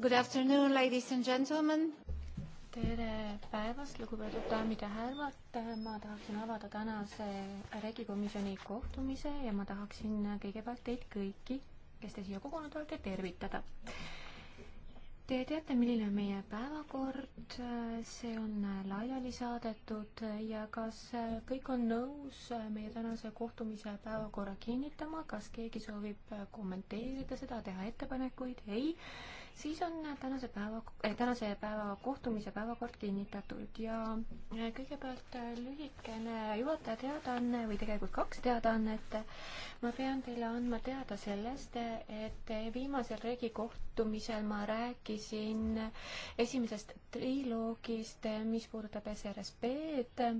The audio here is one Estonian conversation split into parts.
Good afternoon, ladies and gentlemen. tere päevast, lugupeetud daamid ja härrad. ma tahaksin avada tänase regikomisjoni kohtumise ja ma tahaksin kõigepealt teid kõiki, kes te siia kogunenud olete, tervitada. Te teate, milline on meie päevakord, see on laiali saadetud ja kas kõik on nõus meie tänase kohtumise päevakorra kinnitama, kas keegi soovib kommenteerida seda, teha ettepanekuid? ei siis on tänase päeva eh,, tänase päeva kohtumise päevakord kinnitatud ja eh, kõigepealt eh, lühikene juhataja teadaanne või tegelikult kaks teadaannet. ma pean teile andma teada sellest, et viimasel Regi kohtumisel ma rääkisin esimesest triloogist, mis puudutab SRSB-d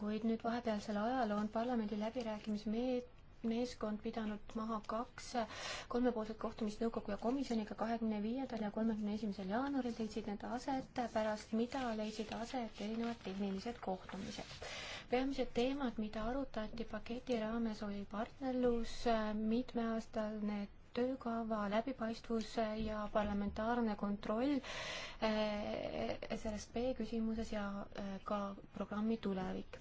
kuid nüüd vahepealsel ajal on parlamendi läbirääkimismeet-, meeskond pidanud maha kaks kolmepoolset kohtumist nõukogu ja komisjoniga kahekümne viiendal ja kolmekümne esimesel jaanuaril leidsid need aset, pärast mida leidsid aset erinevad tehnilised kohtumised. peamised teemad, mida arutati paketi raames, oli partnerlus, mitmeaastane töökava, läbipaistvus ja parlamentaarne kontroll eh, sellest B küsimuses ja eh, ka programmi tulevik.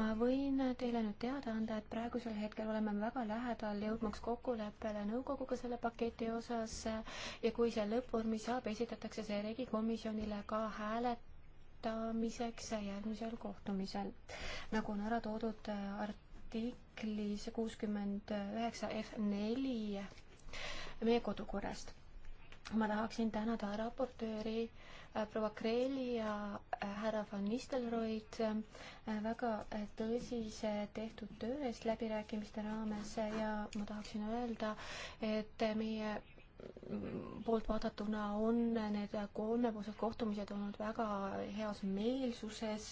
ma võin teile nüüd teada anda, et praegusel hetkel oleme väga lähedal jõudmaks kokkuleppele nõukoguga selle paketi osas eh, ja kui see lõppvormi saab, esitatakse see regikomisjonile ka hääletamiseks järgmisel kohtumisel, nagu on ära toodud artiklis kuuskümmend üheksa F neli meie kodukorrast. ma tahaksin tänada raportööri äh, proua Kreeli ja äh, härra Van Nistelrooid äh, väga tõsise tehtud töö eest läbirääkimiste raames ja ma tahaksin öelda, et meie mm, poolt vaadatuna on need kolmepoolsed kohtumised olnud väga heas meelsuses,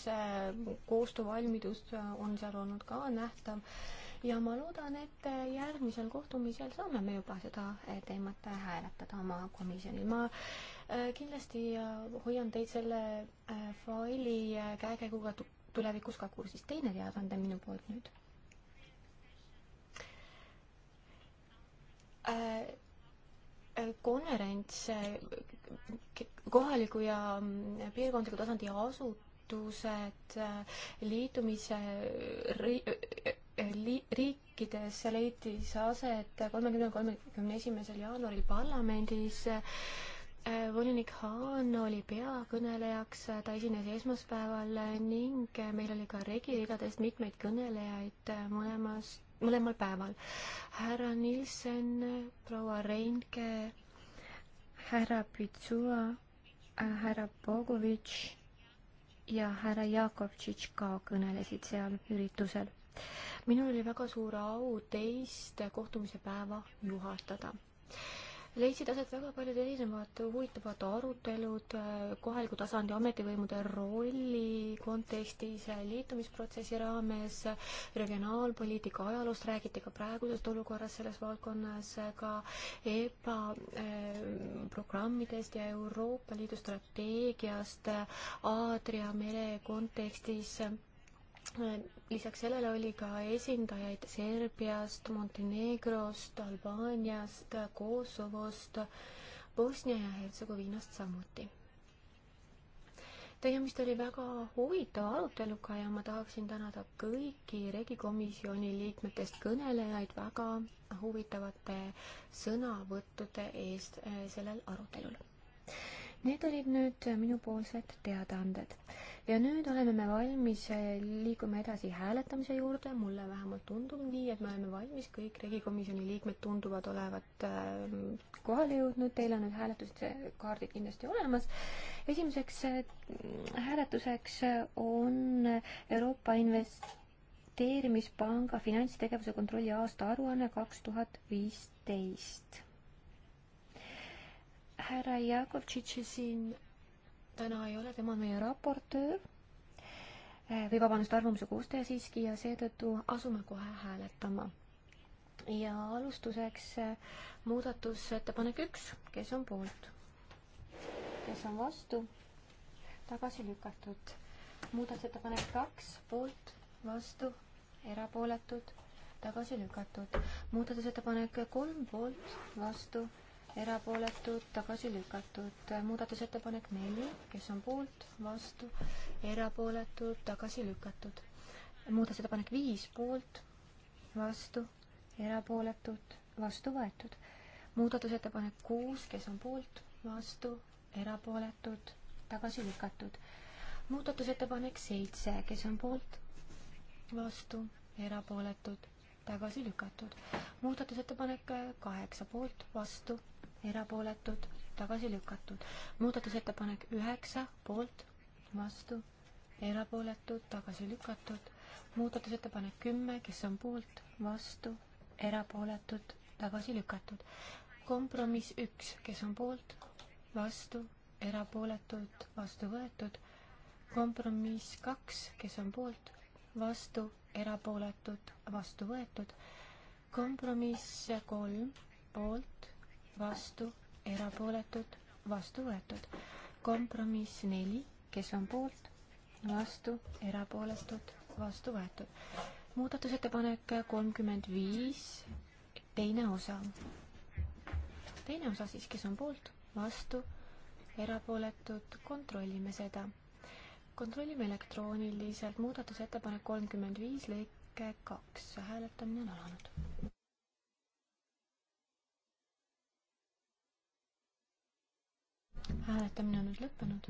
koostöövalmidus on seal olnud ka nähtav ja ma loodan, et järgmisel kohtumisel saame me juba seda eh, teemat hääletada oma komisjonil. ma eh, kindlasti eh, hoian teid selle faili käekäiguga tulevikus ka kursis. teine teadaanne minu poolt nüüd konverents kohaliku ja mm, piirkondliku tasandi asutused liitumise riikides leidis aset kolmekümne, kolmekümne esimesel jaanuaril parlamendis. volinik Haan oli peakõnelejaks, ta esines esmaspäeval ning meil oli ka regiridadest mitmeid kõnelejaid mõlemas, mõlemal päeval. härra Nilsen, proua Reinke, härra Pitsua, härra Bogovitš ja härra Jakovtšitš ka kõnelesid seal üritusel minul oli väga suur au teist kohtumise päeva juhatada. leidsid aset väga paljud erinevad huvitavad arutelud äh, kohaliku tasandi ametivõimude rolli kontekstis, äh, liitumisprotsessi raames, regionaalpoliitika ajaloost räägiti ka praegusest olukorrast selles valdkonnas, äh, ka EPA programmidest ja Euroopa Liidu strateegiast Aadria mere kontekstis lisaks sellele oli ka esindajaid Serbiast, Montenegrost, Albaaniast, Kosovost, Bosnia ja Hertsegoviinast samuti. tegemist oli väga huvitava aruteluga ja ma tahaksin tänada kõiki regikomisjoni liikmetest kõnelejaid väga huvitavate sõnavõttude eest eh, sellel arutelul Need olid nüüd minupoolsed teadaanded. ja nüüd oleme me valmis äh, liikuma edasi hääletamise juurde, mulle vähemalt tundub nii, et me oleme valmis, kõik regikomisjoni liikmed tunduvad olevat äh, kohale jõudnud, teil on need hääletuskaardid kindlasti olemas. esimeseks äh, hääletuseks on Euroopa Invest-, investeerimispanga finantstegevuse kontrolli aastaaruanne kaks tuhat viisteist härra Jakovtšitši siin täna ei ole, tema on meie raportöör eh, või vabandust, arvamuse koostaja siiski ja seetõttu asume kohe hääletama. ja alustuseks eh, muudatusettepanek üks, kes on poolt, kes on vastu, tagasi lükatud. muudatusettepanek kaks, poolt, vastu, erapooletud, tagasi lükatud. muudatusettepanek kolm, poolt, vastu erapooletud, tagasi lükatud. muudatusettepanek neli, kes on poolt, vastu, erapooletud, tagasi lükatud. muudatusettepanek viis, poolt, vastu, erapooletud, vastu võetud. muudatusettepanek kuus, kes on poolt, vastu, erapooletud, tagasi lükatud. muudatusettepanek seitse, kes on poolt, vastu, erapooletud, tagasi lükatud. muudatusettepanek kaheksa, poolt, vastu erapooletud, tagasi lükatud. muudatusettepanek üheksa, poolt, vastu, erapooletud, tagasi lükatud. muudatusettepanek kümme, kes on poolt, vastu, erapooletud, tagasi lükatud. kompromiss üks, kes on poolt, vastu, erapooletud, vastu võetud. kompromiss kaks, kes on poolt, vastu, erapooletud, vastu võetud. kompromiss kolm, poolt vastu, erapooletud, vastu võetud. kompromiss neli, kes on poolt, vastu, erapooletud, vastu võetud. muudatusettepanek kolmkümmend viis, teine osa. teine osa siis, kes on poolt, vastu, erapooletud, kontrollime seda. kontrollime elektrooniliselt muudatusettepanek kolmkümmend viis lõike kaks, hääletamine on alanud hääletamine on nüüd lõppenud.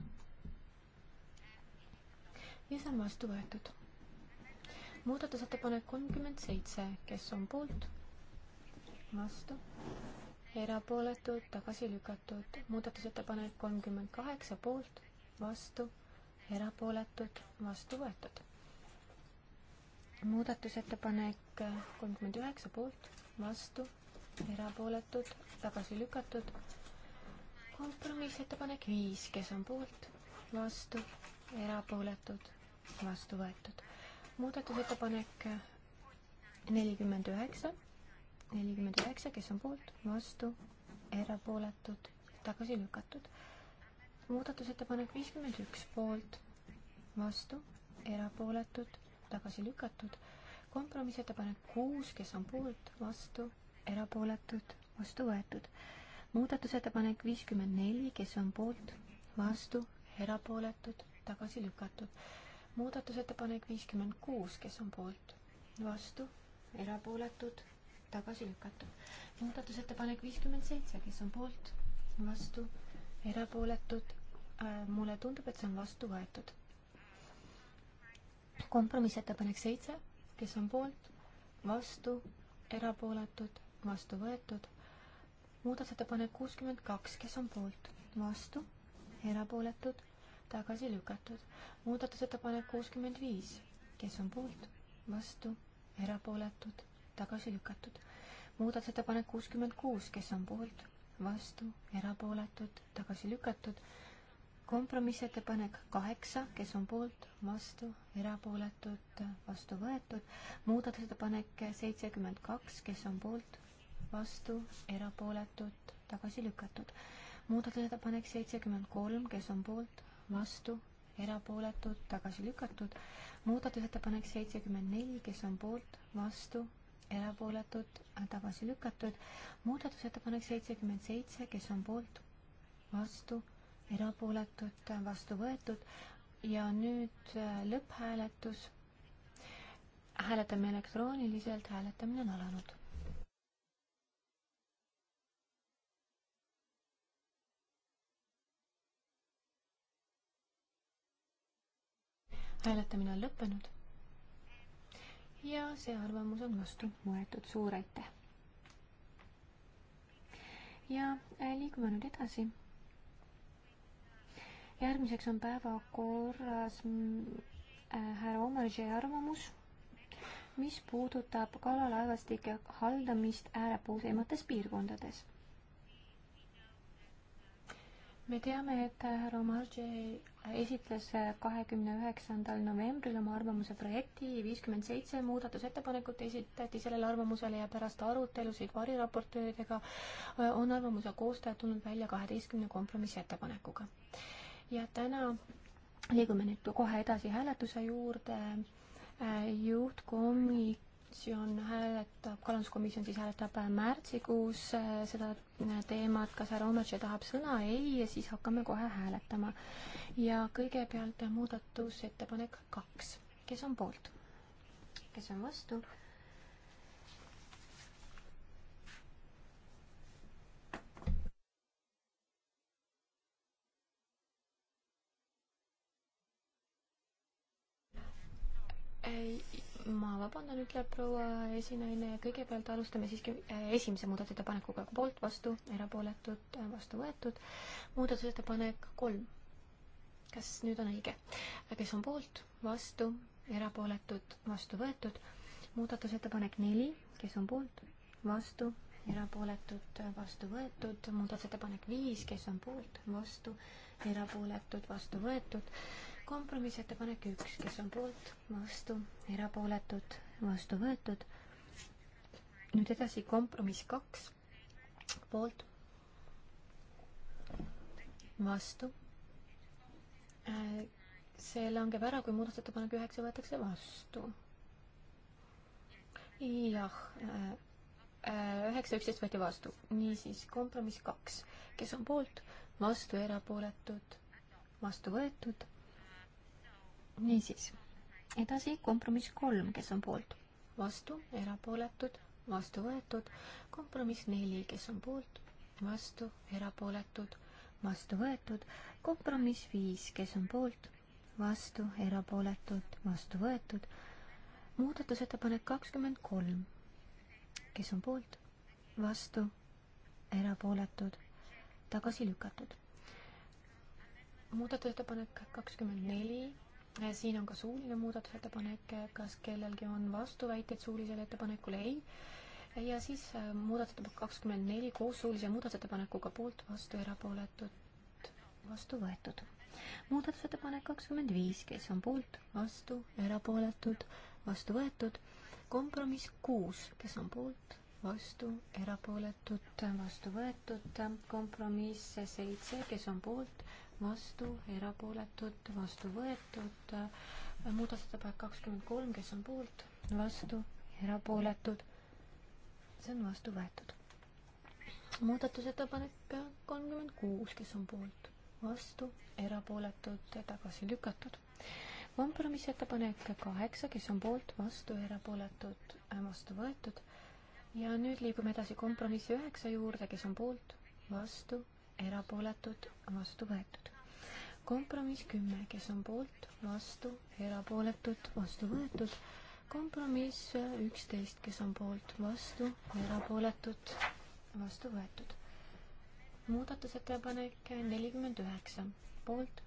ja see on vastu võetud. muudatusettepanek kolmkümmend seitse, kes on poolt? vastu? erapooletud, tagasi lükatud. muudatusettepanek kolmkümmend kaheksa, poolt? vastu? erapooletud, vastu võetud. muudatusettepanek kolmkümmend üheksa, poolt? vastu? erapooletud, tagasi lükatud kompromissettepanek viis, kes on poolt, vastu, erapooletud, vastu võetud. muudatusettepanek nelikümmend üheksa, nelikümmend üheksa, kes on poolt, vastu, erapooletud, tagasi lükatud. muudatusettepanek viiskümmend üks, poolt, vastu, erapooletud, tagasi lükatud. kompromissettepanek kuus, kes on poolt, vastu, erapooletud, vastu võetud muudatusettepanek viiskümmend neli, kes on poolt, vastu, erapooletud, tagasi lükatud. muudatusettepanek viiskümmend kuus, kes on poolt, vastu, erapooletud, tagasi lükatud. muudatusettepanek viiskümmend seitse, kes on poolt, vastu, erapooletud, äh, mulle tundub, et see on vastu võetud. kompromissettepanek seitse, kes on poolt, vastu, erapooletud, vastu võetud muudatusettepanek kuuskümmend kaks, kes on poolt, vastu, erapooletud, tagasi lükatud. muudatusettepanek kuuskümmend viis, kes on poolt, vastu, erapooletud, tagasi lükatud. muudatusettepanek kuuskümmend kuus, kes on poolt, vastu, erapooletud, tagasi lükatud. kompromissettepanek kaheksa, kes on poolt, vastu, erapooletud, vastu võetud. muudatusettepanek seitsekümmend kaks, kes on poolt, vastu, erapooletud, tagasi lükatud. muudatusettepanek seitsekümmend kolm, kes on poolt, vastu, erapooletud, tagasi lükatud. muudatusettepanek seitsekümmend neli, kes on poolt, vastu, erapooletud, tagasi lükatud. muudatusettepanek seitsekümmend seitse, kes on poolt, vastu, erapooletud, vastu võetud ja nüüd äh, lõpphääletus. hääletame elektrooniliselt, hääletamine on alanud hääletamine on lõppenud. ja see arvamus on vastu võetud, suur aitäh. ja äh, liigume nüüd edasi. järgmiseks on päevakorras mm, äh, härra Omarži arvamus, mis puudutab kalalaevastike haldamist äärepoolseimates piirkondades me teame, et härra Omarje esitles kahekümne üheksandal novembril oma arvamuse projekti, viiskümmend seitse muudatusettepanekut esitati sellele arvamusele ja pärast arutelusid variraportööridega äh, on arvamuse koostajad tulnud välja kaheteistkümne kompromissettepanekuga. ja täna liigume nüüd kohe edasi hääletuse juurde äh, juhtkomi komisjon hääletab, kalanduskomisjon siis hääletab märtsikuus äh, seda äh, teemat, kas härra Ometše tahab sõna, ei, ja siis hakkame kohe hääletama. ja kõigepealt muudatusettepanek kaks, kes on poolt, kes on vastu? ei ma vabandan, ütleb proua esinaine, kõigepealt alustame siiski äh, esimese muudatusettepanekuga poolt, vastu, erapooletud, äh, vastu võetud. muudatusettepanek kolm. kas nüüd on õige? kes on poolt, vastu, erapooletud, vastu võetud. muudatusettepanek neli, kes on poolt, vastu, erapooletud, vastu võetud. muudatusettepanek viis, kes on poolt, vastu, erapooletud, vastu võetud kompromissettepanek üks, kes on poolt, vastu, erapooletud, vastu võetud. nüüd edasi kompromiss kaks, poolt, vastu. Äh, see langeb ära, kui muudatusettepanek üheksa võetakse vastu. jah, äh, äh, üheksa üksteist võeti vastu, niisiis kompromiss kaks, kes on poolt, vastu, erapooletud, vastu võetud niisiis, edasi kompromiss kolm, kes on poolt, vastu, erapooletud, vastu võetud, kompromiss neli, kes on poolt, vastu, erapooletud, vastu võetud, kompromiss viis, kes on poolt, vastu, erapooletud, vastu võetud, muudatusettepanek kakskümmend kolm, kes on poolt, vastu, erapooletud, tagasi lükatud muudatusettepanek kakskümmend neli, siin on ka suuline muudatusettepanek, kas kellelgi on vastuväiteid suulisele ettepanekule, ei. ja siis äh, muudatusettepanek kakskümmend neli koos suulise muudatusettepanekuga poolt, vastu, erapooletud, vastu võetud. muudatusettepanek kakskümmend viis, kes on poolt, vastu, erapooletud, vastu võetud. kompromiss kuus, kes on poolt, vastu, erapooletud, vastu võetud. kompromiss seitse, kes on poolt vastu, erapooletud, vastu võetud, muudatusettepanek kakskümmend kolm, kes on poolt, vastu, erapooletud, see on vastu võetud. muudatusettepanek kolmkümmend kuus, kes on poolt, vastu, erapooletud, tagasi lükatud. kompromissettepanek kaheksa, kes on poolt, vastu, erapooletud, vastu võetud ja nüüd liigume edasi kompromissi üheksa juurde, kes on poolt, vastu, erapooletud, vastu võetud. kompromiss kümme, kes on poolt, vastu, erapooletud, vastu võetud. kompromiss üksteist, kes on poolt, vastu, erapooletud, vastu võetud. muudatusettepanek nelikümmend üheksa, poolt,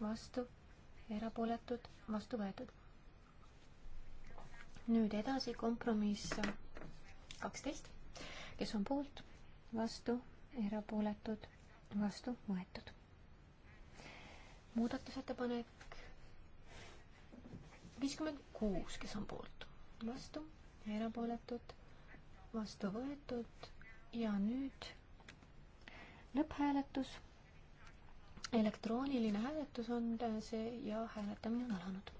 vastu, erapooletud, vastu võetud. nüüd edasi kompromiss kaksteist, kes on poolt, vastu, erapooletud, vastu võetud. muudatusettepanek viiskümmend kuus, kes on poolt, vastu, erapooletud, vastu võetud ja nüüd lõpphääletus. elektrooniline hääletus on see ja hääletamine on alanud.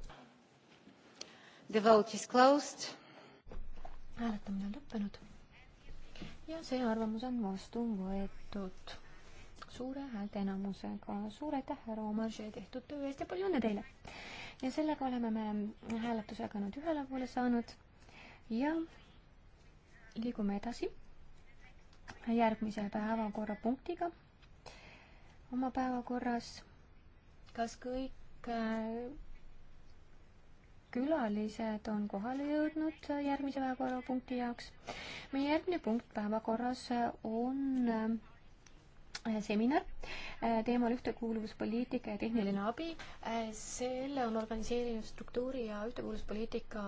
The vote is closed. hääletamine on lõppenud ja see arvamus on vastu võetud suure häälteenamusega. suur aitäh, härra Omarže, tehtud töö eest ja palju õnne teile! ja sellega oleme me hääletusega nüüd ühele poole saanud ja liigume edasi järgmise päevakorrapunktiga oma päevakorras. kas kõik äh, külalised on kohale jõudnud järgmise päevakorrapunkti jaoks. meie järgmine punkt päevakorras on Äh, seminar äh, teemal ühtekuuluvuspoliitika ja tehniline abi. Äh, selle on organiseerinud struktuuri ja ühtekuuluvuspoliitika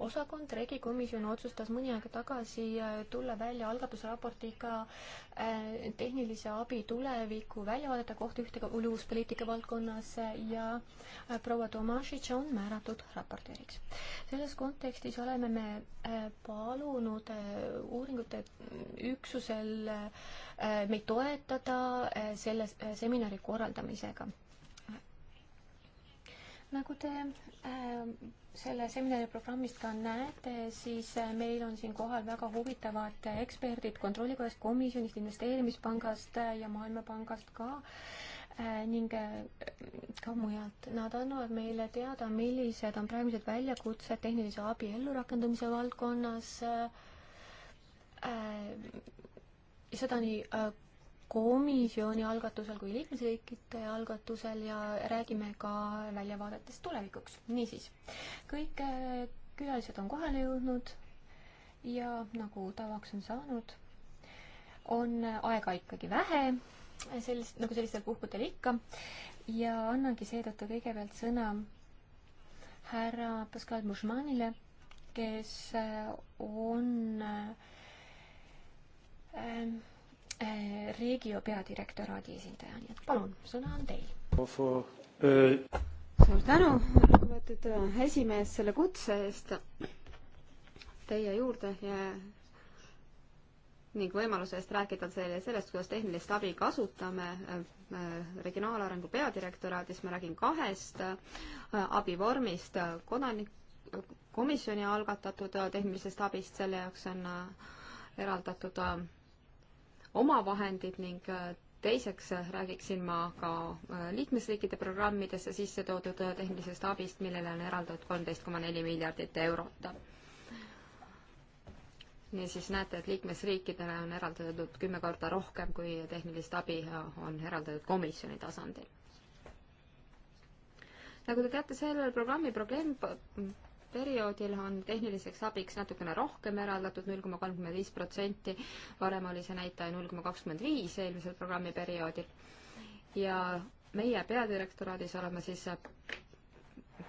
osakond. regikomisjon otsustas mõni aeg tagasi tulla välja algatusraportiga tehnilise abi tuleviku väljavaadete kohta ühtekuuluvuspoliitika valdkonnas ja proua Tomašitš on määratud raportööriks. selles kontekstis oleme me palunud uuringute üksusel Äh, meid toetada äh, selle äh, seminari korraldamisega. nagu te selle seminari programmist ka näete, siis meil on siin kohal väga huvitavad eksperdid Kontrollikojast, Komisjonist, Investeerimispangast ja Maailmapangast ka ning ka mujalt. Nad annavad meile teada, millised on praegused väljakutsed tehnilise abi ellurakendamise valdkonnas seda nii äh, komisjoni algatusel kui liikmesriikide algatusel ja räägime ka väljavaadetest tulevikuks. niisiis, kõik äh, külalised on kohale jõudnud ja nagu tavaks on saanud, on aega ikkagi vähe, sellist, nagu sellistel puhkudel ikka, ja annangi seetõttu kõigepealt sõna härra Pascal Bushmanile, kes äh, on äh, Ähm, äh, Regio peadirektoraadi esindaja, nii et palun, sõna on teil. suur tänu, lugupeetud äh, esimees, selle kutse eest teie juurde ja ning võimaluse eest rääkida teile sellest, kuidas tehnilist abi kasutame äh, regionaalarengu peadirektoraadis, ma räägin kahest abivormist, kodanik, komisjoni algatatud tehnilisest abist, selle jaoks on eraldatud omavahendid ning äh, teiseks äh, räägiksin ma ka äh, liikmesriikide programmidesse sisse toodud tehnilisest abist, millele on eraldatud kolmteist koma neli miljardit eurot. niisiis näete, et liikmesriikidele on eraldatud kümme korda rohkem, kui tehnilist abi on eraldatud komisjoni tasandil nagu te teate, sellel programmi probleem, perioodil on tehniliseks abiks natukene rohkem eraldatud, null koma kolmkümmend viis protsenti, varem oli see näitaja null koma kakskümmend viis eelmisel programmiperioodil. ja meie peadirektoraadis oleme siis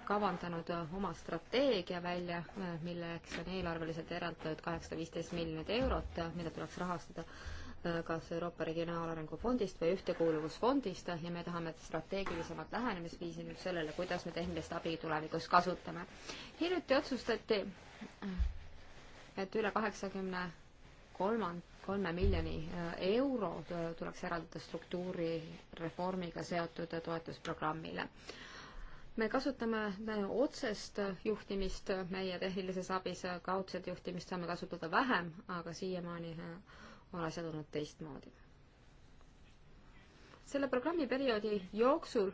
kavandanud oma strateegia välja, milleks on eelarveliselt eraldatud kaheksasada viisteist miljonit eurot, mida tuleks rahastada Äh, kas Euroopa Regionaalarengu Fondist või Ühtekuuluvusfondist ja me tahame strateegilisemat lähenemisviisi nüüd sellele, kuidas me tehnilist abi tulevikus kasutame. hiljuti otsustati, et üle kaheksakümne kolmand-, kolme miljoni äh, euro tuleks eraldada struktuurireformiga seotud toetusprogrammile me kasutame äh, otsest juhtimist meie tehnilises abis, kaudset juhtimist saame kasutada vähem, aga siiamaani on asjad olnud teistmoodi. selle programmi perioodi jooksul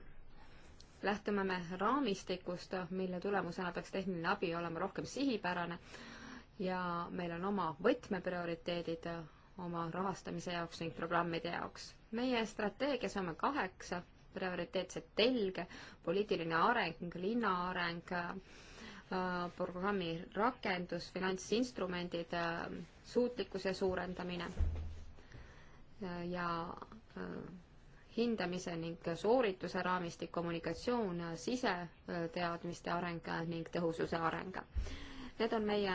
lähtume me raamistikust, mille tulemusena peaks tehniline abi olema rohkem sihipärane ja meil on oma võtmeprioriteedid oma rahastamise jaoks ning programmide jaoks. meie strateegias oleme kaheksa prioriteetset telge, poliitiline areng, linna areng, programmi rakendus, finantsinstrumendid, äh, suutlikkuse suurendamine äh, ja äh, hindamise ning soorituse raamistik, kommunikatsioon, siseteadmiste areng ning tõhususe areng. Need on meie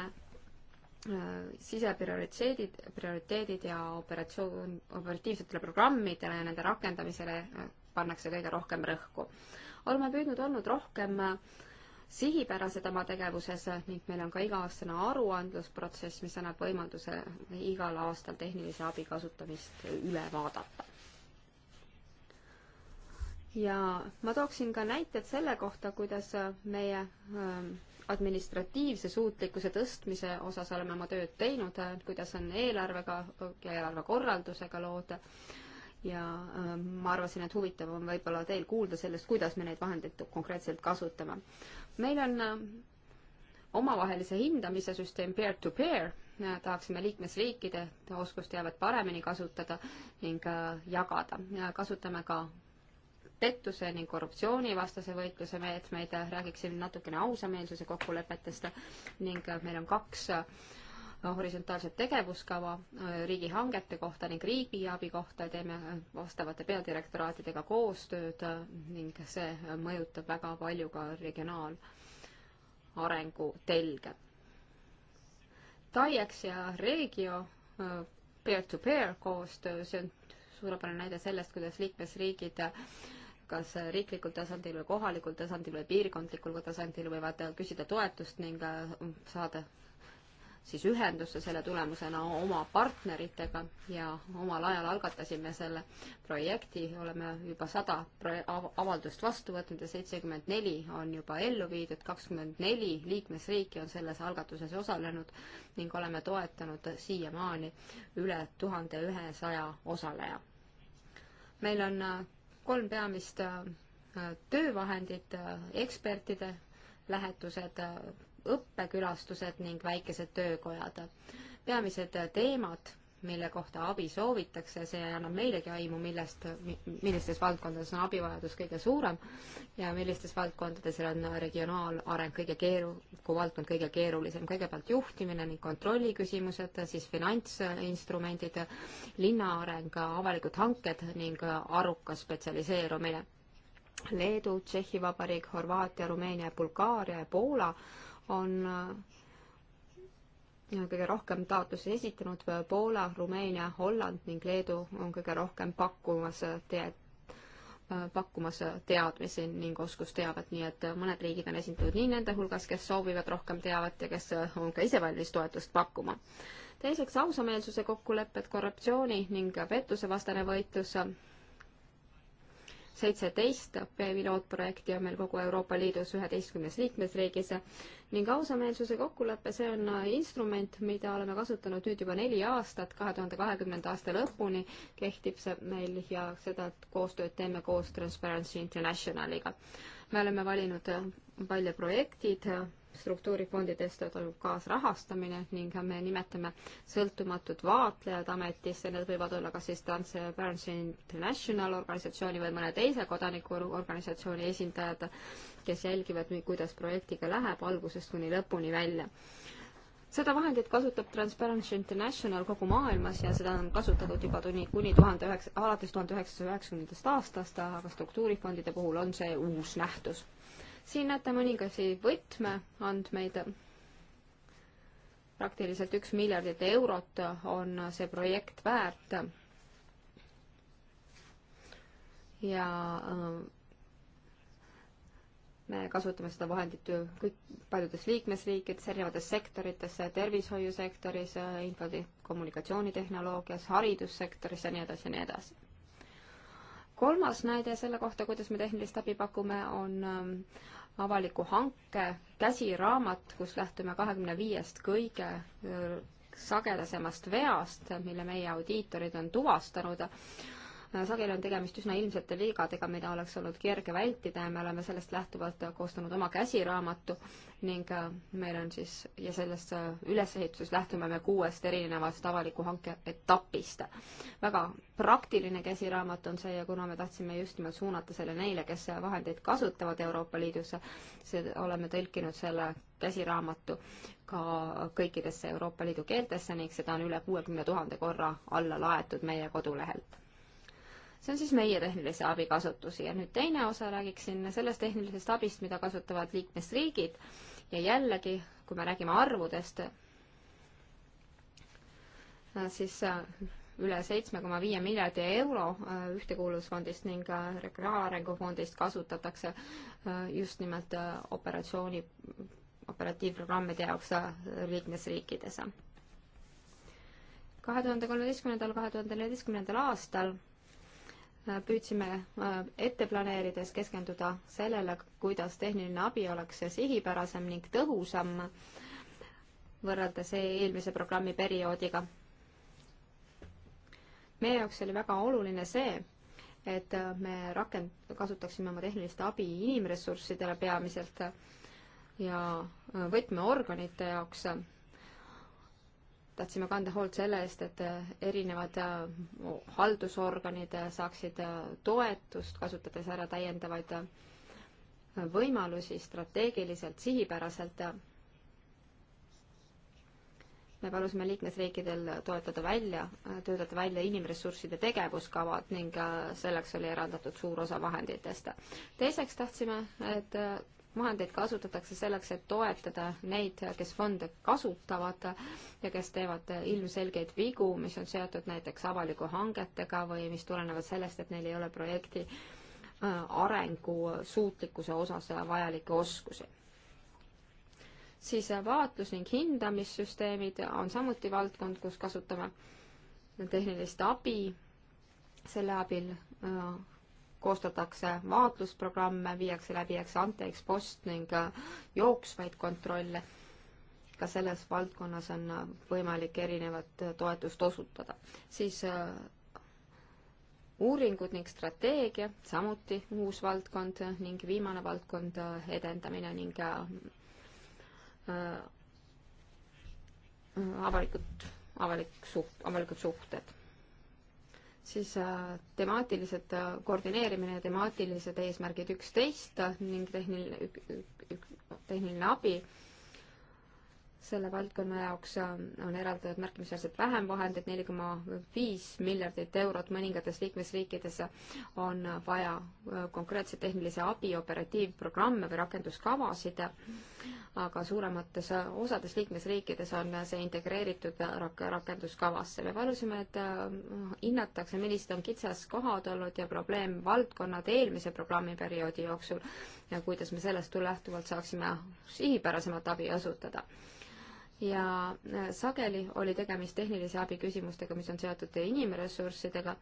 siseprioriteedid, prioriteedid ja operatsioon, operatiivsetele programmidele ja nende rakendamisele pannakse kõige rohkem rõhku. oleme püüdnud olnud rohkem äh, sihipärased oma tegevuses ning meil on ka iga-aastane aruandlusprotsess, mis annab võimaluse igal aastal tehnilise abi kasutamist üle vaadata. ja ma tooksin ka näited selle kohta, kuidas meie ähm, administratiivse suutlikkuse tõstmise osas oleme oma tööd teinud, kuidas on eelarvega ja eelarve korraldusega lood ja ähm, ma arvasin, et huvitav on võib-olla teil kuulda sellest, kuidas me neid vahendeid konkreetselt kasutame. meil on äh, omavahelise hindamise süsteem peer-to-peer -peer., äh, tahaksime liikmesriikide oskusteavet paremini kasutada ning äh, jagada. kasutame ka pettuse ning korruptsioonivastase võitluse meetmeid, räägiksin natukene ausameelsuse kokkulepetest ning meil on kaks äh, horisontaalset tegevuskava äh, riigihangete kohta ning riigiabi kohta, teeme äh, vastavate peadirektoraatidega koostööd äh, ning see mõjutab väga palju ka regionaalarengu telge. TAIEX ja Regio peer-to-peer -peer koostöö, see on suurepärane näide sellest, kuidas liikmesriigid kas riiklikul tasandil või kohalikul tasandil või piirkondlikul tasandil võivad küsida toetust ning saada siis ühendusse selle tulemusena oma partneritega ja omal ajal algatasime selle projekti, oleme juba sada avaldust vastu võtnud ja seitsekümmend neli on juba ellu viidud, kakskümmend neli liikmesriiki on selles algatuses osalenud ning oleme toetanud siiamaani üle tuhande ühesaja osaleja. meil on äh, kolm peamist äh, töövahendit, äh, ekspertide lähetused, õppekülastused ning väikesed töökojad. peamised teemad, mille kohta abi soovitakse, see annab meilegi aimu, millest, millistes valdkondades on abivajadus kõige suurem ja millistes valdkondades on regionaalareng kõige keeru-, kui valdkond kõige keerulisem. kõigepealt juhtimine ning kontrolli küsimused, siis finantsinstrumendid, linnaareng, avalikud hanked ning arukas spetsialiseerumine Leedu, Tšehhi Vabariik, Horvaatia, Rumeenia, Bulgaaria ja Poola Äh, on kõige rohkem taotlusi esitanud Poola, Rumeenia, Holland ning Leedu on kõige rohkem pakkumas teed äh, pakkumas teadmisi ning oskusteavet, nii et mõned riigid on esindatud nii nende hulgas, kes soovivad rohkem teavet ja kes äh, on ka ise valmis toetust pakkuma. teiseks, ausameelsuse kokkulepped, korruptsiooni ning pettusevastane võitlus seitseteist pilootprojekti on meil kogu Euroopa Liidus üheteistkümnes liikmesriigis ning ausameelsuse kokkulepe, see on instrument, mida oleme kasutanud nüüd juba neli aastat, kahe tuhande kahekümnenda aasta lõpuni kehtib see meil ja seda koostööd teeme koos Transparency Internationaliga. me oleme valinud välja projektid, struktuurifondidest toimub kaasrahastamine ning me nimetame sõltumatud vaatlejad ametisse, need võivad olla kas siis Transparency International organisatsiooni või mõne teise kodanikuorganisatsiooni esindajad, kes jälgivad, kuidas projektiga läheb algusest kuni lõpuni välja seda vahendit kasutab Transparency International kogu maailmas ja seda on kasutatud juba tuni, kuni tuhande üheksa, alates tuhande üheksasaja üheksakümnendast aastast, aga struktuurifondide puhul on see uus nähtus siin näete mõningasi võtmeandmeid. praktiliselt üks miljardit eurot on see projekt väärt. ja äh, me kasutame seda vahendit ju kõik paljudes liikmesriikides, erinevates sektorites, tervishoiusektoris, info- ja kommunikatsioonitehnoloogias, haridussektoris ja nii edasi ja nii edasi. kolmas näide selle kohta, kuidas me tehnilist abi pakume, on äh, avaliku hanke käsiraamat, kus lähtume kahekümne viiest kõige äh, sagedasemast veast, mille meie audiitorid on tuvastanud sageli on tegemist üsna ilmsete vigadega, mida oleks olnud kerge vältida ja me oleme sellest lähtuvalt koostanud oma käsiraamatu ning äh, meil on siis, ja selles äh, ülesehituses lähtume me kuuest erinevast avaliku hanke etapist. väga praktiline käsiraamat on see ja kuna me tahtsime just nimelt suunata selle neile, kes vahendeid kasutavad Euroopa Liidus, see, oleme tõlkinud selle käsiraamatu ka kõikidesse Euroopa Liidu keeltesse ning seda on üle kuuekümne tuhande korra alla laetud meie kodulehelt see on siis meie tehnilise abi kasutusi ja nüüd teine osa räägiksin sellest tehnilisest abist, mida kasutavad liikmesriigid ja jällegi, kui me räägime arvudest, siis äh, üle seitsme koma viie miljardi euro äh, Ühtekuuluvusfondist ning äh, Regionaalarengu fondist kasutatakse just nimelt operatsiooni, operatiivprogrammide jaoks liikmesriikides. kahe tuhande kolmeteistkümnendal, kahe tuhande neljateistkümnendal aastal püüdsime äh, ette planeerides keskenduda sellele, kuidas tehniline abi oleks sihipärasem ning tõhusam võrreldes e-, eelmise programmi perioodiga. meie jaoks oli väga oluline see, et me rakend-, kasutaksime oma tehnilist abi inimressurssidele peamiselt ja võtmeorganite jaoks tahtsime kanda hoolt selle eest, et äh, erinevad äh, haldusorganid äh, saaksid toetust, kasutades ära täiendavaid võimalusi strateegiliselt, sihipäraselt. me palusime liikmesriikidel toetada välja, töötada välja inimressursside tegevuskavad ning selleks oli eraldatud suur osa vahenditest. teiseks tahtsime, et vahendeid kasutatakse selleks, et toetada neid, kes fonde kasutavad ja kes teevad ilmselgeid vigu, mis on seotud näiteks avaliku hangetega või mis tulenevad sellest, et neil ei ole projekti äh, arengusuutlikkuse osas vajalikke oskusi siis äh, vaatlus ning hindamissüsteemid on samuti valdkond, kus kasutame tehnilist abi, selle abil äh, koostatakse vaatlusprogramme, viiakse läbi ex-ante, ex-post ning äh, jooksvaid kontrolle. ka selles valdkonnas on äh, võimalik erinevat äh, toetust osutada. siis uuringud ning strateegia, samuti uus valdkond ning viimane valdkond, edendamine ning avalikud, avalik suht, avalikud suhted siis äh, temaatilised, äh, koordineerimine ja temaatilised eesmärgid üksteist äh, ning tehniline, tehniline abi selle valdkonna jaoks äh, on eraldatud märkimisväärselt vähem vahendeid, neli koma viis miljardit eurot, mõningates liikmesriikides on vaja äh, konkreetse tehnilise abi operatiivprogramme või rakenduskavasid, aga suuremates osades liikmesriikides on see integreeritud rak-, rakenduskavasse. me palusime, et äh, hinnatakse, millised on kitsaskohad olnud ja probleemvaldkonnad eelmise programmiperioodi jooksul ja kuidas me sellest lähtuvalt saaksime sihipärasemat abi osutada ja äh, sageli oli tegemist tehnilise abi küsimustega, mis on seotud inimressurssidega.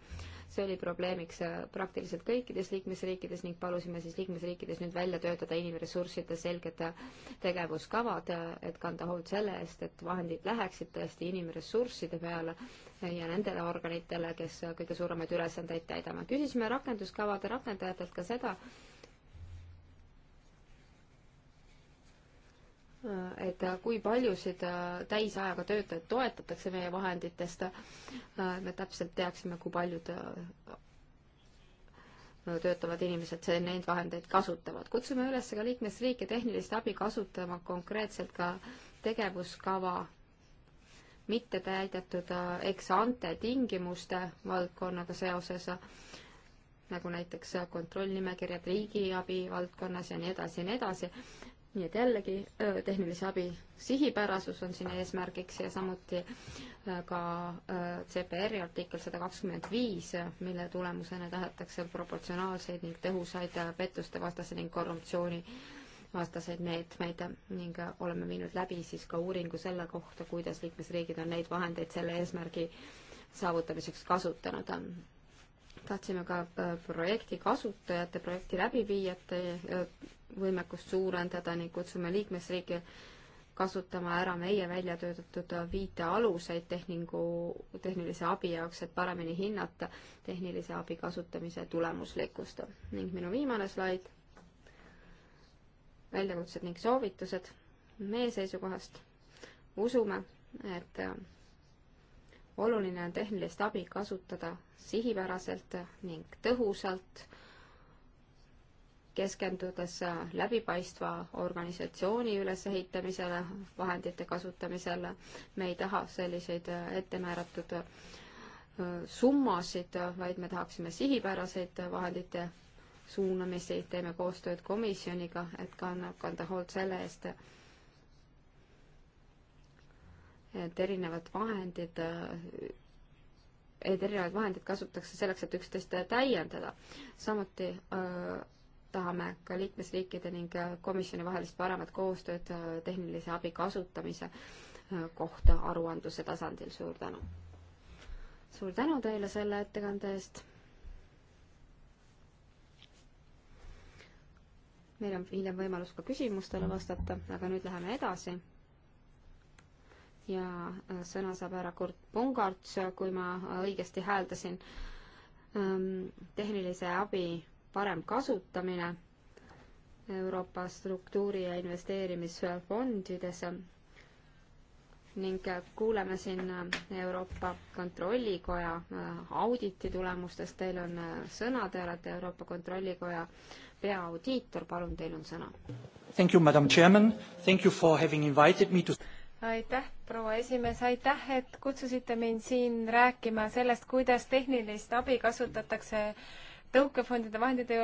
see oli probleemiks äh, praktiliselt kõikides liikmesriikides ning palusime siis liikmesriikides nüüd välja töötada inimressursside selged äh, tegevuskavad, et kanda hoolt selle eest, et vahendid läheksid tõesti inimressursside peale ja nendele organitele, kes kõige suuremaid ülesandeid täidavad. küsisime rakenduskavade rakendajatelt ka seda, et äh, kui paljusid äh, täisajaga töötajaid toetatakse meie vahenditest, äh, me täpselt teaksime, kui paljud töötavad inimesed neid vahendeid kasutavad. kutsume üles ka liikmesriike tehnilist abi kasutama konkreetselt ka tegevuskava mitte täidetud ex-ante tingimuste valdkonnaga seoses, nagu näiteks kontrollnimekirjad riigiabi valdkonnas ja nii edasi ja nii edasi nii et jällegi tehnilise abi sihipärasus on siin eesmärgiks ja samuti ka CPR-i artikkel sada kakskümmend viis, mille tulemusena tahetakse proportsionaalseid ning tõhusaid pettuste vastase ning korruptsiooni vastaseid meetmeid ning oleme viinud läbi siis ka uuringu selle kohta, kuidas liikmesriigid on neid vahendeid selle eesmärgi saavutamiseks kasutanud tahtsime ka projekti kasutajate, projekti läbiviijate võimekust suurendada ning kutsume liikmesriike kasutama ära meie välja töötatud viitealuseid tehningu, tehnilise abi jaoks, et paremini hinnata tehnilise abi kasutamise tulemuslikkust. ning minu viimane slaid, väljakutsed ning soovitused meie seisukohast. usume, et oluline on tehnilist abi kasutada sihipäraselt ning tõhusalt keskendudes läbipaistva organisatsiooni ülesehitamisele, vahendite kasutamisele. me ei taha selliseid ettemääratud äh, summasid, vaid me tahaksime sihipäraseid vahendite suunamisi, teeme koostööd komisjoniga, et kanna, kanda hoolt selle eest, et erinevad vahendid, et erinevaid vahendeid kasutatakse selleks, et üksteist täiendada. samuti öö, äh, tahame ka liikmesriikide ning äh, komisjoni vahelist paremat koostööd äh, tehnilise abi kasutamise äh, kohta aruandluse tasandil, suur tänu! suur tänu teile selle ettekande eest! meil on hiljem võimalus ka küsimustele vastata, aga nüüd läheme edasi. ja sõna saab ära Kurt Pungarts, kui ma õigesti hääldasin, ähm, tehnilise abi parem kasutamine Euroopa struktuuri- ja investeerimisfondides ning kuuleme siin Euroopa Kontrollikoja äh, auditi tulemustest, teil on äh, sõna, te olete Euroopa Kontrollikoja peaaudiitor, palun, teil on sõna. Thank you, madam chairman, thank you for having invited me to aitäh, proua esimees, aitäh, et kutsusite mind siin rääkima sellest, kuidas tehnilist abi kasutatakse tõukefondide vahendite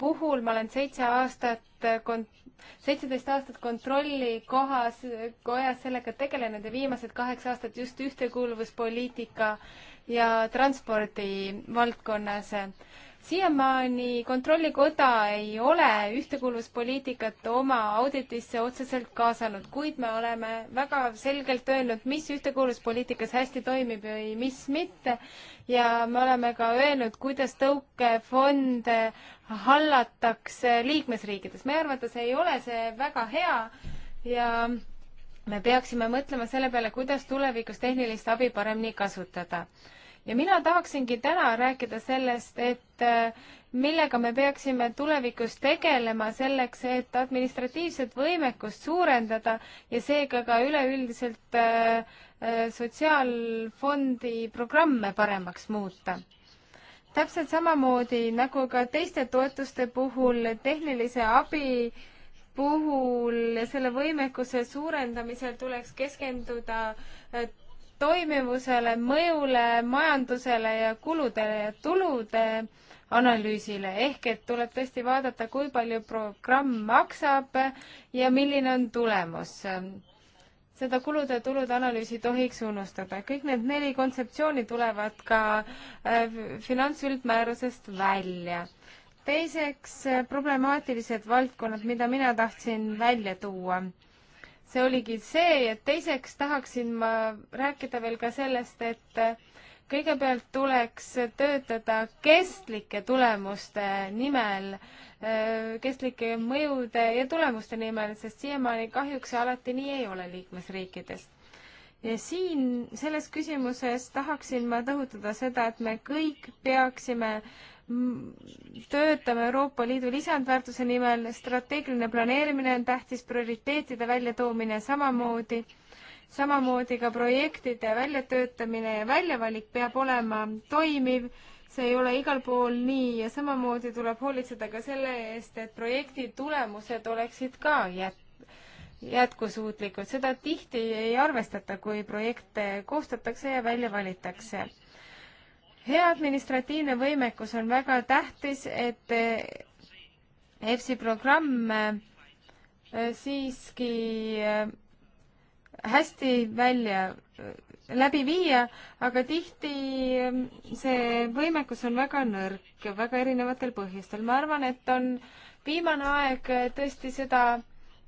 puhul ma olen seitse aastat kont-, seitseteist aastat kontrolli kohas, kojas sellega tegelenud ja viimased kaheksa aastat just ühtekuuluvuspoliitika ja transpordi valdkonnas siiamaani Kontrollikoda ei ole ühtekuuluvuspoliitikat oma auditisse otseselt kaasanud, kuid me oleme väga selgelt öelnud, mis ühtekuuluvuspoliitikas hästi toimib või mis mitte ja me oleme ka öelnud, kuidas tõukefonde hallatakse liikmesriikides. meie arvates ei ole see väga hea ja me peaksime mõtlema selle peale, kuidas tulevikus tehnilist abi paremini kasutada ja mina tahaksingi täna rääkida sellest, et äh, millega me peaksime tulevikus tegelema selleks, et administratiivset võimekust suurendada ja seega ka üleüldiselt äh, äh, sotsiaalfondi programme paremaks muuta täpselt samamoodi nagu ka teiste toetuste puhul, tehnilise abi puhul selle võimekuse suurendamisel tuleks keskenduda toimivusele, mõjule, majandusele ja kuludele ja tulude analüüsile, ehk et tuleb tõesti vaadata, kui palju programm maksab ja milline on tulemus. seda kulude-tulude analüüsi ei tohiks unustada, kõik need neli kontseptsiooni tulevad ka äh, finantsüldmäärusest välja. teiseks äh, problemaatilised valdkonnad, mida mina tahtsin välja tuua see oligi see, et teiseks tahaksin ma rääkida veel ka sellest, et kõigepealt tuleks töötada kestlike tulemuste nimel, äh, kestlike mõjude ja tulemuste nimel, sest siiamaani kahjuks see alati nii ei ole liikmesriikides. ja siin selles küsimuses tahaksin ma tõhutada seda, et me kõik peaksime äh, töötame Euroopa Liidu lisandväärtuse nimel, strateegiline planeerimine on tähtis, prioriteetide väljatoomine samamoodi, samamoodi ka projektide väljatöötamine ja väljavalik peab olema toimiv, see ei ole igal pool nii ja samamoodi tuleb hoolitseda ka selle eest, et projekti tulemused oleksid ka jät-, jätkusuutlikud, seda tihti ei arvestata, kui projekte koostatakse ja välja valitakse hea administratiivne võimekus on väga tähtis, et eh, EFSI programm eh, siiski eh, hästi välja läbi viia, aga tihti see võimekus on väga nõrk, väga erinevatel põhjustel. ma arvan, et on viimane aeg tõesti seda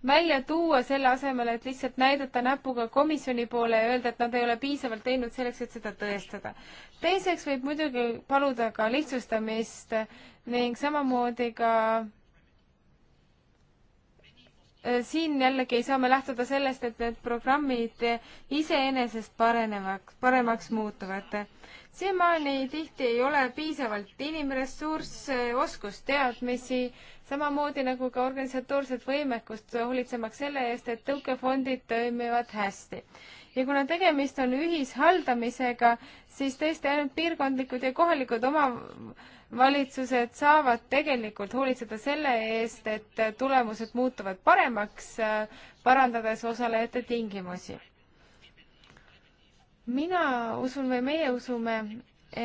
välja tuua, selle asemel, et lihtsalt näidata näpuga komisjoni poole ja öelda, et nad ei ole piisavalt teinud selleks, et seda tõestada. teiseks võib muidugi paluda ka lihtsustamist ning samamoodi ka äh, siin jällegi ei saa me lähtuda sellest, et need programmid iseenesest parenevad, paremaks muutuvad. siiamaani tihti ei ole piisavalt inimressursse, oskusteadmisi samamoodi nagu ka organisatoorset võimekust, hoolitsemaks selle eest, et tõukefondid toimivad hästi. ja kuna tegemist on ühishaldamisega, siis tõesti ainult piirkondlikud ja kohalikud omavalitsused saavad tegelikult hoolitseda selle eest, et tulemused muutuvad paremaks, parandades osalejate tingimusi. mina usun või meie usume,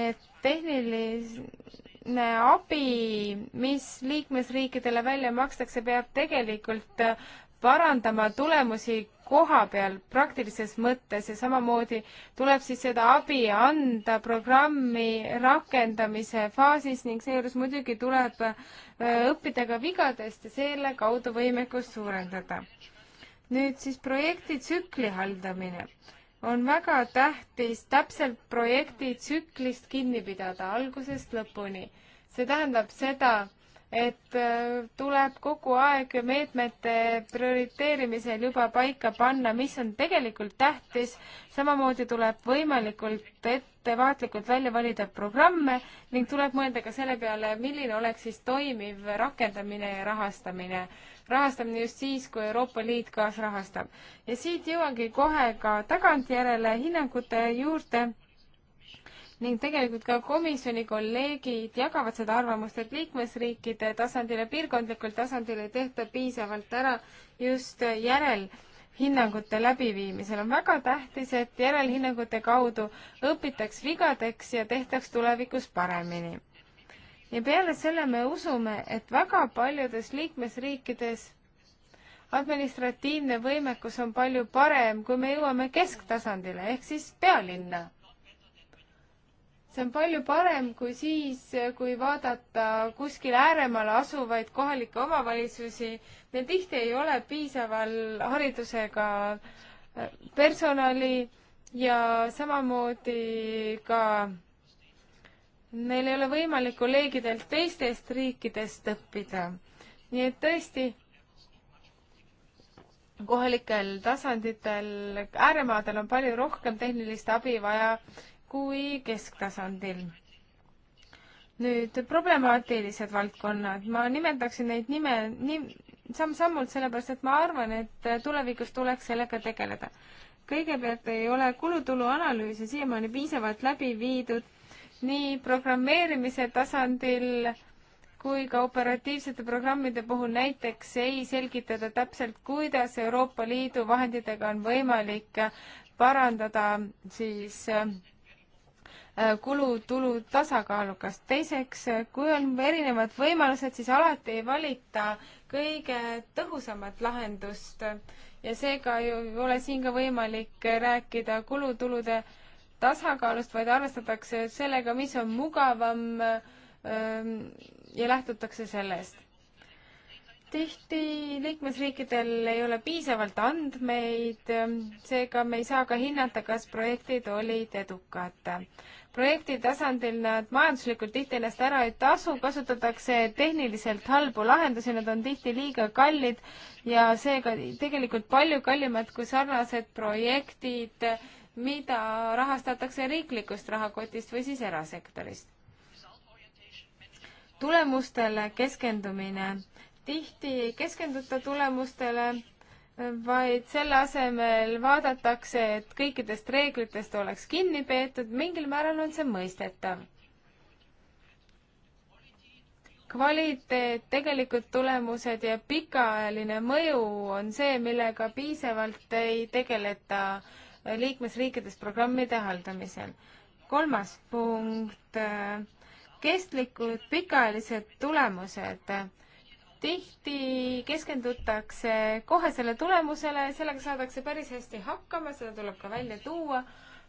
et tehnilis-, abi, mis liikmesriikidele välja makstakse, peab tegelikult parandama tulemusi koha peal praktilises mõttes ja samamoodi tuleb siis seda abi anda programmi rakendamise faasis ning seejuures muidugi tuleb äh, õppida ka vigadest ja selle kaudu võimekust suurendada. nüüd siis projekti tsükli haldamine on väga tähtis täpselt projekti tsüklist kinni pidada algusest lõpuni. see tähendab seda, et äh, tuleb kogu aeg meetmete prioriteerimisel juba paika panna, mis on tegelikult tähtis, samamoodi tuleb võimalikult ettevaatlikult välja valida programme ning tuleb mõelda ka selle peale, milline oleks siis toimiv rakendamine ja rahastamine rahastamine just siis, kui Euroopa Liit kaasrahastab. ja siit jõuangi kohe ka tagantjärele hinnangute juurde ning tegelikult ka komisjoni kolleegid jagavad seda arvamust, et liikmesriikide tasandil ja piirkondlikul tasandil ei tehta piisavalt ära just järel hinnangute läbiviimisel on väga tähtis, et järelhinnangute kaudu õpitaks vigadeks ja tehtaks tulevikus paremini ja peale selle me usume, et väga paljudes liikmesriikides administratiivne võimekus on palju parem, kui me jõuame kesktasandile ehk siis pealinna. see on palju parem kui siis, kui vaadata kuskil ääremaal asuvaid kohalikke omavalitsusi. Neil tihti ei ole piisaval haridusega äh, personali ja samamoodi ka neil ei ole võimalik kolleegidelt teistest riikidest õppida. nii et tõesti, kohalikel tasanditel, ääremaadel on palju rohkem tehnilist abi vaja kui kesktasandil. nüüd problemaatilised valdkonnad, ma nimetaksin neid nime, nii samm-sammult, sellepärast et ma arvan, et tulevikus tuleks sellega tegeleda. kõigepealt ei ole kulutulu analüüse siiamaani piisavalt läbi viidud nii programmeerimise tasandil kui ka operatiivsete programmide puhul näiteks ei selgitada täpselt, kuidas Euroopa Liidu vahenditega on võimalik parandada siis äh, kulu-tulu tasakaalukast. teiseks, äh, kui on erinevad võimalused, siis alati ei valita kõige tõhusamat lahendust ja seega ei ole siin ka võimalik rääkida kulutulude äh, tasakaalust, vaid arvestatakse sellega, mis on mugavam ähm, ja lähtutakse sellest. tihti liikmesriikidel ei ole piisavalt andmeid, seega me ei saa ka hinnata, kas projektid olid edukad. projekti tasandil nad majanduslikult tihti ennast ära ei tasu, kasutatakse tehniliselt halbu lahendusi, nad on tihti liiga kallid ja seega tegelikult palju kallimad kui sarnased projektid mida rahastatakse riiklikust rahakotist või siis erasektorist. tulemustele keskendumine. tihti ei keskenduta tulemustele, vaid selle asemel vaadatakse, et kõikidest reeglitest oleks kinni peetud, mingil määral on see mõistetav. kvaliteet, tegelikud tulemused ja pikaajaline mõju on see, millega piisavalt ei tegeleta äh, liikmesriikides programmide haldamisel. kolmas punkt, kestlikud pikaajalised tulemused. tihti keskendutakse kohe selle tulemusele, sellega saadakse päris hästi hakkama, seda tuleb ka välja tuua,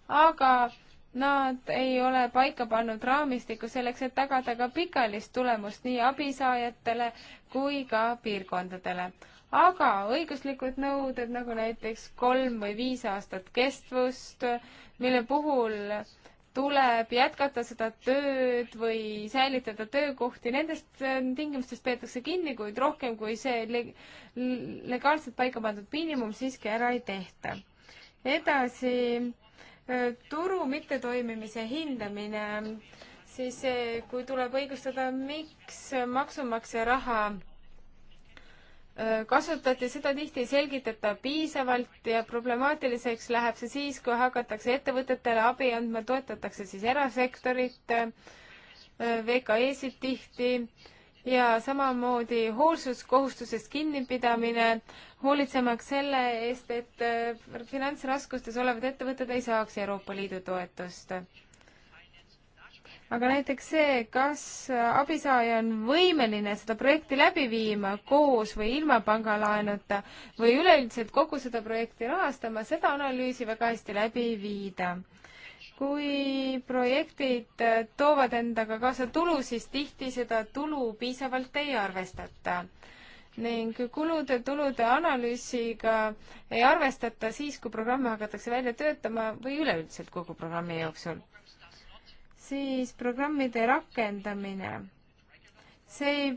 aga Nad ei ole paika pannud raamistikku selleks, et tagada ka pikaajalist tulemust nii abisaajatele kui ka piirkondadele aga õiguslikud nõuded nagu näiteks kolm või viis aastat kestvust, mille puhul tuleb jätkata seda tööd või säilitada töökohti, nendest äh, tingimustest peetakse kinni, kuid rohkem kui see leg-, legaalselt paika pandud miinimum siiski ära ei tehta. edasi, äh, turu mittetoimimise hindamine, siis äh, kui tuleb õigustada, miks maksumaksja raha Äh, kasutati, seda tihti ei selgitata piisavalt ja problemaatiliseks läheb see siis, kui hakatakse ettevõtetele abi andma, toetatakse siis erasektorit, äh, VKE-sid tihti ja samamoodi hoolsuskohustusest kinnipidamine, hoolitsemaks selle eest, et äh, finantsraskustes olevad ettevõtted ei saaks Euroopa Liidu toetust aga näiteks see, kas abisaaja on võimeline seda projekti läbi viima koos või ilma pangalaenuta või üleüldiselt kogu seda projekti rahastama, seda analüüsi väga hästi läbi viida. kui projektid toovad endaga kaasa tulu, siis tihti seda tulu piisavalt ei arvestata ning kulude-tulude analüüsiga ei arvestata siis, kui programme hakatakse välja töötama või üleüldiselt kogu programmi jooksul siis programmide rakendamine. see ei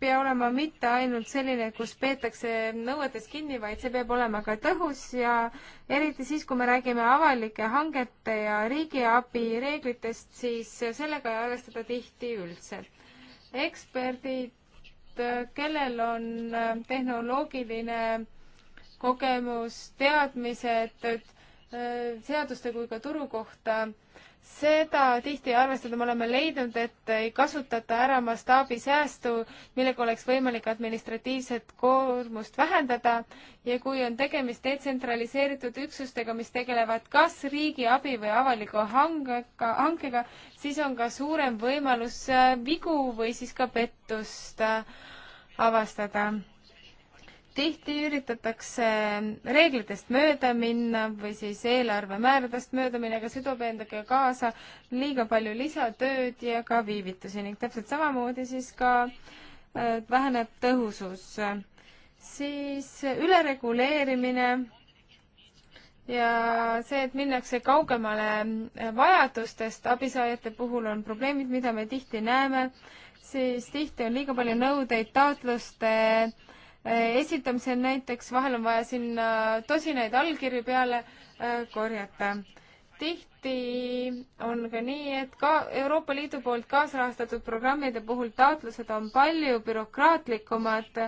pea olema mitte ainult selline, kus peetakse nõuetest kinni, vaid see peab olema ka tõhus ja eriti siis, kui me räägime avalike hangete ja riigiabi reeglitest, siis sellega ei arvestata tihti üldse. eksperdid, kellel on tehnoloogiline kogemus, teadmised äh, seaduste kui ka turu kohta, seda tihti ei arvestada, me oleme leidnud, et ei kasutata ära mastaabisäästu, millega oleks võimalik administratiivset koormust vähendada ja kui on tegemist detsentraliseeritud üksustega, mis tegelevad kas riigi abi või avaliku hangega, hankega, siis on ka suurem võimalus äh, vigu või siis ka pettust äh, avastada tihti üritatakse reeglitest mööda minna või siis eelarvemääradest mööda minna, aga see toob endaga kaasa liiga palju lisatööd ja ka viivitusi ning täpselt samamoodi siis ka äh, väheneb tõhusus. siis ülereguleerimine ja see, et minnakse kaugemale äh, vajadustest abisaajate puhul, on probleemid, mida me tihti näeme, siis tihti on liiga palju nõudeid taotluste äh, Äh, esitamisel näiteks vahel on vaja sinna tosinaid allkirju peale äh, korjata. tihti on ka nii, et ka Euroopa Liidu poolt kaasrahastatud programmide puhul taotlused on palju bürokraatlikumad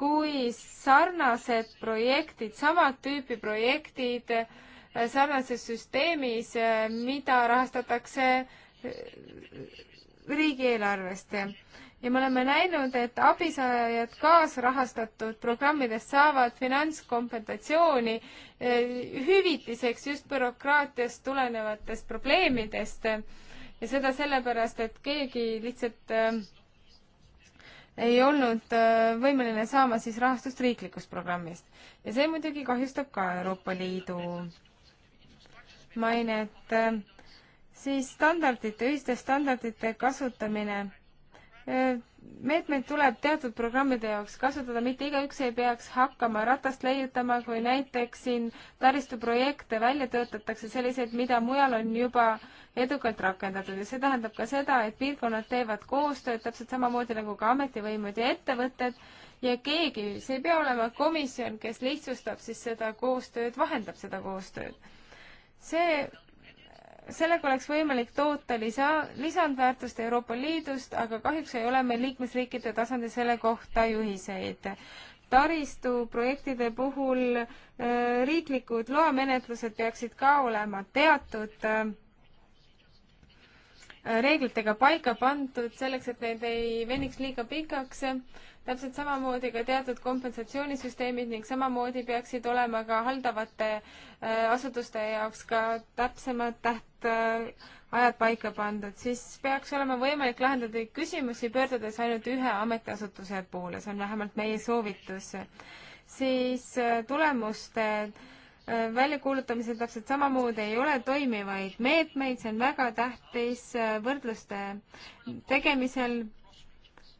kui sarnased projektid, samad tüüpi projektid äh, sarnases süsteemis, mida rahastatakse riigieelarvest ja me oleme näinud, et abisaajad kaasrahastatud programmidest saavad finantskompensatsiooni eh, hüvitiseks just bürokraatiast tulenevatest probleemidest ja seda sellepärast, et keegi lihtsalt eh, ei olnud eh, võimeline saama siis rahastust riiklikust programmist. ja see muidugi kahjustab ka Euroopa Liidu mainet. siis standardite, ühiste standardite kasutamine meetmeid tuleb teatud programmide jaoks kasutada, mitte igaüks ei peaks hakkama ratast leiutama, kui näiteks siin taristuprojekte välja töötatakse, selliseid, mida mujal on juba edukalt rakendatud ja see tähendab ka seda, et piirkonnad teevad koostööd täpselt samamoodi nagu ka ametivõimud ja ettevõtted ja keegi, see ei pea olema komisjon, kes lihtsustab siis seda koostööd, vahendab seda koostööd. see sellega oleks võimalik toota lisa, lisandväärtust Euroopa Liidust, aga kahjuks ei ole meil liikmesriikide tasandil selle kohta juhiseid. taristuprojektide puhul äh, riiklikud loamenetlused peaksid ka olema teatud äh, reeglitega paika pandud, selleks et need ei veniks liiga pikaks. täpselt samamoodi ka teatud kompensatsioonisüsteemid ning samamoodi peaksid olema ka haldavate äh, asutuste jaoks ka täpsemad täht-, Äh, ajad paika pandud, siis peaks olema võimalik lahendada küsimusi, pöördudes ainult ühe ametiasutuse poole, see on vähemalt meie soovitus. siis äh, tulemuste äh, väljakuulutamisel täpselt samamoodi ei ole toimivaid meetmeid, see on väga tähtis võrdluste tegemisel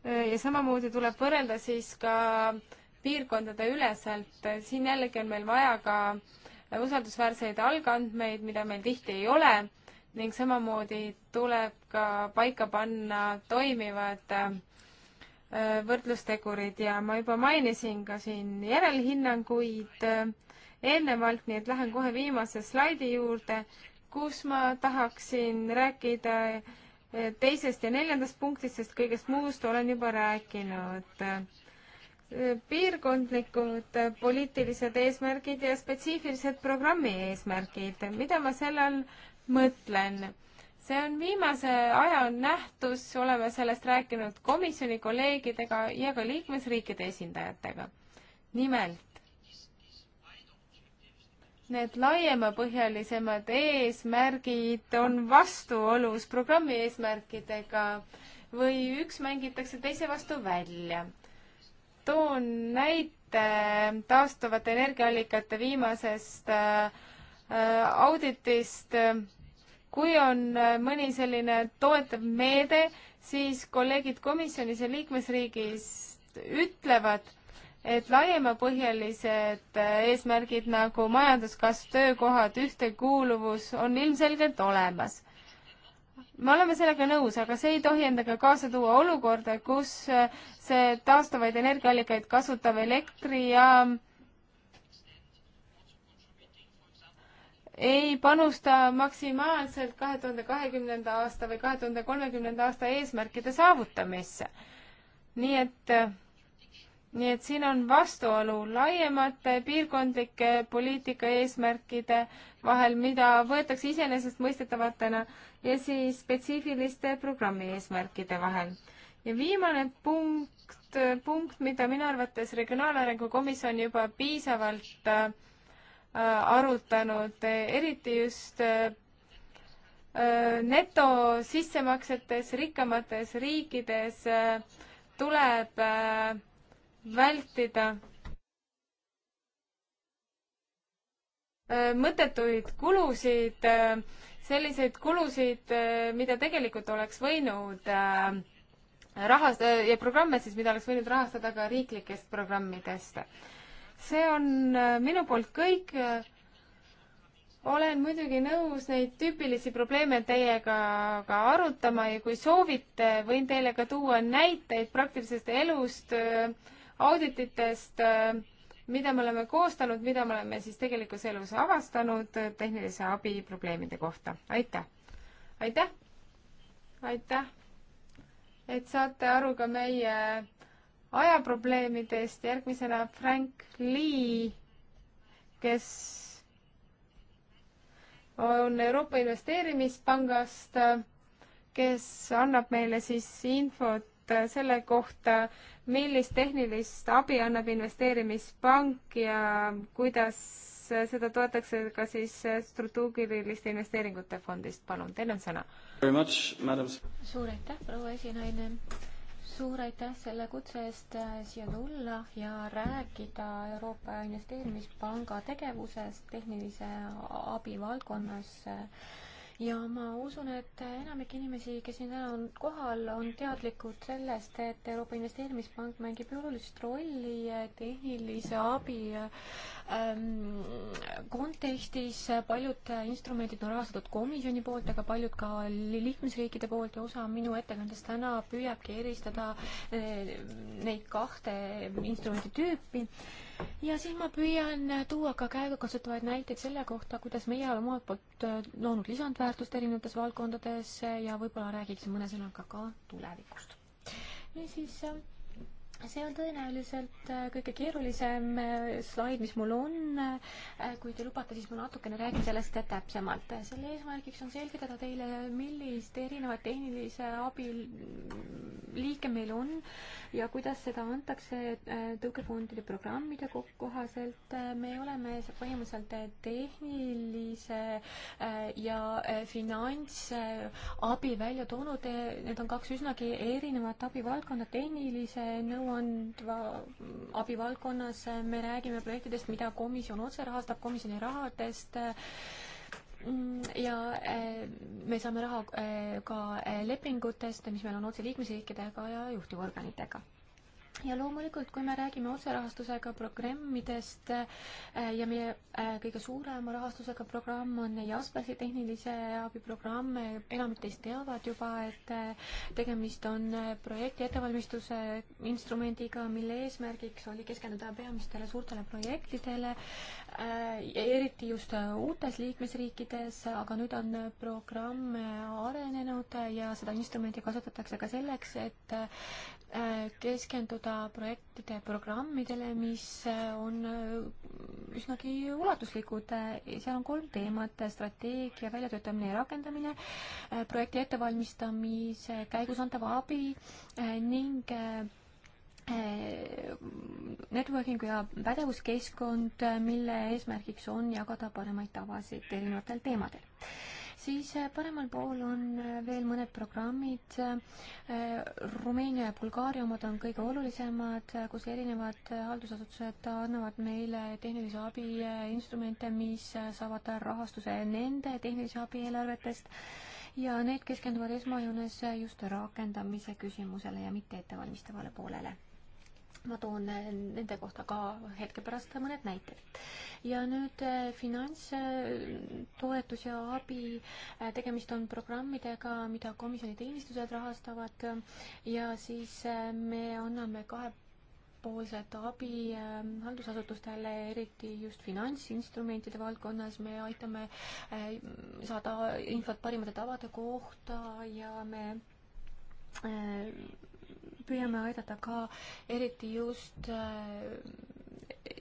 ja samamoodi tuleb võrrelda siis ka piirkondade üleselt, siin jällegi on meil vaja ka äh, usaldusväärseid algandmeid, mida meil tihti ei ole ning samamoodi tuleb ka paika panna toimivad äh, võrdlustegurid ja ma juba mainisin ka siin järelhinnanguid äh, eelnevalt, nii et lähen kohe viimase slaidi juurde, kus ma tahaksin rääkida äh, teisest ja neljandast punktist, sest kõigest muust olen juba rääkinud piirkondlikud poliitilised eesmärgid ja spetsiifilised programmi eesmärgid. mida ma selle all mõtlen? see on viimase aja nähtus, oleme sellest rääkinud komisjoni kolleegidega ja ka liikmesriikide esindajatega. nimelt, need laiemapõhjalisemad eesmärgid on vastuolus programmi eesmärkidega või üks mängitakse teise vastu välja toon näite taastuvate energiaallikate viimasest äh, auditist. kui on äh, mõni selline toetav meede, siis kolleegid komisjonis ja liikmesriigis ütlevad, et laiemapõhjalised äh, eesmärgid nagu majanduskasv, töökohad, ühtekuuluvus on ilmselgelt olemas me oleme sellega nõus, aga see ei tohi endaga kaasa tuua olukorda, kus äh, see taastuvaid energiaallikaid kasutav elektrijaam ei panusta maksimaalselt kahe tuhande kahekümnenda aasta või kahe tuhande kolmekümnenda aasta eesmärkide saavutamisse. nii et, äh, nii et siin on vastuolu laiemate piirkondlike poliitika eesmärkide vahel, mida võetakse iseenesestmõistetavatena ja siis spetsiifiliste programmi eesmärkide vahel. ja viimane punkt, punkt, mida minu arvates Regionaalarengu Komisjon juba piisavalt äh, arutanud, eriti just äh, neto sissemaksetes rikkamates riikides äh, tuleb äh, vältida äh, mõttetuid kulusid äh, selliseid kulusid, äh, mida tegelikult oleks võinud äh, rahast- äh, ja programme siis, mida oleks võinud rahastada ka riiklikest programmidest. see on minu poolt kõik. olen muidugi nõus neid tüüpilisi probleeme teiega ka arutama ja kui soovite, võin teile ka tuua näiteid praktilisest elust, audititest mida me oleme koostanud, mida me oleme siis tegelikus elus avastanud tehnilise abi probleemide kohta. aitäh! aitäh! aitäh! et saate aru ka meie ajaprobleemidest, järgmisena Frank Lee, kes on Euroopa Investeerimispangast, kes annab meile siis infot Äh, selle kohta, millist tehnilist abi annab investeerimispank ja kuidas äh, seda toetatakse ka siis äh, struktuuriliste investeeringute fondist, palun, teil on sõna. suur aitäh, proua esinaine suur aitäh selle kutse eest siia tulla ja rääkida Euroopa Investeerimispanga tegevusest tehnilise abi valdkonnas äh, ja ma usun, et enamik inimesi, kes siin täna on kohal, on teadlikud sellest, et Euroopa Investeerimispank mängib olulist rolli tehnilise abi ähm, kontekstis. paljud instrumendid on rahastatud komisjoni poolt, aga paljud ka liikmesriikide poolt ja osa minu ettekandest täna püüabki eristada äh, neid kahte instrumendi tüüpi ja siis ma püüan tuua ka käegakasutavaid näiteid selle kohta, kuidas meie oleme omalt poolt äh, loonud lisandväärtust erinevates valdkondades ja võib-olla räägiksin mõne sõnaga ka tulevikust. niisiis äh, see on tõenäoliselt äh, kõige keerulisem äh, slaid, mis mul on. Äh, kui te lubate, siis ma natukene räägin sellest täpsemalt. selle eesmärgiks on selgitada teile, millist erinevat tehnilise abi liike meil on ja kuidas seda antakse tõukefondide programmide kohaselt. me oleme põhimõtteliselt tehnilise ja finantsabi välja toonud. Need on kaks üsnagi erinevat abivaldkonda, tehnilise nõu andva abi valdkonnas, me räägime projektidest, mida komisjon otse rahastab komisjoni rahadest mm, ja eh, me saame raha eh, ka eh, lepingutest, mis meil on otse liikmesriikidega ja juhtivorganitega ja loomulikult, kui me räägime otserahastusega programmidest äh, ja meie äh, kõige suurema rahastusega programm on Jaspersi tehnilise abi programm, enamik teist teavad juba, et äh, tegemist on projekti ettevalmistuse instrumendiga, mille eesmärgiks oli keskenduda peamistele suurtele projektidele, eriti just uutes liikmesriikides, aga nüüd on programm arenenud ja seda instrumenti kasutatakse ka selleks, et keskenduda keskenduda projektide programmidele, mis on üsnagi ulatuslikud. seal on kolm teemat, strateegia väljatöötamine ja rakendamine, projekti ettevalmistamise käigus antav abi ning eh, networking ja pädevuskeskkond, mille eesmärgiks on jagada paremaid tavasid erinevatel teemadel siis äh, paremal pool on äh, veel mõned programmid. Äh, Rumeenia ja Bulgaaria omad on kõige olulisemad, kus erinevad haldusasutused annavad meile tehnilise abi instrumente, mis saavad rahastuse nende tehnilise abi eelarvetest ja need keskenduvad esmajoones just rakendamise küsimusele ja mitte ettevalmistavale poolele ma toon nende kohta ka hetke pärast mõned näited. ja nüüd äh, finantstoetus äh, ja abi, äh, tegemist on programmidega, mida komisjoni teenistused rahastavad ja siis me anname kahepoolset abi ähm, haldusasutustele, eriti just finantsinstrumentide valdkonnas, me aitame saada infot parimate tavade kohta ja me püüame aidata ka eriti just äh,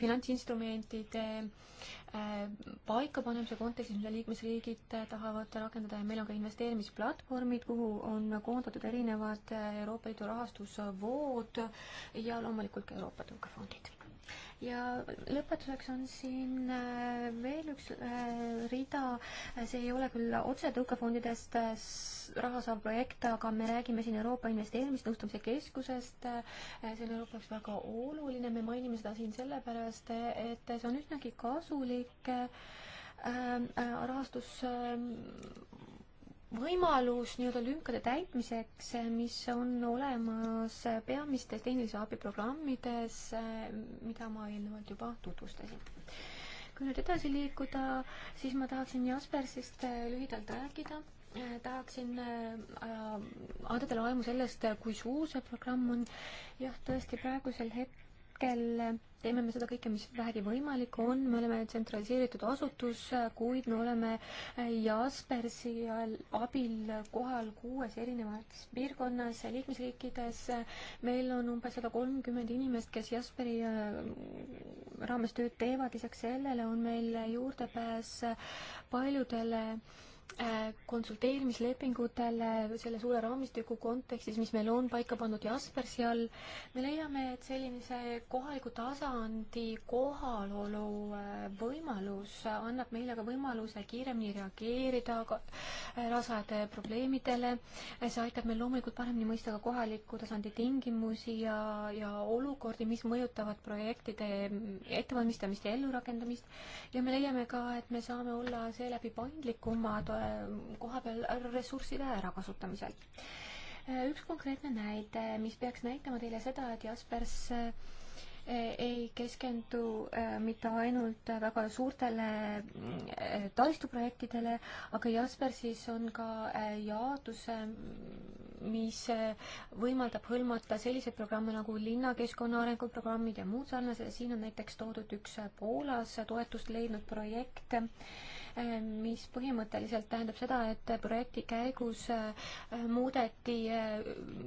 finantsinstrumentide äh, paikapanemise kontekstis, mida liikmesriigid äh, tahavad rakendada ja meil on ka investeerimisplatvormid, kuhu on koondatud erinevad Euroopa Liidu rahastusvood ja loomulikult ka Euroopa tõukefondid ja lõpetuseks on siin äh, veel üks äh, rida, äh, see ei ole küll otse tõukefondidest raha saav projekt, aga me räägime siin Euroopa Investeerimisnõustamise Keskusest. see on Euroopa jaoks väga oluline, me mainime seda siin sellepärast, et see on üsnagi kasulik rahastus võimalus nii-öelda lünkade täitmiseks, mis on olemas peamistes tehnilise abi programmides, mida ma eelnevalt juba tutvustasin. kui nüüd edasi liikuda, siis ma tahaksin Jaspersist äh, lühidalt rääkida äh, tahaksin äh, äh anda teile aimu sellest, kui suur see programm on. jah, tõesti praegusel hetkel hetkel teeme me seda kõike, mis vähegi võimalik on, me oleme tsentraliseeritud asutus, kuid me oleme Jaspersi abil kohal kuues erinevates piirkonnas, liikmesriikides. meil on umbes sada kolmkümmend inimest, kes Jasperi äh, raames tööd teevad, lisaks sellele on meil juurdepääs paljudele äh, Äh, konsulteerimislepingutele selle suure raamistiku kontekstis, mis meil on paika pandud Jaspersi all, me leiame, et sellise kohaliku tasandi kohalolu äh, võimalus annab meile ka võimaluse kiiremini reageerida äh, rasade probleemidele. see aitab meil loomulikult paremini mõista ka kohaliku tasandi tingimusi ja, ja olukordi, mis mõjutavad projektide mm, ettevalmistamist ja ellurakendamist. ja me leiame ka, et me saame olla seeläbi paindlikumad Äh, kohapeal ressursside ärakasutamisel. Äh, üks konkreetne näide, mis peaks näitama teile seda, et Jaspers äh, ei keskendu mitte ainult väga suurtele taristuprojektidele, aga Jaspersis on ka jaotus, mis võimaldab hõlmata selliseid programme nagu linnakeskkonna arenguprogrammid ja muud sarnased. siin on näiteks toodud üks Poolas toetust leidnud projekt mis põhimõtteliselt tähendab seda, et projekti käigus äh, muudeti äh,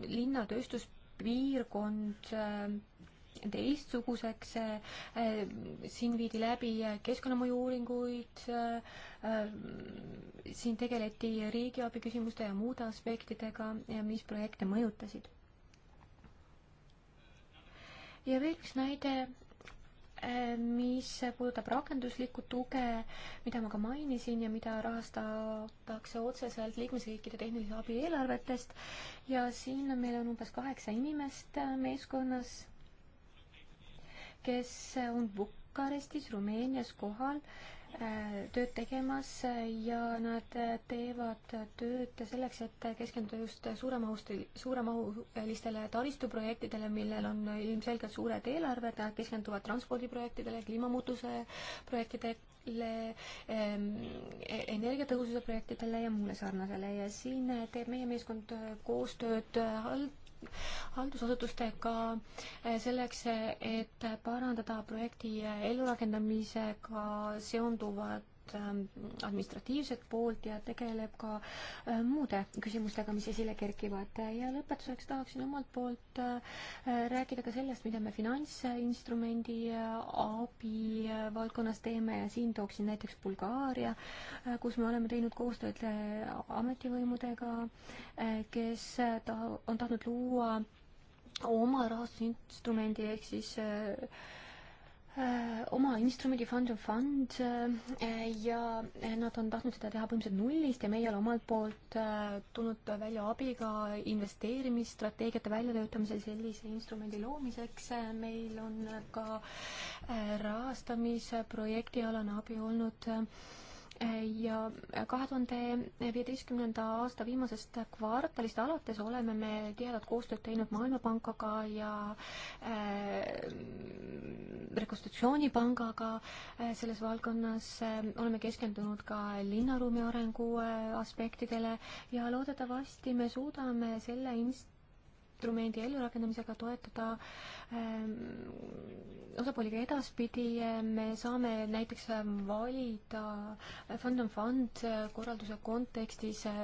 linna tööstuspiirkond äh, teistsuguseks, siin viidi läbi keskkonnamõju uuringuid, siin tegeleti riigiabi küsimuste ja muude aspektidega, mis projekte mõjutasid. ja veel üks näide Eh, mis puudutab rakenduslikku tuge, mida ma ka mainisin ja mida rahastatakse otseselt liikmesriikide tehnilise abi eelarvetest. ja siin meil on umbes kaheksa inimest meeskonnas, kes on Bukarestis, Rumeenias kohal Äh, tööd tegemas ja nad teevad tööd selleks, et keskenduda just suuremahustel, suuremahulistele taristuprojektidele, millel on ilmselgelt suured eelarved, nad keskenduvad transpordiprojektidele, kliimamuutuse projektidele, ähm, e-, energiatõhususe projektidele ja muule sarnasele ja siin teeb meie meeskond koostööd hald-, haldusasutustega eh, selleks, eh, et parandada projekti ellurakendamisega seonduvat Ähm, administratiivset poolt ja tegeleb ka äh, muude küsimustega, mis esile kerkivad. ja lõpetuseks tahaksin omalt poolt äh, rääkida ka sellest, mida me finantsinstrumendi äh, abi valdkonnas teeme ja siin tooksin näiteks Bulgaaria, kus me oleme teinud koostööd ametivõimudega, kes ta on tahtnud luua oma rahastusinstrumendi ehk siis äh, Äh, oma instrumendi Fund of Fund äh, ja äh, nad on tahtnud seda teha põhimõtteliselt nullist ja meie oleme omalt poolt tulnud välja abiga investeerimisstrateegiate väljatöötamisel sellise instrumendi loomiseks. meil on ka rahastamisprojektialane abi olnud äh, ja kahe tuhande viieteistkümnenda aasta viimasest kvartalist alates oleme me tihedat koostööd teinud Maailmapangaga ja äh, Rekonstruktsioonipangaga äh, selles valdkonnas äh,, oleme keskendunud ka linnaruumi arengu äh, aspektidele ja loodetavasti me suudame selle inst-, instrumendi ellurakendamisega toetada ähm, osapooliga edaspidi. Ähm, me saame näiteks ähm, valida äh, fund on fund äh, korralduse kontekstis äh,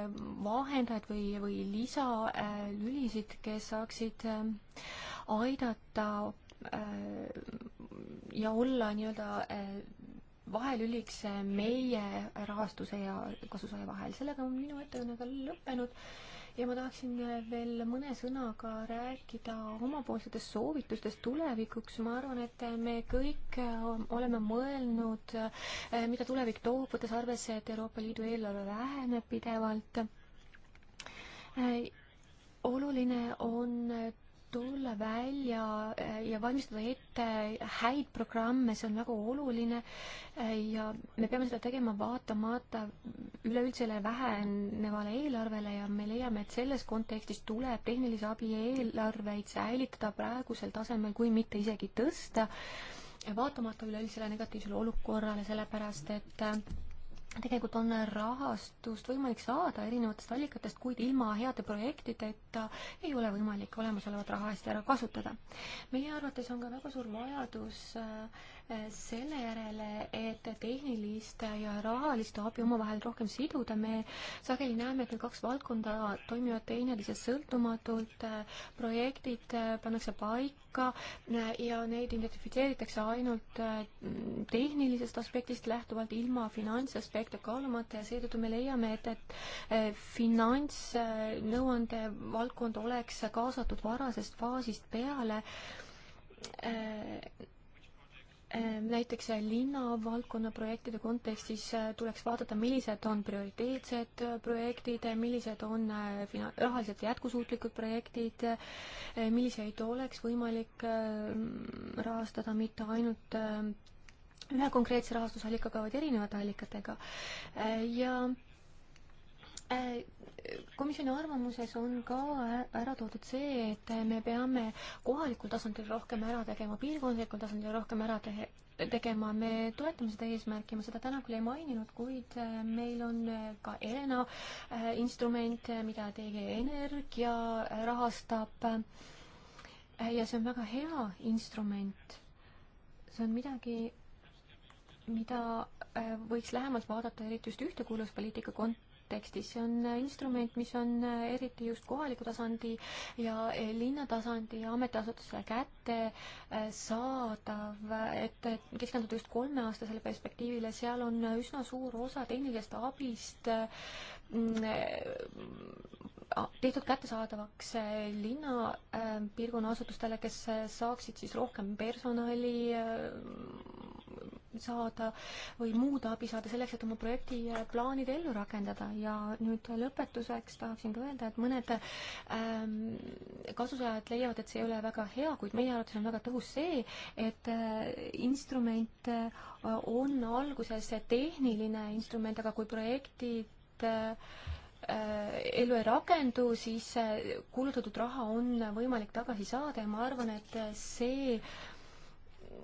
vahendajad või, või lisalülisid, kes saaksid aidata ja olla nii-öelda vahelüliks meie rahastuse ja kasusaaja vahel. sellega on minu ettekanne ka lõppenud ja ma tahaksin veel mõne sõnaga rääkida omapoolsetest soovitustest tulevikuks. ma arvan, et me kõik oleme mõelnud, eh, mida tulevik toob, võttes arvesse, et Euroopa Liidu eelarve väheneb pidevalt. Eh, oluline on tulla välja eh, ja valmistada ette häid programme, see on väga oluline ja me peame seda tegema vaatamata üleüldisele vähenevale eelarvele leiame, et selles kontekstis tuleb tehnilise abi eelarveid säilitada praegusel tasemel, kui mitte isegi tõsta, vaatamata üleüldisele negatiivsele olukorrale, sellepärast et äh, tegelikult on rahastust võimalik saada erinevatest allikatest, kuid ilma heade projektideta võtta, ei ole võimalik olemasolevat raha hästi ära kasutada. meie arvates on ka väga suur vajadus äh, selle järele, et tehnilist ja rahalist abi omavahel rohkem siduda, me sageli näeme, et need kaks valdkonda toimivad teineteisest sõltumatult, äh, projektid äh, pannakse paika ja neid identifitseeritakse ainult tehnilisest aspektist lähtuvalt, ilma finantsaspekte kaalumata ja seetõttu me leiame, et, et finantsnõuande valdkond oleks kaasatud varasest faasist peale äh, äh, näiteks linnavaldkonna projektide kontekstis äh, tuleks vaadata, millised on prioriteetsed projektid, millised on fina-, rahaliselt jätkusuutlikud projektid, milliseid oleks võimalik rahastada mitte ainult ühe konkreetse rahastusallikaga, vaid erinevate allikatega ja Äh, komisjoni arvamuses on ka ära toodud see, et me peame kohalikul tasandil rohkem ära tegema, piirkondlikul tasandil rohkem ära tehe, tegema, me toetame seda eesmärki, ma seda täna küll ei maininud, kuid äh, meil on ka Elena äh, instrument, mida TG Energia rahastab. ja see on väga hea instrument. see on midagi, mida võiks lähemalt vaadata, eriti just ühtekuuluvuspoliitika kont-, kontekstis. see on instrument, mis on eriti just kohaliku tasandi ja linnatasandi ametiasutuse kätte äh, saadav, et keskenduda just kolmeaastasele perspektiivile, seal on üsna suur osa tehnilisest abist äh, äh, tehtud kättesaadavaks linnapiirkonna asutustele, kes saaksid siis rohkem personali saada või muud abi saada selleks, et oma projekti plaanid ellu rakendada ja nüüd lõpetuseks tahaksin ka öelda, et mõned ähm, kasusaajad leiavad, et see ei ole väga hea, kuid meie arvates on väga tõhus see, et äh, instrument äh, on alguses tehniline instrument, aga kui projektid äh, äh ellu ei rakendu, siis äh, kulutatud raha on võimalik tagasi saada ja ma arvan, et äh, see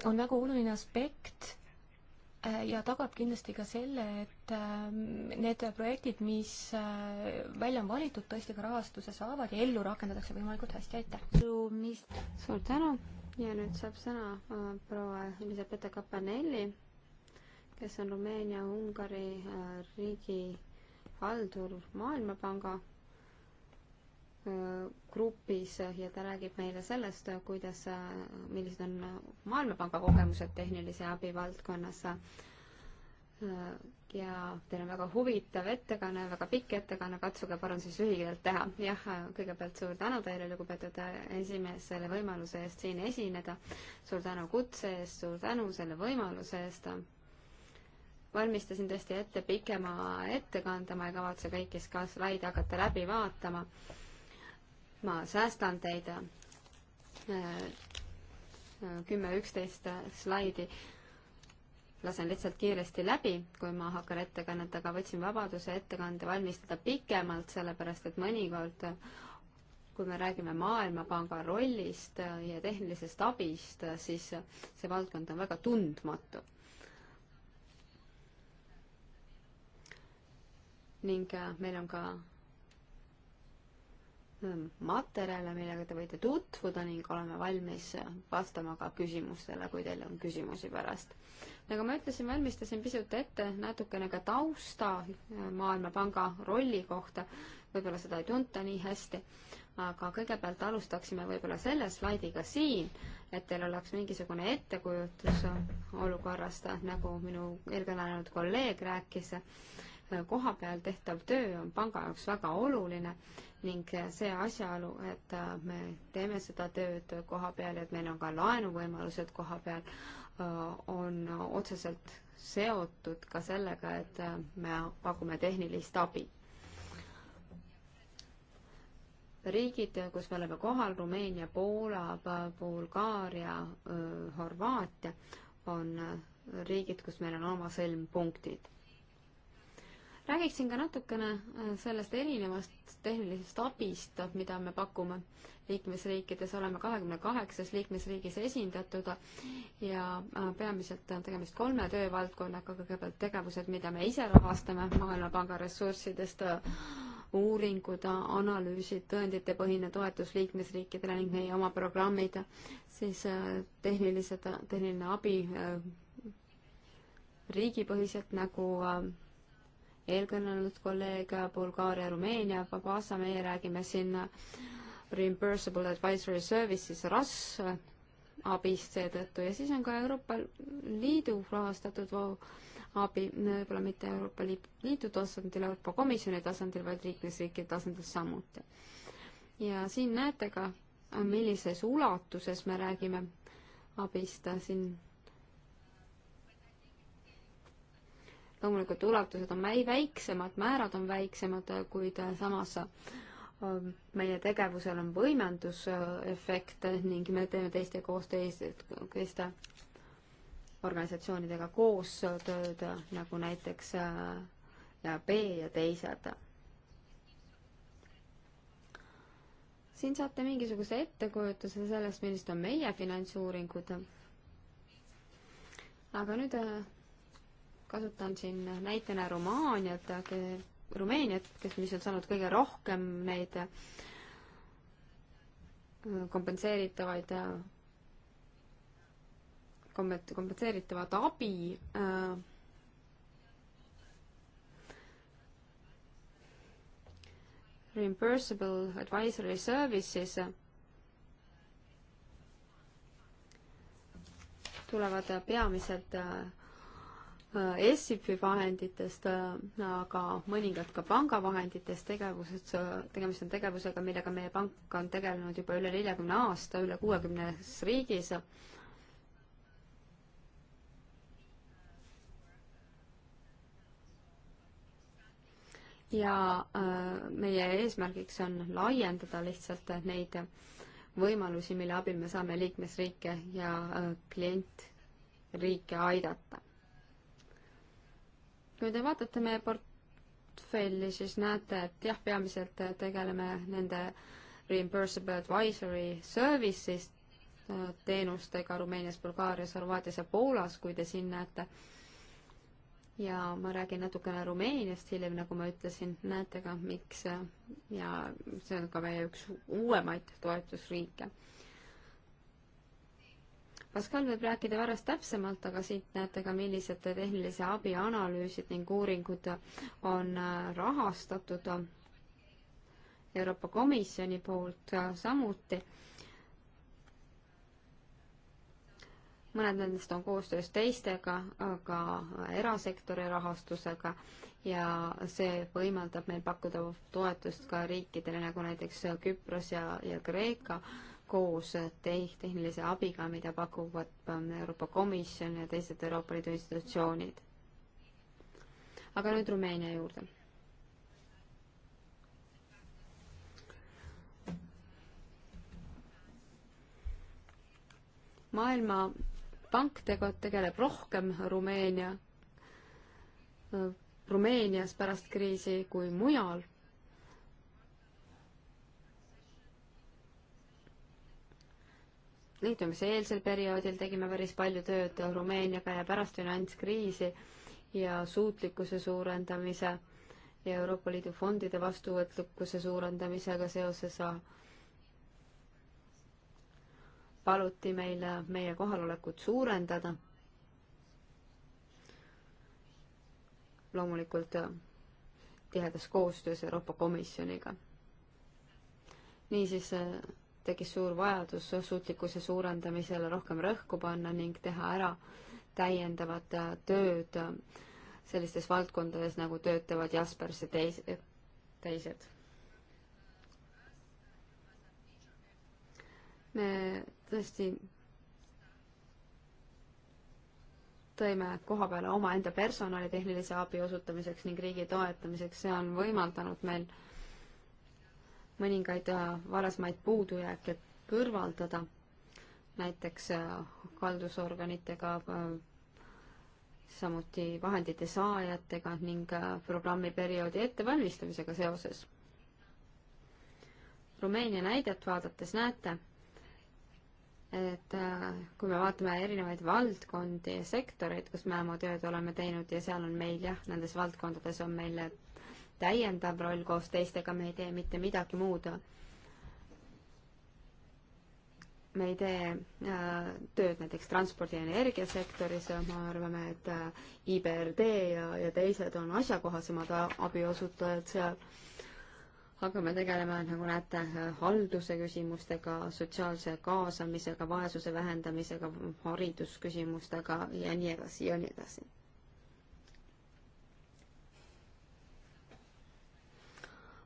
on väga oluline aspekt Äh, ja tagab kindlasti ka selle, et ähm, need projektid, mis äh, välja on valitud, tõesti ka rahastuse saavad ja ellu rakendatakse võimalikult hästi, aitäh! suur tänu ja nüüd saab sõna äh, proua Elisabetta Capanelli, kes on Rumeenia-Ungari riigi haldur Maailmapanga grupis ja ta räägib meile sellest, kuidas, millised on Maailmapanga kogemused tehnilise abi valdkonnas. ja teil on väga huvitav ettekanne, väga pikk ettekanne, katsuge palun siis lühidalt teha. jah, kõigepealt suur tänu teile, lugupeetud esimees, selle võimaluse eest siin esineda. suur tänu kutse eest, suur tänu selle võimaluse eest valmistasin tõesti ette pikema ettekande, ma ei kavatse kõiki slaide hakata läbi vaatama ma säästan teid äh, äh, kümme, üksteist äh, slaidi lasen lihtsalt kiiresti läbi, kui ma hakkan ettekannet, aga võtsin vabaduse ettekande valmistada pikemalt, sellepärast et mõnikord kui me räägime Maailmapanga rollist ja tehnilisest abist, siis see valdkond on väga tundmatu. ning meil on ka Hmm, materjale, millega te võite tutvuda ning oleme valmis vastama ka küsimustele, kui teil on küsimusi pärast. nagu ma ütlesin, valmistasin pisut ette natukene ka tausta eh, Maailmapanga rolli kohta, võib-olla seda ei tunta nii hästi, aga kõigepealt alustaksime võib-olla selle slaidiga siin, et teil oleks mingisugune ettekujutus olukorrast, nagu minu eelkõnelenud kolleeg rääkis koha peal tehtav töö on panga jaoks väga oluline ning see asjaolu, et äh, me teeme seda tööd koha peal ja et meil on ka laenuvõimalused koha peal, äh, on otseselt seotud ka sellega, et äh, me pakume tehnilist abi. riigid, kus me oleme kohal, Rumeenia, Poola, Bulgaaria, Horvaatia, on riigid, kus meil on oma sõlmpunktid räägiksin ka natukene äh, sellest erinevast tehnilisest abist, mida me pakume liikmesriikides, oleme kahekümne kaheksas liikmesriigis esindatud ja äh, peamiselt on tegemist kolme töövaldkonnaga, kõigepealt tegevused, mida me ise rahastame Maailmapanga ressurssidest, äh, uuringud, analüüsid, tõenditepõhine toetus liikmesriikidele ning meie oma programmid, siis tehnilised, tehniline abi riigipõhiselt nagu äh, eelkõnelenud kolleeg Bulgaaria, Rumeenia, Vabasa, meie räägime siin Reimbursable Advisory Services, RAS abist seetõttu ja siis on ka Euroopa Liidu rahastatud abi, võib-olla mitte Euroopa Liidu tasandil, Euroopa Komisjoni tasandil, vaid liikmesriikide tasandil samuti. ja siin näete ka, millises ulatuses me räägime abist, siin loomulikult ulatused on väiksemad, määrad on väiksemad, kuid samas ähm, meie tegevusel on võimendusefekt ning me teeme teiste koos teiste, teiste organisatsioonidega koostööd, nagu näiteks äh, JB ja teised. siin saate mingisuguse ettekujutuse sellest, millised on meie finantsuuringud. aga nüüd äh, kasutan siin näitena Rumaaniat, Rumeeniat, kes, mis on saanud kõige rohkem neid äh, kompenseeritavaid, äh, kompenseeritavat abi äh, reimbursable advisory services tulevad peamiselt ESIF-i äh, vahenditest, äh, aga mõningad ka pangavahenditest tegevused, äh, tegemist on tegevusega, millega meie pank on tegelenud juba üle neljakümne aasta, üle kuuekümnes riigis. ja meie eesmärgiks on laiendada lihtsalt neid võimalusi, mille abil me saame liikmesriike ja klientriike aidata kui te vaatate meie portfelli, siis näete, et jah, peamiselt tegeleme nende reimbursable advisory services äh, teenustega Rumeenias, Bulgaarias, Horvaatias ja Poolas, kui te siin näete. ja ma räägin natukene Rumeeniast hiljem, nagu ma ütlesin, näete ka, miks äh, ja see on ka meie üks uuemaid toetusriike Pascal võib rääkida pärast täpsemalt, aga siit näete ka, millised tehnilise abi analüüsid ning uuringud on äh, rahastatud Euroopa Komisjoni poolt äh, samuti. mõned nendest on koostöös teistega, ka äh, erasektori rahastusega ja see võimaldab meil pakkuda toetust ka riikidele nagu näiteks Küpros ja, ja Kreeka koos teh-, tehnilise abiga, mida pakuvad ähm, Euroopa Komisjon ja teised Euroopa Liidu institutsioonid. aga nüüd Rumeenia juurde. maailmapank tegu-, tegeleb rohkem Rumeenia, äh, Rumeenias pärast kriisi kui mujal liitumise eelsel perioodil tegime päris palju tööd Rumeeniaga ja pärast finantskriisi ja suutlikkuse suurendamise ja Euroopa Liidu fondide vastuvõtlikkuse suurendamisega seoses äh, paluti meil äh, meie kohalolekut suurendada. loomulikult äh, tihedas koostöös Euroopa Komisjoniga. niisiis tekkis suur vajadus suutlikkuse suurendamisele rohkem rõhku panna ning teha ära täiendavat äh, tööd äh, sellistes valdkondades, nagu töötavad Jaspers ja teis-, teised. me tõesti tõime koha peale omaenda personali tehnilise abi osutamiseks ning riigi toetamiseks, see on võimaldanud meil äh, mõningaid äh, varasemaid puudujääke kõrvaldada, näiteks haldusorganitega, äh, äh, samuti vahendite saajatega ning programmiperioodi ettevalmistamisega seoses. Rumeenia näidet vaadates näete, et kui me vaatame erinevaid valdkondi ja sektoreid, kus me oma tööd oleme teinud ja seal on meil jah, nendes valdkondades on meil täiendav roll koos teistega, me ei tee mitte midagi muud. me ei tee äh, tööd näiteks transpordi- ja energiasektoris, me arvame, et äh, IBRD ja, ja teised on asjakohasemad abiosutajad seal aga me tegeleme, nagu näete, halduse küsimustega, sotsiaalse kaasamisega, vaesuse vähendamisega, haridusküsimustega ja nii edasi ja nii edasi.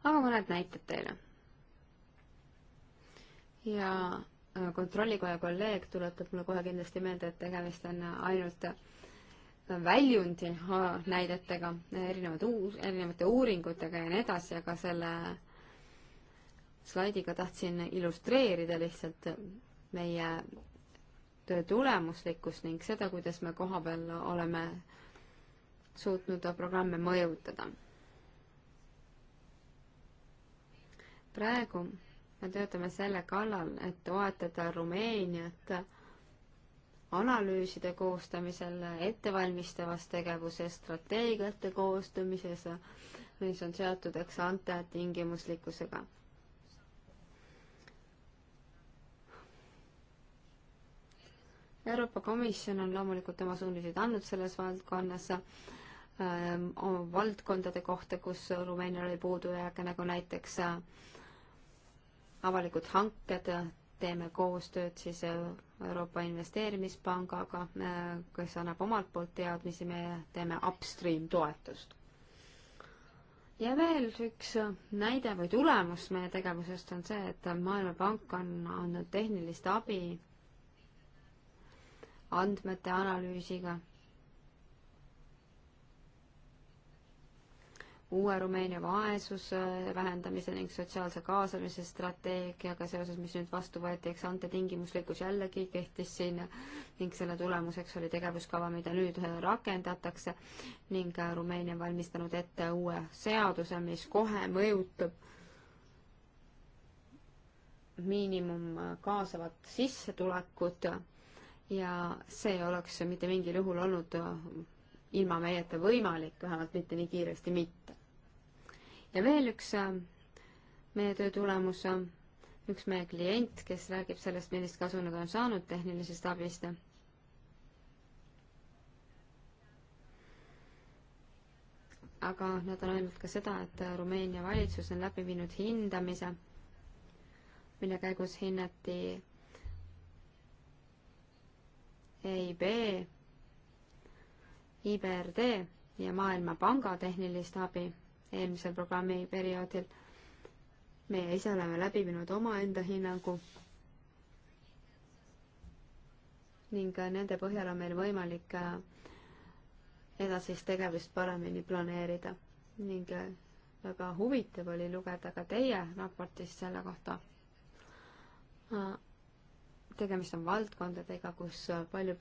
aga mõned näited teile. ja äh, kontrollikoja kolleeg tuletab mulle kohe kindlasti meelde, et tegemist on ainult äh, väljundi äh, näidetega, erinevad uus, erinevate uuringutega ja nii edasi, aga selle slaidiga tahtsin illustreerida lihtsalt meie töö tulemuslikkust ning seda, kuidas me kohapeal oleme suutnud programme mõjutada. praegu me töötame selle kallal, et toetada Rumeeniat analüüside koostamisel, ettevalmistavas tegevuses, strateegiate koostamises, mis on seotud eksante tingimuslikkusega. Euroopa Komisjon on loomulikult oma suuniseid andnud selles valdkonnas ähm, valdkondade kohta, kus Rumeenial oli puudujääke, nagu näiteks äh, avalikud hanked, teeme koostööd siis Euroopa Investeerimispangaga, kes annab omalt poolt teadmisi, me teeme upstream toetust. ja veel üks näide või tulemus meie tegevusest on see, et Maailmapank on andnud tehnilist abi andmete analüüsiga uue Rumeenia vaesuse vähendamise ning sotsiaalse kaasamise strateegiaga seoses, mis nüüd vastu võeti, eks antetingimuslikkus jällegi kehtis siin ning selle tulemuseks oli tegevuskava, mida nüüd rakendatakse ning Rumeenia on valmistanud ette uue seaduse, mis kohe mõjutab miinimum kaasavat sissetulekut ja see oleks mitte mingil juhul olnud ilma meieta võimalik, vähemalt mitte nii kiiresti mitte ja veel üks äh, meie töö tulemus, äh, üks meie klient, kes räägib sellest, millist kasu nad on saanud tehnilisest abist. aga nad on öelnud ka seda, et äh, Rumeenia valitsus on läbi viinud hindamise, mille käigus hinnati EIB, IBRD ja Maailmapanga tehnilist abi eelmisel programmiperioodil. meie ise oleme läbi viinud omaenda hinnangu ning nende põhjal on meil võimalik äh, edasist tegevust paremini planeerida ning äh, väga huvitav oli lugeda ka teie raportist selle kohta. Äh, tegemist on valdkondadega, kus palju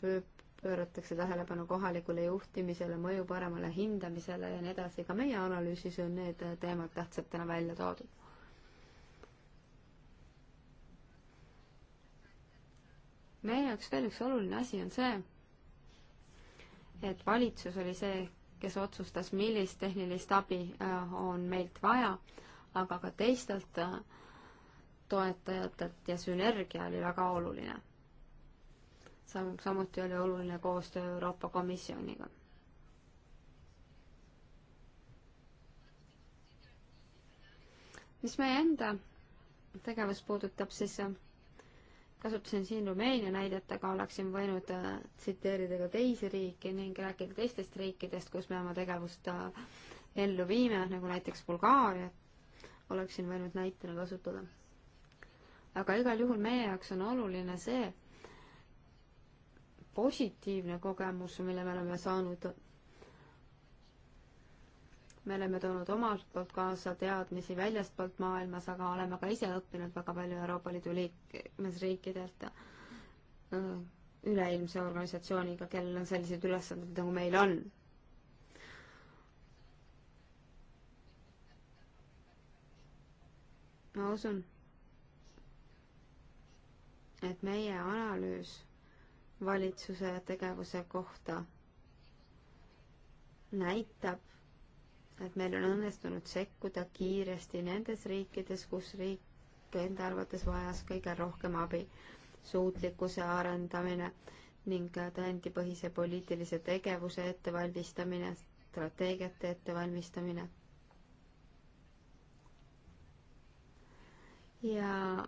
pööratakse tähelepanu kohalikule juhtimisele, mõju paremale hindamisele ja nii edasi, ka meie analüüsis on need teemad tähtsatena välja toodud. meie jaoks veel üks oluline asi on see, et valitsus oli see, kes otsustas, millist tehnilist abi äh, on meilt vaja, aga ka teistelt äh, toetajatelt ja sünergia oli väga oluline sam-, samuti oli oluline koostöö Euroopa Komisjoniga. mis meie enda tegevust puudutab, siis äh, kasutasin siin Rumeenia näidet, aga oleksin võinud äh, tsiteerida ka teisi riike ning rääkida teistest riikidest, kus me oma tegevust äh, ellu viime, nagu näiteks Bulgaaria, oleksin võinud näitena kasutada. aga igal juhul meie jaoks on oluline see, positiivne kogemus, mille me oleme saanud. me oleme toonud omalt poolt kaasa teadmisi väljastpoolt maailmas, aga oleme ka ise õppinud väga palju Euroopa Liidu liikmesriikidelt äh, üleilmse organisatsiooniga, kellel on sellised ülesanded, nagu meil on. ma usun, et meie analüüs valitsuse tegevuse kohta näitab, et meil on õnnestunud sekkuda kiiresti nendes riikides, kus riik enda arvates vajas kõige rohkem abi. suutlikkuse arendamine ning tõendipõhise poliitilise tegevuse ettevalmistamine, strateegiate ettevalmistamine. ja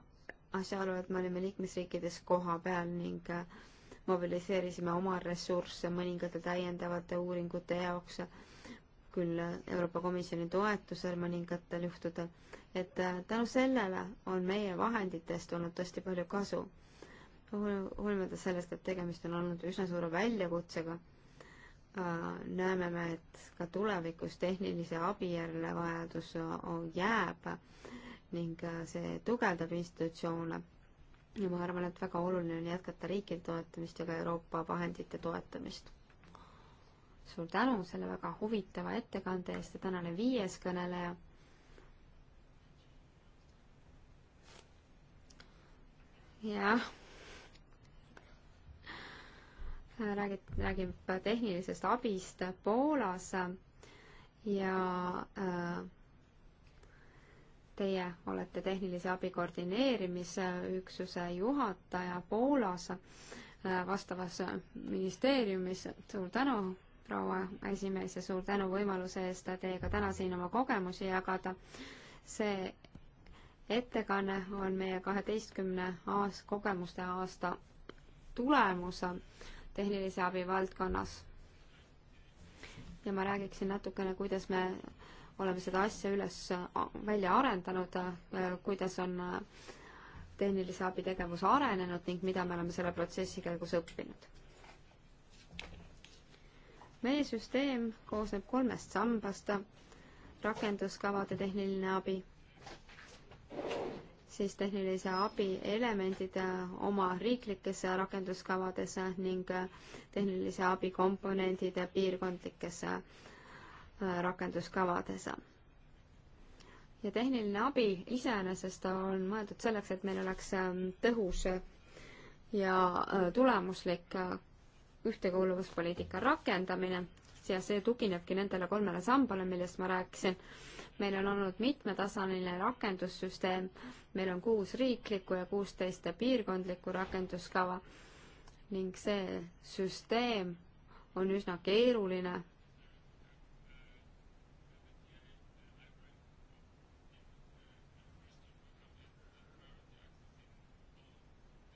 asjaolu, et me olime liikmesriikides koha peal ning äh, mobiliseerisime oma ressursse mõningate täiendavate uuringute jaoks, küll Euroopa Komisjoni toetusel mõningatel juhtudel, et äh, tänu sellele on meie vahenditest olnud tõesti palju kasu. hoolimata sellest, et tegemist on olnud üsna suure väljakutsega, äh, näeme me, et ka tulevikus tehnilise abi järele vajadus äh, jääb ning see tugevdab institutsioone ja ma arvan, et väga oluline on jätkata riikide toetamist ja ka Euroopa vahendite toetamist. suur tänu selle väga huvitava ettekande eest ja tänane viies kõneleja jah. räägid, räägib tehnilisest abist Poolas ja äh, Teie olete tehnilise abi koordineerimise üksuse juhataja Poolas äh, vastavas ministeeriumis. suur tänu, proua esimees ja suur tänu võimaluse eest teiega täna siin oma kogemusi jagada. see ettekanne on meie kaheteistkümne aas-, kogemuste aasta tulemus tehnilise abi valdkonnas. ja ma räägiksin natukene, kuidas me oleme seda asja üles, äh, välja arendanud, äh, kuidas on äh, tehnilise abi tegevus arenenud ning mida me oleme selle protsessi käigus õppinud. meie süsteem koosneb kolmest sambast, rakenduskavade tehniline abi, siis tehnilise abi elemendid oma riiklikes rakenduskavades ning tehnilise abi komponendid piirkondlikes rakenduskavades Äh, rakenduskavades. ja tehniline abi iseenesest on mõeldud selleks, et meil oleks ähm, tõhus ja äh, tulemuslik äh, ühtekuuluvuspoliitika rakendamine ja see tuginebki nendele kolmele sambale, millest ma rääkisin. meil on olnud mitmetasandiline rakendussüsteem, meil on kuus riiklikku ja kuusteist piirkondlikku rakenduskava ning see süsteem on üsna keeruline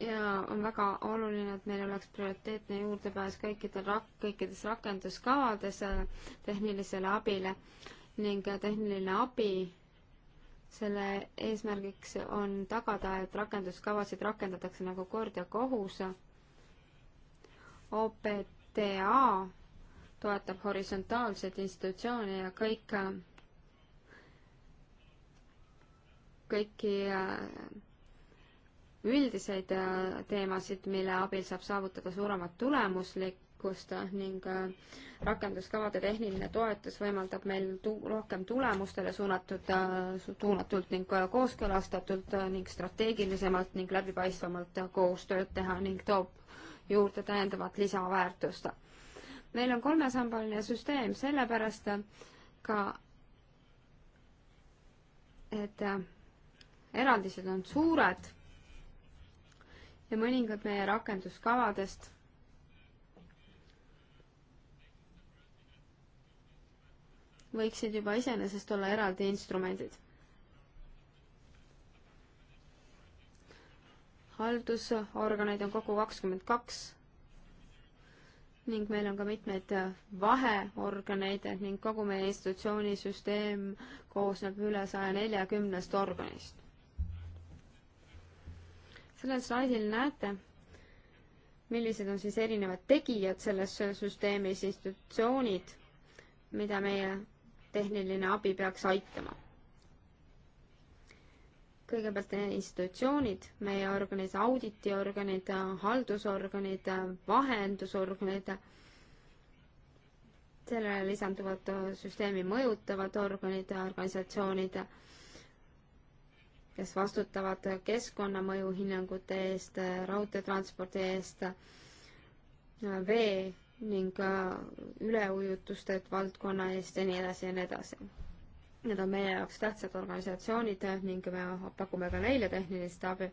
ja on väga oluline, et meil oleks prioriteetne juurdepääs kõikidel rak-, kõikides rakenduskavades äh, tehnilisele abile ning äh, tehniline abi, selle eesmärgiks on tagada, et rakenduskavasid rakendatakse nagu kord ja kohus. OPTA toetab horisontaalseid institutsioone ja kõik, äh, kõiki üldiseid äh, teemasid, mille abil saab saavutada suuremat tulemuslikkust äh, ning äh, rakenduskavade tehniline toetus võimaldab meil tu-, rohkem tulemustele suunatud, suunatult ning kooskõlastatult ning strateegilisemalt ning läbipaistvamalt koostööd teha ning toob juurde täiendavat lisaväärtust. meil on kolmesambaline süsteem, sellepärast ka et eraldised on suured ja mõningad meie rakenduskavadest. võiksid juba iseenesest olla eraldi instrumendid. haldusorganeid on kokku kakskümmend kaks ning meil on ka mitmeid vaheorganeid ning kogu meie institutsioonisüsteem koosneb üle saja neljakümnest organist sellel slaidil näete, millised on siis erinevad tegijad selles süsteemis, institutsioonid, mida meie tehniline abi peaks aitama. kõigepealt institutsioonid, meie organid, auditiorganid, haldusorganid, vahendusorganid, sellele lisanduvad süsteemi mõjutavad organid ja organisatsioonid kes vastutavad keskkonnamõju hinnangute eest, raudteetranspordi eest, vee ning äh, üleujutuste valdkonna eest ja nii edasi ja nii edasi. Need on meie jaoks tähtsad organisatsioonid ning me pakume ka neile tehnilist abi.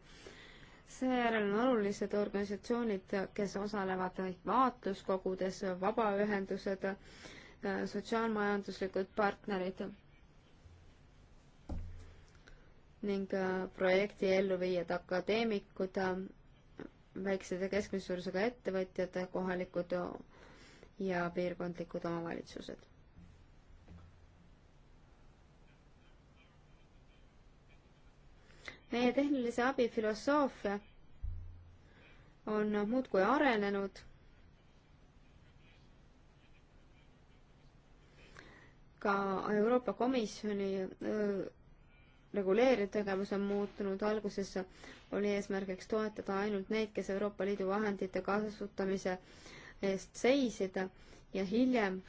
seejärel on olulised organisatsioonid, kes osalevad vaatluskogudes, vabaühendused, äh, sotsiaalmajanduslikud partnerid ning äh, projekti elluviijad, akadeemikud, äh, väiksed ja keskmise suurusega ettevõtjad, kohalikud äh, ja piirkondlikud omavalitsused. meie tehnilise abi filosoofia on muudkui arenenud ka Euroopa Komisjoni reguleeriv tegevus on muutunud, alguses oli eesmärgiks toetada ainult neid, kes Euroopa Liidu vahendite kasutamise eest seisid ja hiljem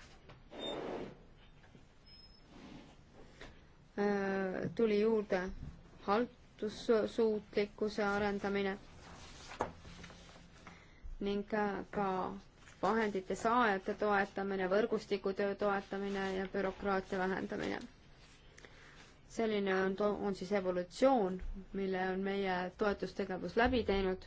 äh, tuli juurde haldussuutlikkuse arendamine ning äh, ka vahendite saajate toetamine, võrgustikutöö toetamine ja bürokraatia vähendamine selline on, on siis evolutsioon, mille on meie toetustegevus läbi teinud.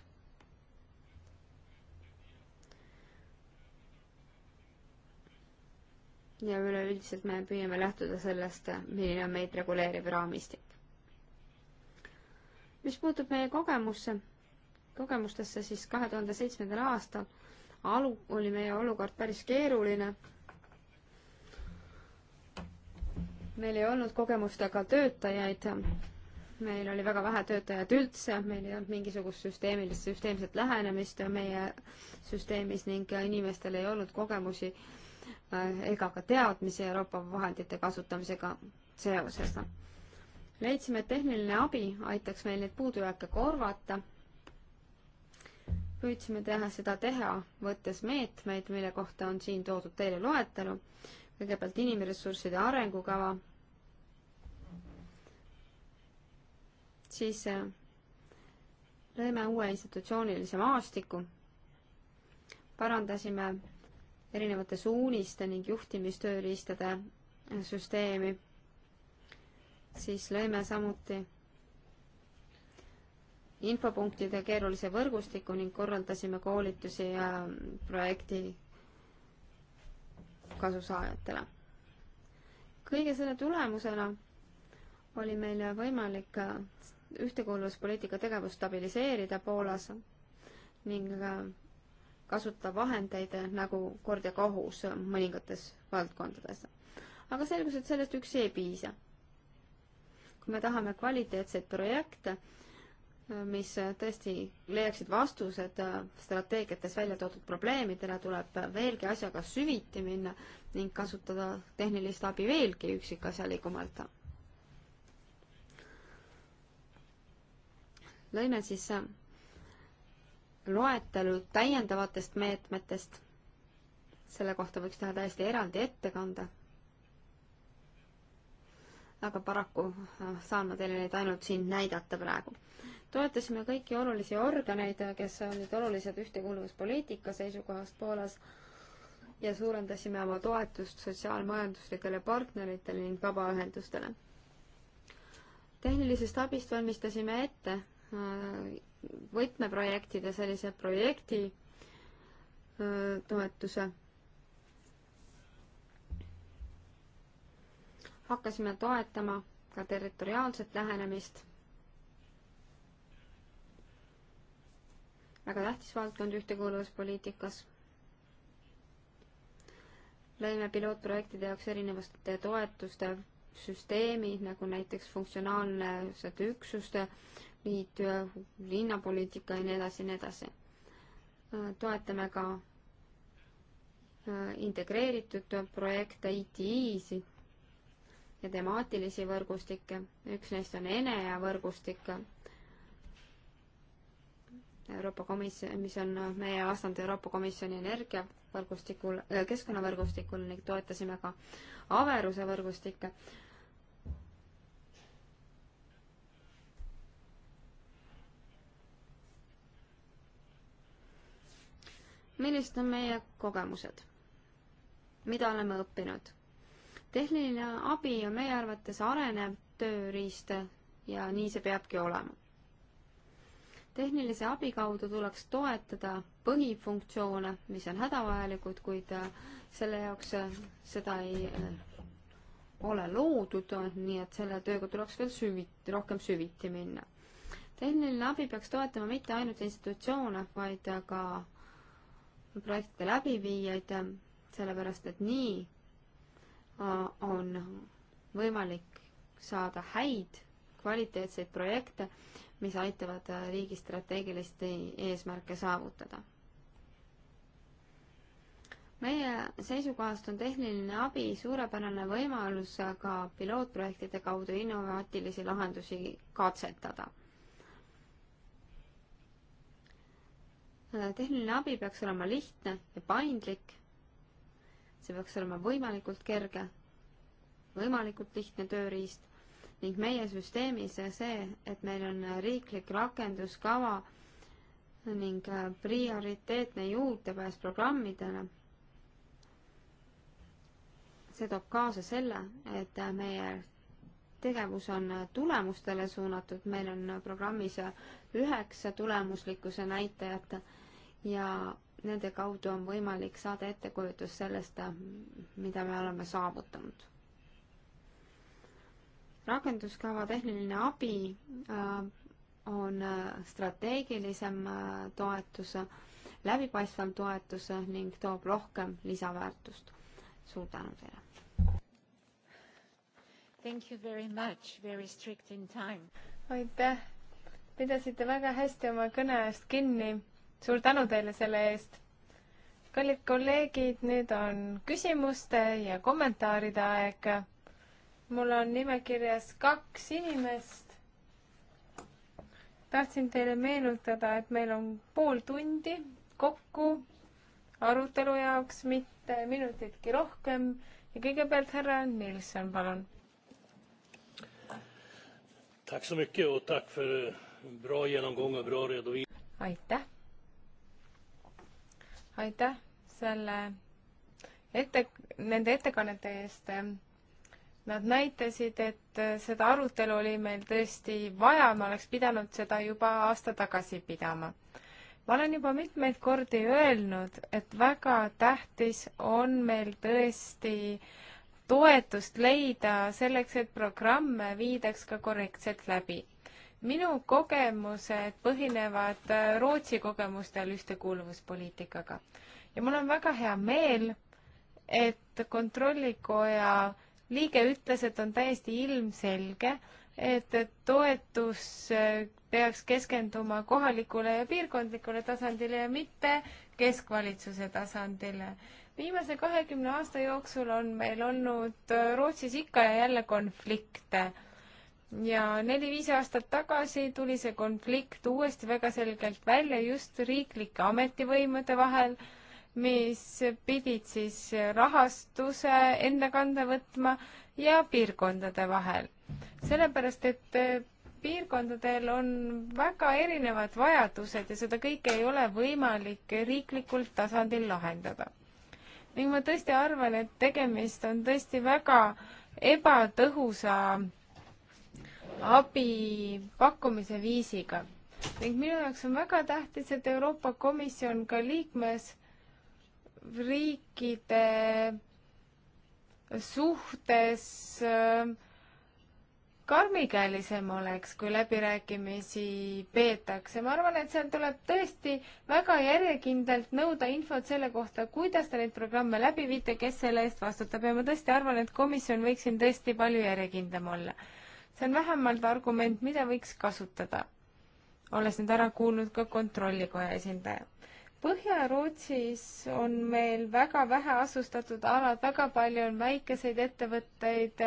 ja üleüldiselt me püüame lähtuda sellest, milline on meid reguleeriv raamistik. mis puutub meie kogemusse, kogemustesse, siis kahe tuhande seitsmendal aastal alu-, oli meie olukord päris keeruline meil ei olnud kogemustega töötajaid, meil oli väga vähe töötajaid üldse, meil ei olnud mingisugust süsteemilist, süsteemset lähenemist meie süsteemis ning inimestel ei olnud kogemusi äh, ega ka teadmisi Euroopa vahendite kasutamisega seoses. leidsime, et tehniline abi aitaks meil neid puudujääke korvata. püüdsime teha seda teha, võttes meetmeid, mille kohta on siin toodud teile loetelu. kõigepealt inimressursside arengukava, siis äh, lõime uue institutsioonilise maastiku, parandasime erinevate suuniste ning juhtimistööriistade äh, süsteemi, siis lõime samuti infopunktide keerulise võrgustiku ning korraldasime koolitusi ja äh, projekti kasusaajatele. kõige selle tulemusena oli meil võimalik ühtekuuluvuspoliitika tegevust stabiliseerida Poolas ning kasuta vahendeid nagu kord ja kohus mõningates valdkondades. aga selgus, et sellest üksi ei piisa. kui me tahame kvaliteetseid projekte, mis tõesti leiaksid vastused strateegiates välja toodud probleemidele, tuleb veelgi asjaga süviti minna ning kasutada tehnilist abi veelgi üksikasjalikumalt lõime siis äh, loetelu täiendavatest meetmetest. selle kohta võiks teha täiesti eraldi ettekande. aga paraku äh, saan ma teile neid ainult siin näidata praegu. toetasime kõiki olulisi organeid, kes olid olulised ühtekuuluvuspoliitika seisukohast Poolas ja suurendasime oma toetust sotsiaalmajanduslikele partneritele ning vabaühendustele. tehnilisest abist valmistasime ette Äh, võtmeprojektide sellise projekti äh, toetuse. hakkasime toetama ka territoriaalset lähenemist. väga tähtis valdkond ühtekuuluvuspoliitikas. lõime pilootprojektide jaoks erinevate toetuste süsteemi, nagu näiteks funktsionaalsete üksuste äh, liit, linnapoliitika ja nii edasi ja nii edasi. toetame ka äh, integreeritud projekte, ITI-sid ja temaatilisi võrgustikke. üks neist on Enea võrgustik, Euroopa Komisjon, mis on meie vastand Euroopa Komisjoni energiavõrgustikul, äh, keskkonnavõrgustikul ning toetasime ka Averuse võrgustikke millised on meie kogemused? mida oleme õppinud? tehniline abi on meie arvates arenev tööriist ja nii see peabki olema. tehnilise abi kaudu tuleks toetada põhifunktsioone, mis on hädavajalikud, kuid äh, selle jaoks äh, seda ei äh, ole loodud, nii et selle tööga tuleks veel süviti, rohkem süviti minna. tehniline abi peaks toetama mitte ainult institutsioone, vaid ka projektide läbiviijaid, sellepärast et nii äh, on võimalik saada häid kvaliteetseid projekte, mis aitavad äh, riigi strateegilisi e-, eesmärke saavutada. meie seisukohast on tehniline abi suurepärane võimalus ka pilootprojektide kaudu innovaatilisi lahendusi katsetada. Äh, tehniline abi peaks olema lihtne ja paindlik. see peaks olema võimalikult kerge, võimalikult lihtne tööriist ning meie süsteemis see, et meil on riiklik rakenduskava ning äh, prioriteetne juurdepääs programmidele. see toob kaasa selle, et äh, meie tegevus on tulemustele suunatud, meil on programmis üheksa tulemuslikkuse näitajat ja nende kaudu on võimalik saada ettekujutus sellest, mida me oleme saavutanud. rakenduskava tehniline abi äh, on äh, strateegilisem äh, toetus, läbipaistvam toetus ning toob rohkem lisaväärtust. suur tänu teile! Thank you very much, very strict in time. aitäh, pidasite väga hästi oma kõne eest kinni suur tänu teile selle eest. kallid kolleegid, nüüd on küsimuste ja kommentaaride aeg. mul on nimekirjas kaks inimest. tahtsin teile meenutada, et meil on pool tundi kokku arutelu jaoks, mitte minutitki rohkem. ja kõigepealt härra Nilsson, palun. aitäh aitäh selle ette, nende ettekannete eest. Nad näitasid, et seda arutelu oli meil tõesti vaja, me oleks pidanud seda juba aasta tagasi pidama. ma olen juba mitmeid kordi öelnud, et väga tähtis on meil tõesti toetust leida selleks, et programme viidaks ka korrektselt läbi minu kogemused põhinevad äh, Rootsi kogemustel ühtekuuluvuspoliitikaga ja mul on väga hea meel, et kontrollikoja liige ütles, et on täiesti ilmselge, et, et toetus äh, peaks keskenduma kohalikule ja piirkondlikule tasandile ja mitte keskvalitsuse tasandile. viimase kahekümne aasta jooksul on meil olnud äh, Rootsis ikka ja jälle konflikte ja neli-viis aastat tagasi tuli see konflikt uuesti väga selgelt välja just riiklike ametivõimude vahel, mis pidid siis rahastuse enda kanda võtma ja piirkondade vahel. sellepärast, et piirkondadel on väga erinevad vajadused ja seda kõike ei ole võimalik riiklikul tasandil lahendada. ning ma tõesti arvan, et tegemist on tõesti väga ebatõhusa abi pakkumise viisiga ning minu jaoks on väga tähtis, et Euroopa Komisjon ka liikmesriikide suhtes äh, karmikäelisem oleks, kui läbirääkimisi peetakse. ma arvan, et seal tuleb tõesti väga järjekindlalt nõuda infot selle kohta, kuidas te neid programme läbi viite, kes selle eest vastutab ja ma tõesti arvan, et komisjon võiks siin tõesti palju järjekindlam olla see on vähemalt argument, mida võiks kasutada, olles nüüd ära kuulnud ka kontrollikoja esindaja. Põhja-Rootsis on meil väga vähe asustatud alad, väga palju on väikeseid ettevõtteid,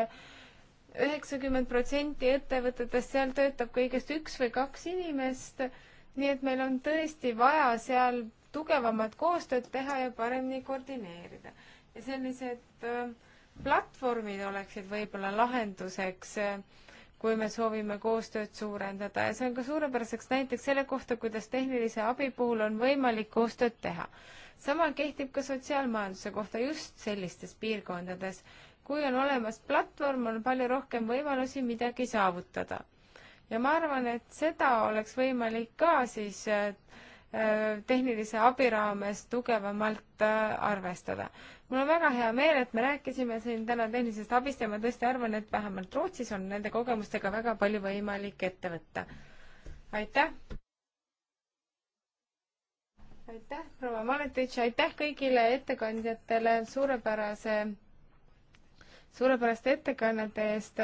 üheksakümmend protsenti ettevõtetest, seal töötab kõigest üks või kaks inimest, nii et meil on tõesti vaja seal tugevamat koostööd teha ja paremini koordineerida. ja sellised äh, platvormid oleksid võib-olla lahenduseks äh, kui me soovime koostööd suurendada ja see on ka suurepäraseks näiteks selle kohta, kuidas tehnilise abi puhul on võimalik koostööd teha. sama kehtib ka sotsiaalmajanduse kohta just sellistes piirkondades. kui on olemas platvorm, on palju rohkem võimalusi midagi saavutada. ja ma arvan, et seda oleks võimalik ka siis äh, Äh, tehnilise abi raames tugevamalt äh, arvestada. mul on väga hea meel, et me rääkisime siin täna tehnilisest abist ja ma tõesti arvan, et vähemalt Rootsis on nende kogemustega väga palju võimalik ette võtta. aitäh! aitäh, proua Maletitš, aitäh kõigile ettekandjatele suurepärase, suurepäraste ettekannete eest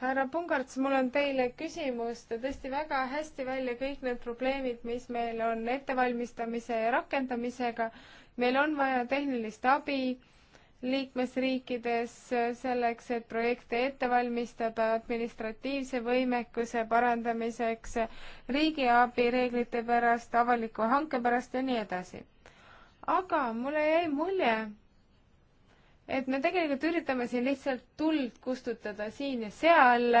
härra Pungarts, mul on teile küsimus, te tõesti väga hästi välja kõik need probleemid, mis meil on ettevalmistamise ja rakendamisega. meil on vaja tehnilist abi liikmesriikides selleks, et projekte ette valmistada administratiivse võimekuse parandamiseks, riigiabi reeglite pärast, avaliku hanke pärast ja nii edasi. aga mulle jäi mulje, et me tegelikult üritame siin lihtsalt tuld kustutada siin ja seal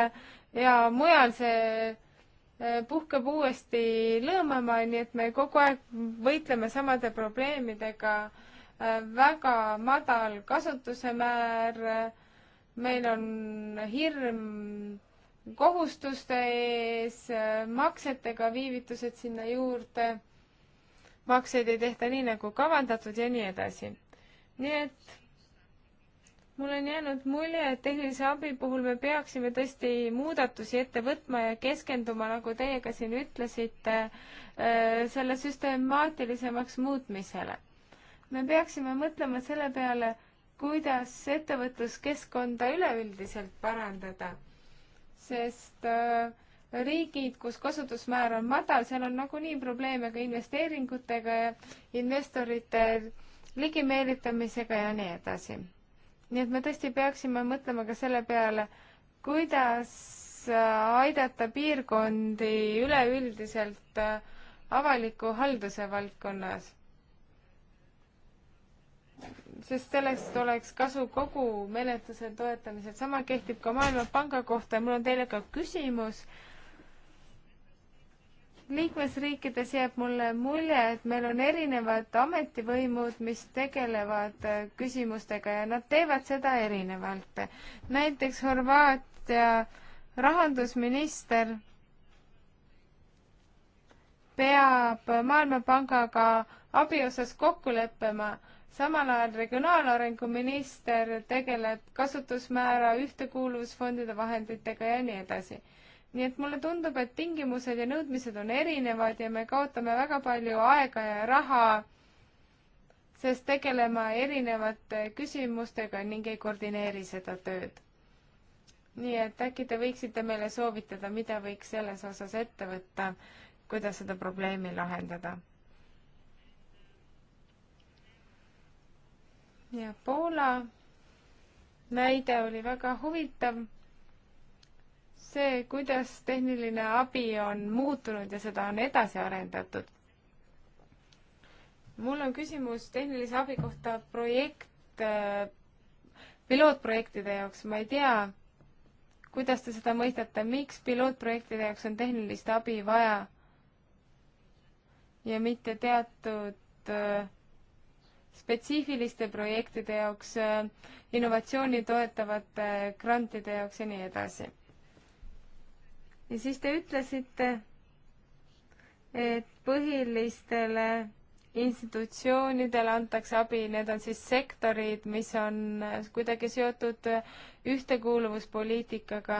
ja mujal see eh, puhkeb uuesti lõõmama, nii et me kogu aeg võitleme samade probleemidega. Eh, väga madal kasutuse määr, eh, meil on hirm kohustuste ees, maksetega viivitused sinna juurde, makseid ei tehta nii, nagu kavandatud ja nii edasi. nii et mul on jäänud mulje, et tehnilise abi puhul me peaksime tõesti muudatusi ette võtma ja keskenduma, nagu teie ka siin ütlesite, äh, selle süstemaatilisemaks muutmisele. me peaksime mõtlema selle peale, kuidas ettevõtluskeskkonda üleüldiselt parandada, sest äh, riigid, kus kasutusmäär on madal, seal on nagunii probleeme ka investeeringutega ja investorite ligimeelitamisega ja nii edasi nii et me tõesti peaksime mõtlema ka selle peale, kuidas äh, aidata piirkondi üleüldiselt äh, avaliku halduse valdkonnas. sest sellest oleks kasu kogu menetluse toetamisel, sama kehtib ka Maailmapanga kohta ja mul on teile ka küsimus äh, liikmesriikides jääb mulle mulje, et meil on erinevad ametivõimud, mis tegelevad äh, küsimustega ja nad teevad seda erinevalt. näiteks Horvaatia rahandusminister peab Maailmapangaga abi osas kokku leppima, samal ajal regionaalarengu minister tegeleb kasutusmäära ühtekuuluvusfondide vahenditega ja nii edasi nii et mulle tundub, et tingimused ja nõudmised on erinevad ja me kaotame väga palju aega ja raha, sest tegelema erinevate küsimustega ning ei koordineeri seda tööd. nii et äkki te võiksite meile soovitada, mida võiks selles osas ette võtta, kuidas seda probleemi lahendada? ja Poola näide oli väga huvitav see, kuidas tehniline abi on muutunud ja seda on edasi arendatud. mul on küsimus tehnilise abi kohta projekt, äh, pilootprojektide jaoks, ma ei tea, kuidas te seda mõistate, miks pilootprojektide jaoks on tehnilist abi vaja ja mitte teatud äh, spetsiifiliste projektide jaoks, äh, innovatsiooni toetavate grantide jaoks ja nii edasi ja siis te ütlesite, et põhilistele institutsioonidele antakse abi, need on siis sektorid, mis on kuidagi seotud ühtekuuluvuspoliitikaga.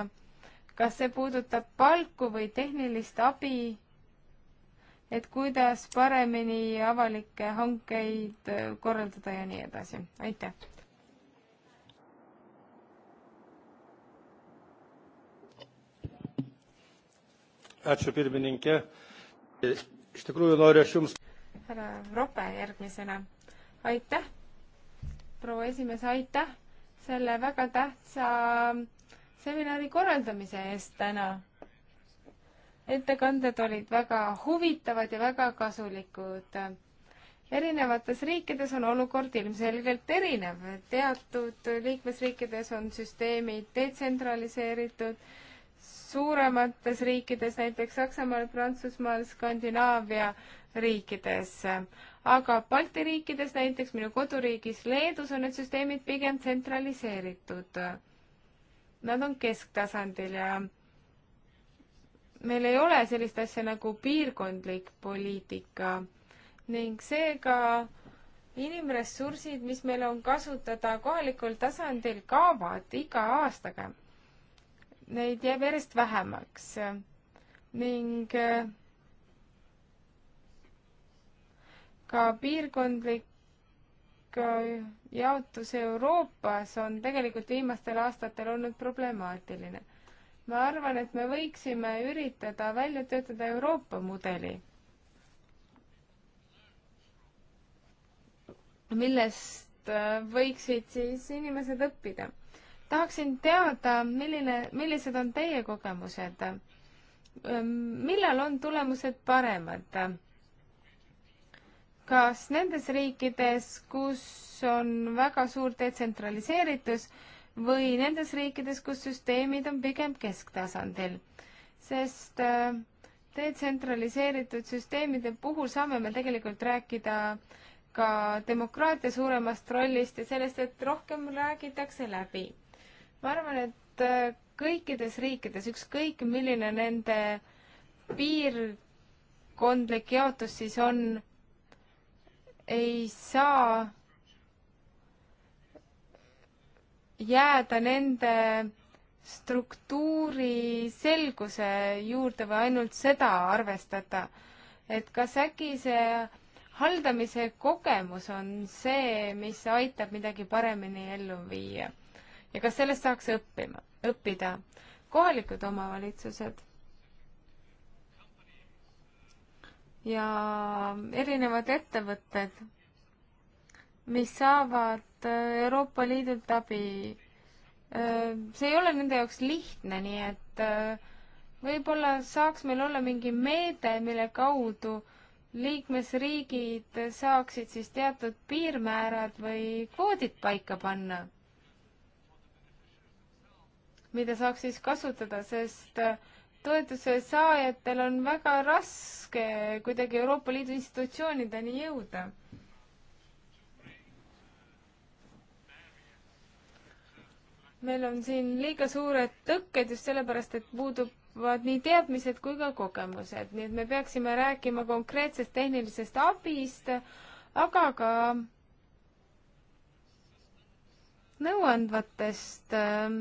kas see puudutab palku või tehnilist abi? et kuidas paremini avalikke hankeid korraldada ja nii edasi, aitäh! härra Rope järgmisena. aitäh, proua esimees, aitäh selle väga tähtsa seminari korraldamise eest täna. ettekanded olid väga huvitavad ja väga kasulikud. erinevates riikides on olukord ilmselgelt erinev, teatud liikmesriikides on süsteemid detsentraliseeritud suuremates riikides, näiteks Saksamaal, Prantsusmaal, Skandinaavia riikides. aga Balti riikides, näiteks minu koduriigis Leedus on need süsteemid pigem tsentraliseeritud. Nad on kesktasandil ja meil ei ole sellist asja nagu piirkondlik poliitika ning seega inimressursid, mis meil on kasutada kohalikul tasandil, kaovad iga aastaga neid jääb järjest vähemaks ning äh, ka piirkondlik äh, jaotus Euroopas on tegelikult viimastel aastatel olnud problemaatiline. ma arvan, et me võiksime üritada välja töötada Euroopa mudeli, millest äh, võiksid siis inimesed õppida tahaksin teada, milline, millised on teie kogemused? Ehm, millal on tulemused paremad? kas nendes riikides, kus on väga suur detsentraliseeritus või nendes riikides, kus süsteemid on pigem kesktasandil? sest ehm, detsentraliseeritud süsteemide puhul saame me tegelikult rääkida ka demokraatia suuremast rollist ja sellest, et rohkem räägitakse läbi ma arvan, et äh, kõikides riikides, ükskõik milline nende piirkondlik jaotus siis on, ei saa jääda nende struktuuri selguse juurde või ainult seda arvestada, et kas äkki see haldamise kogemus on see, mis aitab midagi paremini ellu viia ja kas sellest saaks õppima, õppida kohalikud omavalitsused ja erinevad ettevõtted, mis saavad äh, Euroopa Liidult abi. Äh, see ei ole nende jaoks lihtne, nii et äh, võib-olla saaks meil olla mingi meede, mille kaudu liikmesriigid saaksid siis teatud piirmäärad või kvoodid paika panna mida saaks siis kasutada, sest äh, toetuse saajatel on väga raske kuidagi Euroopa Liidu institutsioonideni jõuda. meil on siin liiga suured tõkked just sellepärast, et puudub vaat nii teadmised kui ka kogemused, nii et me peaksime rääkima konkreetsest tehnilisest abist, aga ka nõuandvatest ähm,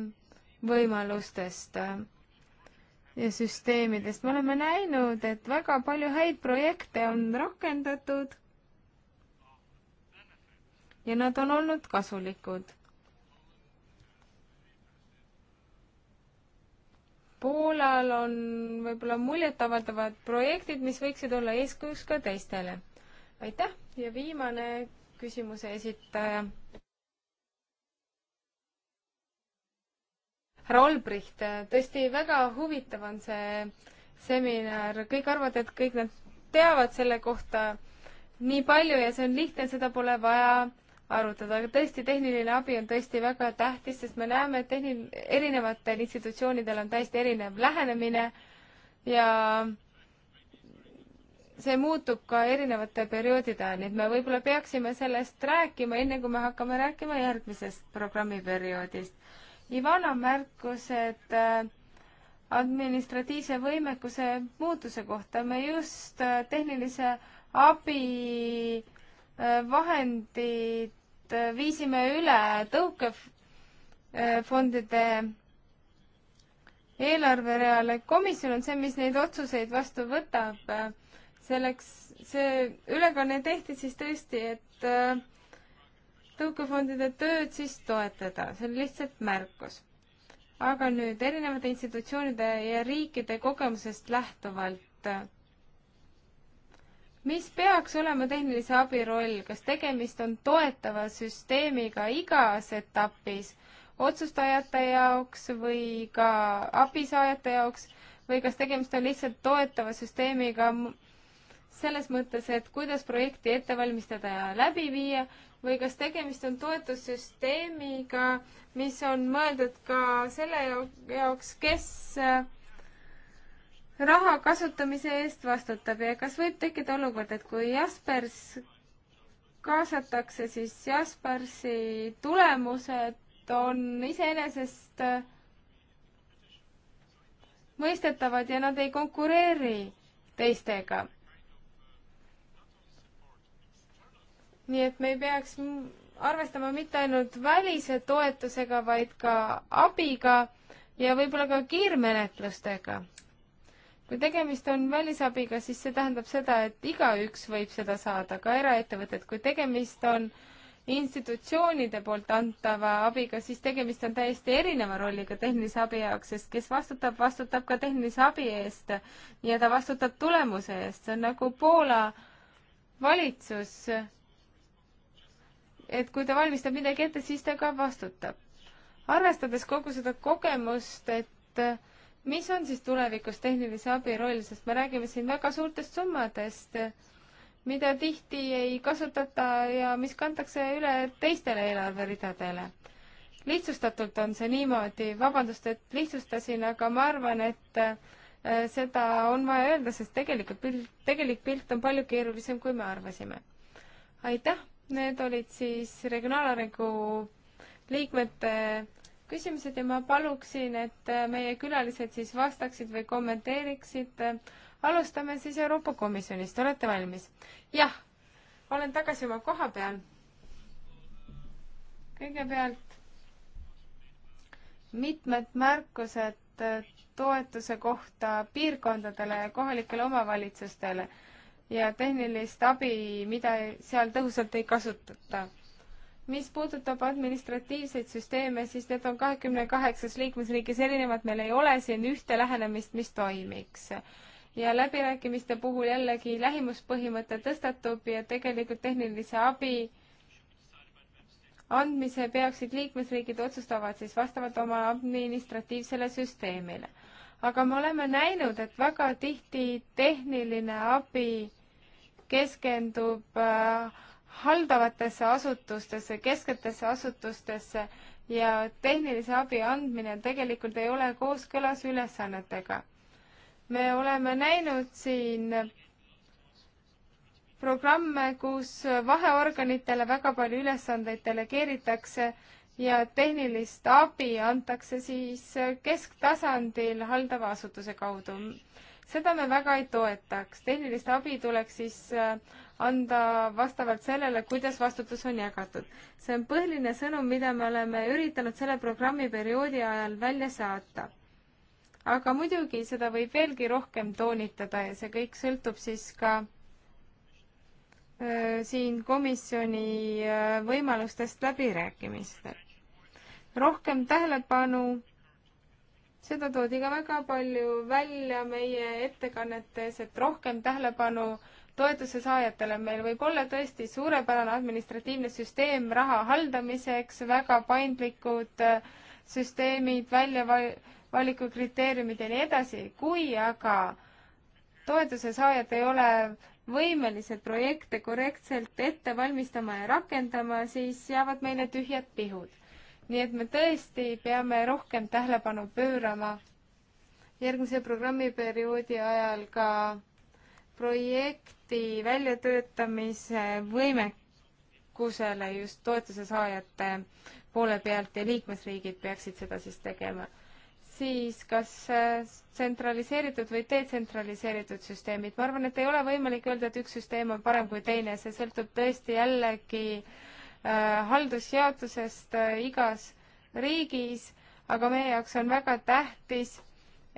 võimalustest ja süsteemidest. me oleme näinud, et väga palju häid projekte on rakendatud ja nad on olnud kasulikud. Poolal on võib-olla muljetavaldavad projektid, mis võiksid olla eeskujuks ka teistele. aitäh ja viimane küsimuse esitaja. härra Olbricht, tõesti väga huvitav on see seminar, kõik arvavad, et kõik nad teavad selle kohta nii palju ja see on lihtne, seda pole vaja arutada, aga tõesti, tehniline abi on tõesti väga tähtis, sest me näeme, et tehnil-, erinevatel institutsioonidel on täiesti erinev lähenemine ja see muutub ka erinevate perioodide ajal, nii et me võib-olla peaksime sellest rääkima, enne kui me hakkame rääkima järgmisest programmiperioodist. Ivana märkused äh, administratiivse võimekuse muutuse kohta. me just äh, tehnilise abi äh, vahendid viisime üle tõukefondide eelarvereale. komisjon on see, mis neid otsuseid vastu võtab. selleks, see ülekanne tehti siis tõesti, et tõukefondide tööd, siis toetada, see on lihtsalt märkus. aga nüüd erinevate institutsioonide ja riikide kogemusest lähtuvalt, mis peaks olema tehnilise abi roll, kas tegemist on toetava süsteemiga igas etapis otsustajate jaoks või ka abisaajate jaoks või kas tegemist on lihtsalt toetava süsteemiga selles mõttes, et kuidas projekti ette valmistada ja läbi viia või kas tegemist on toetussüsteemiga, mis on mõeldud ka selle jaoks, kes äh, raha kasutamise eest vastutab ja kas võib tekkida olukord, et kui Jaspers kaasatakse, siis Jaspersi tulemused on iseenesest äh, mõistetavad ja nad ei konkureeri teistega nii et me ei peaks arvestama mitte ainult välise toetusega, vaid ka abiga ja võib-olla ka kiirmenetlustega. kui tegemist on välisabiga, siis see tähendab seda, et igaüks võib seda saada, ka eraettevõtted. kui tegemist on institutsioonide poolt antava abiga, siis tegemist on täiesti erineva rolliga tehnilise abi jaoks, sest kes vastutab, vastutab ka tehnilise abi eest ja ta vastutab tulemuse eest. see on nagu Poola valitsus et kui ta valmistab midagi ette, siis ta ka vastutab. arvestades kogu seda kogemust, et eh, mis on siis tulevikus tehnilise abi roll, sest me räägime siin väga suurtest summadest, mida tihti ei kasutata ja mis kantakse üle teistele eelarveridadele. lihtsustatult on see niimoodi, vabandust, et lihtsustasin, aga ma arvan, et eh, seda on vaja öelda, sest tegelikult pilt, tegelik pilt on palju keerulisem, kui me arvasime. aitäh! Need olid siis regionaalarengu liikmete küsimused ja ma paluksin, et äh, meie külalised siis vastaksid või kommenteeriksid. alustame siis Euroopa Komisjonist, olete valmis? jah, olen tagasi oma koha peal. kõigepealt mitmed märkused äh, toetuse kohta piirkondadele ja kohalikele omavalitsustele ja tehnilist abi, mida seal tõhusalt ei kasutata. mis puudutab administratiivseid süsteeme, siis need on kahekümne kaheksas liikmesriigis erinevad, meil ei ole siin ühte lähenemist, mis toimiks ja läbirääkimiste puhul jällegi lähimuspõhimõte tõstatub ja tegelikult tehnilise abi andmise peaksid liikmesriigid otsustavad siis vastavalt oma administratiivsele süsteemile. aga me oleme näinud, et väga tihti tehniline abi keskendub äh, haldavatesse asutustesse, kesketesse asutustesse ja tehnilise abi andmine tegelikult ei ole kooskõlas ülesannetega. me oleme näinud siin programme, kus vaheorganitele väga palju ülesandeid delegeeritakse ja tehnilist abi antakse siis kesktasandil haldava asutuse kaudu seda me väga ei toetaks. tehnilist abi tuleks siis äh, anda vastavalt sellele, kuidas vastutus on jagatud. see on põhiline sõnum, mida me oleme üritanud selle programmi perioodi ajal välja saata. aga muidugi seda võib veelgi rohkem toonitada ja see kõik sõltub siis ka öö, äh, siin komisjoni äh, võimalustest läbirääkimistel. rohkem tähelepanu seda toodi ka väga palju välja meie ettekannetes, et rohkem tähelepanu toetuse saajatele, meil võib olla tõesti suurepärane administratiivne süsteem raha haldamiseks, väga paindlikud äh, süsteemid, väljavaliku kriteeriumid ja nii edasi, kui aga toetuse saajad ei ole võimelised projekte korrektselt ette valmistama ja rakendama, siis jäävad meile tühjad pihud nii et me tõesti peame rohkem tähelepanu pöörama järgmise programmiperioodi ajal ka projekti väljatöötamise võimekusele just toetuse saajate poole pealt ja liikmesriigid peaksid seda siis tegema. siis kas äh, tsentraliseeritud või detsentraliseeritud süsteemid, ma arvan, et ei ole võimalik öelda, et üks süsteem on parem kui teine, see sõltub tõesti jällegi äh, Äh, haldusjaotusest äh, igas riigis, aga meie jaoks on väga tähtis,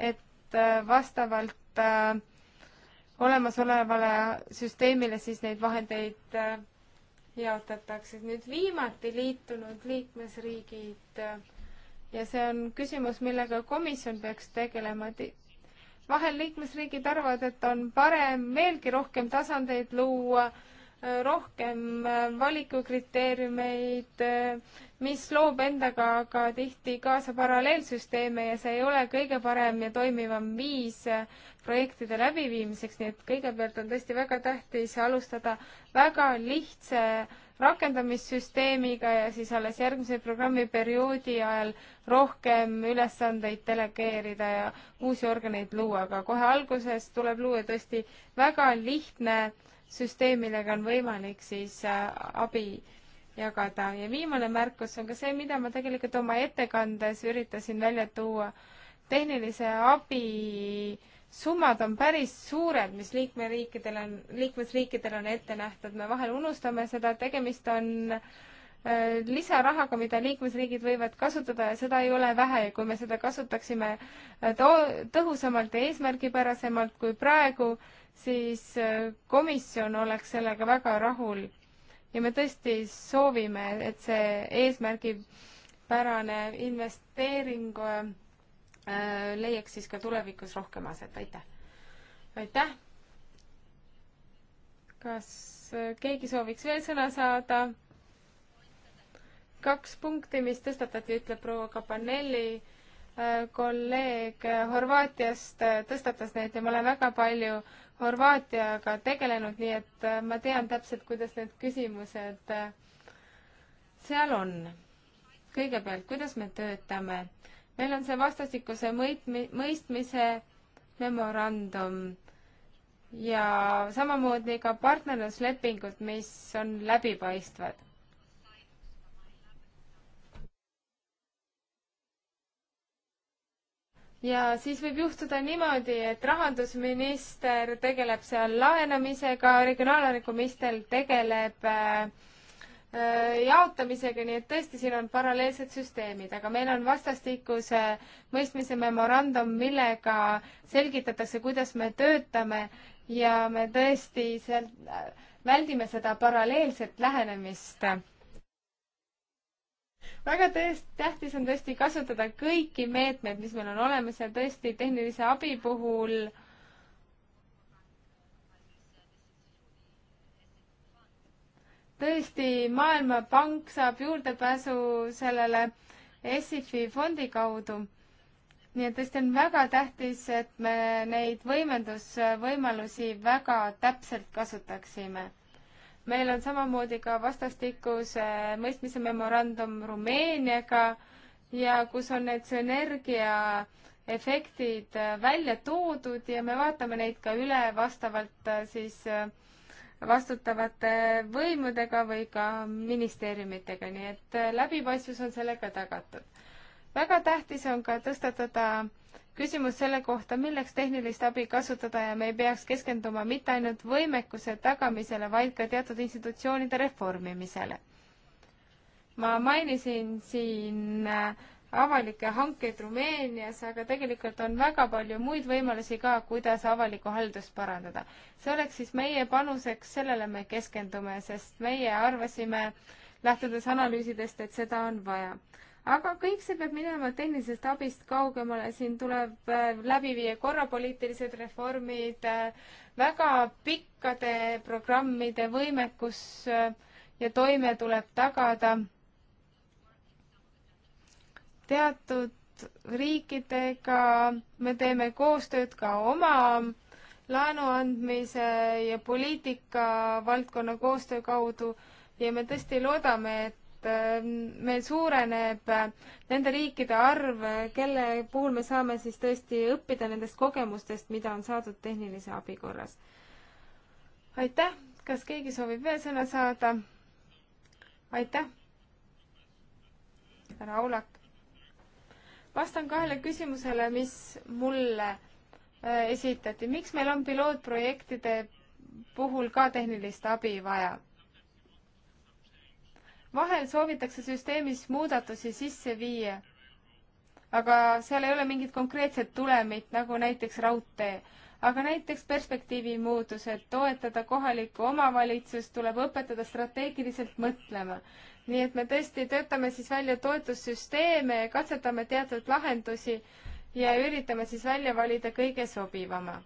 et äh, vastavalt olemasolevale süsteemile siis neid vahendeid jaotatakse. nüüd viimati liitunud liikmesriigid ja see on küsimus, millega komisjon peaks tegelema. vahel liikmesriigid arvavad, et on parem veelgi rohkem tasandeid luua rohkem äh, valikukriteeriumeid, äh, mis loob endaga ka tihti kaasa paralleelsüsteeme ja see ei ole kõige parem ja toimivam viis äh, projektide läbiviimiseks, nii et kõigepealt on tõesti väga tähtis alustada väga lihtsa rakendamissüsteemiga ja siis alles järgmise programmiperioodi ajal rohkem ülesandeid delegeerida ja uusi organeid luua, aga kohe alguses tuleb luua tõesti väga lihtne äh, süsteem, millega on võimalik siis äh, abi jagada ja viimane märkus on ka see, mida ma tegelikult oma ettekandes üritasin välja tuua. tehnilise abi summad on päris suured, mis liikmeriikidel on, liikmesriikidel on ette nähtud, me vahel unustame seda, tegemist on äh, lisarahaga, mida liikmesriigid võivad kasutada ja seda ei ole vähe ja kui me seda kasutaksime äh, to-, tõhusamalt ja eesmärgipärasemalt kui praegu, siis äh, komisjon oleks sellega väga rahul. ja me tõesti soovime, et see eesmärgipärane investeering äh, leiaks siis ka tulevikus rohkem aset, aitäh! aitäh! kas äh, keegi sooviks veel sõna saada? kaks punkti, mis tõstatati, ütleb proua Kapanelli kolleeg Horvaatiast tõstatas need ja ma olen väga palju Horvaatiaga tegelenud, nii et äh, ma tean täpselt, kuidas need küsimused äh, seal on. kõigepealt, kuidas me töötame? meil on see vastastikuse mõitmi-, mõistmise memorandum ja samamoodi ka partnerluslepingud, mis on läbipaistvad. ja siis võib juhtuda niimoodi, et rahandusminister tegeleb seal laenamisega, regionaalarengu minister tegeleb äh, jaotamisega, nii et tõesti, siin on paralleelsed süsteemid, aga meil on vastastikuse mõistmise memorandum, millega selgitatakse, kuidas me töötame ja me tõesti seal äh, väldime seda paralleelset lähenemist väga tõest-, tähtis on tõesti kasutada kõiki meetmeid, mis meil on olemas ja tõesti tehnilise abi puhul tõesti, Maailmapank saab juurdepääsu sellele SIFI fondi kaudu. nii et tõesti on väga tähtis, et me neid võimendusvõimalusi väga täpselt kasutaksime meil on samamoodi ka vastastikuse mõistmise memorandum Rumeeniaga ja kus on need sünergia efektid välja toodud ja me vaatame neid ka üle vastavalt äh, siis äh, vastutavate võimudega või ka ministeeriumitega, nii et äh, läbipaistvus on sellega tagatud. väga tähtis on ka tõstatada küsimus selle kohta, milleks tehnilist abi kasutada ja me ei peaks keskenduma mitte ainult võimekuse tagamisele, vaid ka teatud institutsioonide reformimisele. ma mainisin siin äh, avalikke hankeid Rumeenias, aga tegelikult on väga palju muid võimalusi ka, kuidas avalikku haldust parandada. see oleks siis meie panuseks, sellele me keskendume, sest meie arvasime, lähtudes analüüsidest, et seda on vaja aga kõik see peab minema tehnilisest abist kaugemale, siin tuleb äh, läbi viia korrapoliitilised reformid, äh, väga pikkade programmide võimekus äh, ja toime tuleb tagada. teatud riikidega me teeme koostööd ka oma laenu andmise ja poliitika valdkonna koostöö kaudu ja me tõesti loodame, et Ähm, meil suureneb äh, nende riikide arv, kelle puhul me saame siis tõesti õppida nendest kogemustest, mida on saadud tehnilise abi korras. aitäh, kas keegi soovib veel sõna saada? aitäh, härra Aulak. vastan kahele küsimusele, mis mulle äh, esitati, miks meil on pilootprojektide puhul ka tehnilist abi vaja vahel soovitakse süsteemis muudatusi sisse viia, aga seal ei ole mingit konkreetset tulemit, nagu näiteks raudtee. aga näiteks perspektiivi muutus, et toetada kohalikku omavalitsust, tuleb õpetada strateegiliselt mõtlema. nii et me tõesti töötame siis välja toetussüsteeme ja katsetame teatud lahendusi ja üritame siis välja valida kõige sobivama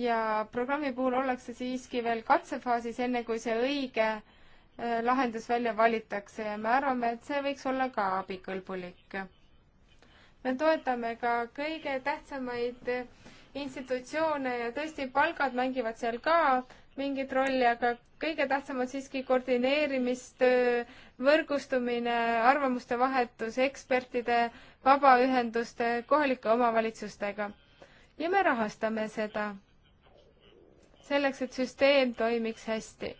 ja programmi puhul ollakse siiski veel katsefaasis, enne kui see õige äh, lahendus välja valitakse ja me arvame, et see võiks olla ka abikõlbulik. me toetame ka kõige tähtsamaid institutsioone ja tõesti, palgad mängivad seal ka mingit rolli, aga kõige tähtsam on siiski koordineerimistöö, võrgustumine, arvamuste vahetus ekspertide, vabaühenduste, kohalike omavalitsustega. ja me rahastame seda selleks, et süsteem toimiks hästi.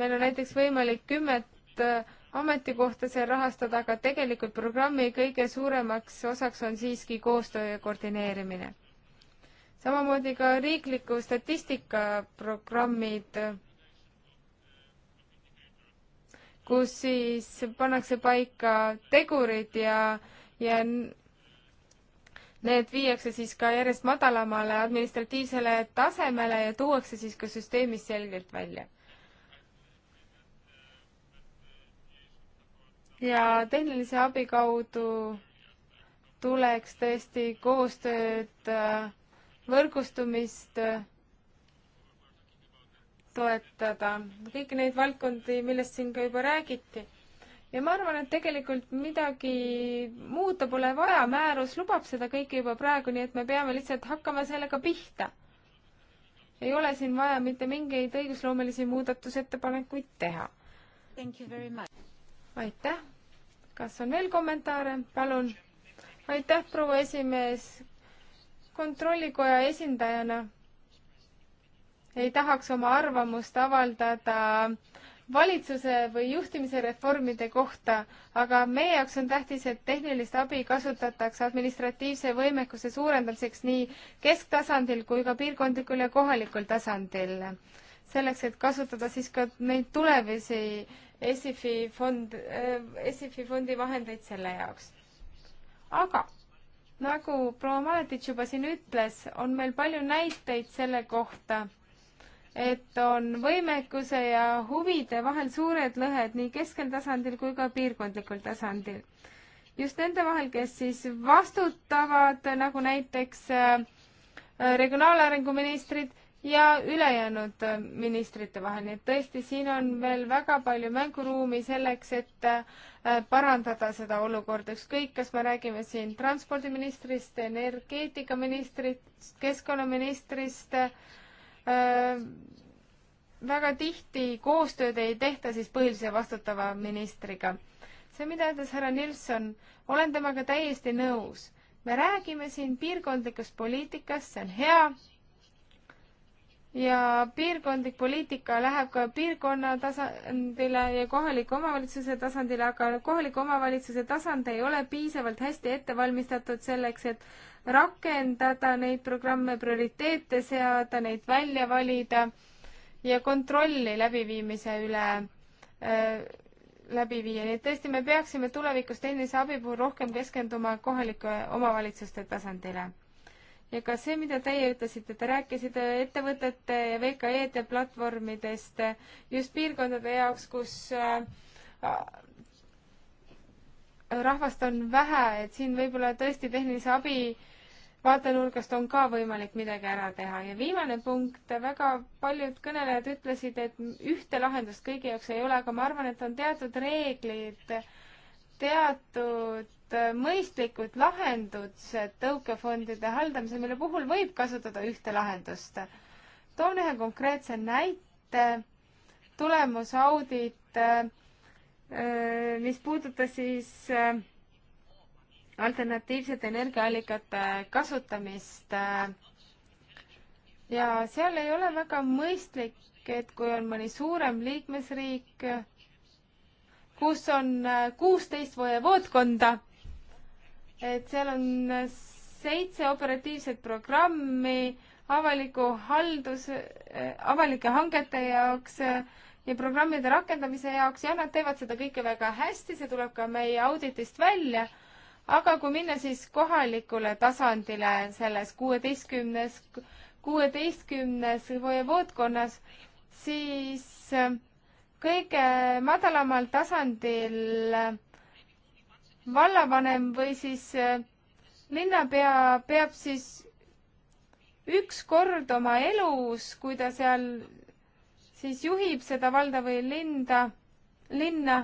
meil on näiteks võimalik kümmet äh, ametikohta seal rahastada, aga tegelikult programmi kõige suuremaks osaks on siiski koostöö ja koordineerimine. samamoodi ka riikliku statistikaprogrammid, kus siis pannakse paika tegurid ja, ja need viiakse siis ka järjest madalamale administratiivsele tasemele ja tuuakse siis ka süsteemis selgelt välja. ja tehnilise abi kaudu tuleks tõesti koostööd, äh, võrgustumist äh, toetada, kõiki neid valdkondi, millest siin ka juba räägiti ja ma arvan, et tegelikult midagi muuta pole vaja, määrus lubab seda kõike juba praegu, nii et me peame lihtsalt hakkama sellega pihta. ei ole siin vaja mitte mingeid õigusloomelisi muudatusettepanekuid teha. aitäh. kas on veel kommentaare? palun. aitäh, proua esimees. kontrollikoja esindajana ei tahaks oma arvamust avaldada äh, valitsuse või juhtimise reformide kohta, aga meie jaoks on tähtis, et tehnilist abi kasutatakse administratiivse võimekuse suurendamiseks nii kesktasandil kui ka piirkondlikul ja kohalikul tasandil. selleks, et kasutada siis ka neid tulevisi ESIFi fond, ESIFi äh, fondi vahendeid selle jaoks. aga nagu proua Maletitš juba siin ütles, on meil palju näiteid selle kohta et on võimekuse ja huvide vahel suured lõhed nii keskel tasandil kui ka piirkondlikul tasandil. just nende vahel, kes siis vastutavad, nagu näiteks äh, regionaalarengu ministrid ja ülejäänud äh, ministrite vahel, nii et tõesti, siin on veel väga palju mänguruumi selleks, et äh, parandada seda olukorda, ükskõik, kas me räägime siin transpordiministrist, energeetikaministrist, keskkonnaministrist äh,, Äh, väga tihti koostööd ei tehta siis põhilise vastutava ministriga. see, mida ütles härra Nilsson, olen temaga täiesti nõus. me räägime siin piirkondlikust poliitikast, see on hea ja piirkondlik poliitika läheb ka piirkonna tasandile ja kohaliku omavalitsuse tasandile, aga kohaliku omavalitsuse tasand ei ole piisavalt hästi ette valmistatud selleks, et rakendada neid programme, prioriteete seada, neid välja valida ja kontrolli läbiviimise üle äh, läbi viia, nii et tõesti, me peaksime tulevikus tehnilise abi puhul rohkem keskenduma kohalike omavalitsuste tasandile ja ka see, mida teie ütlesite, te rääkisite ettevõtete ja VKE-de platvormidest just piirkondade jaoks, kus äh, äh, rahvast on vähe, et siin võib-olla tõesti tehnilise abi vaatenurgast on ka võimalik midagi ära teha ja viimane punkt, väga paljud kõnelejad ütlesid, et ühte lahendust kõigi jaoks ei ole, aga ma arvan, et on teatud reeglid, teatud Äh, mõistlikud lahendused tõukefondide haldamise, mille puhul võib kasutada ühte lahendust. toon ühe konkreetse näite, tulemusaudit, äh, äh, mis puudutas siis alternatiivsete energiaallikate kasutamist ja seal ei ole väga mõistlik, et kui on mõni suurem liikmesriik, kus on kuusteist voodkonda et seal on seitse operatiivset programmi avaliku haldus, avalike hangete jaoks ja programmide rakendamise jaoks ja nad teevad seda kõike väga hästi, see tuleb ka meie auditist välja. aga kui minna siis kohalikule tasandile selles kuueteistkümnes, kuueteistkümnes voodkonnas, siis kõige madalamal tasandil vallavanem või siis äh, linnapea peab siis üks kord oma elus, kui ta seal siis juhib seda valda või linda, linna,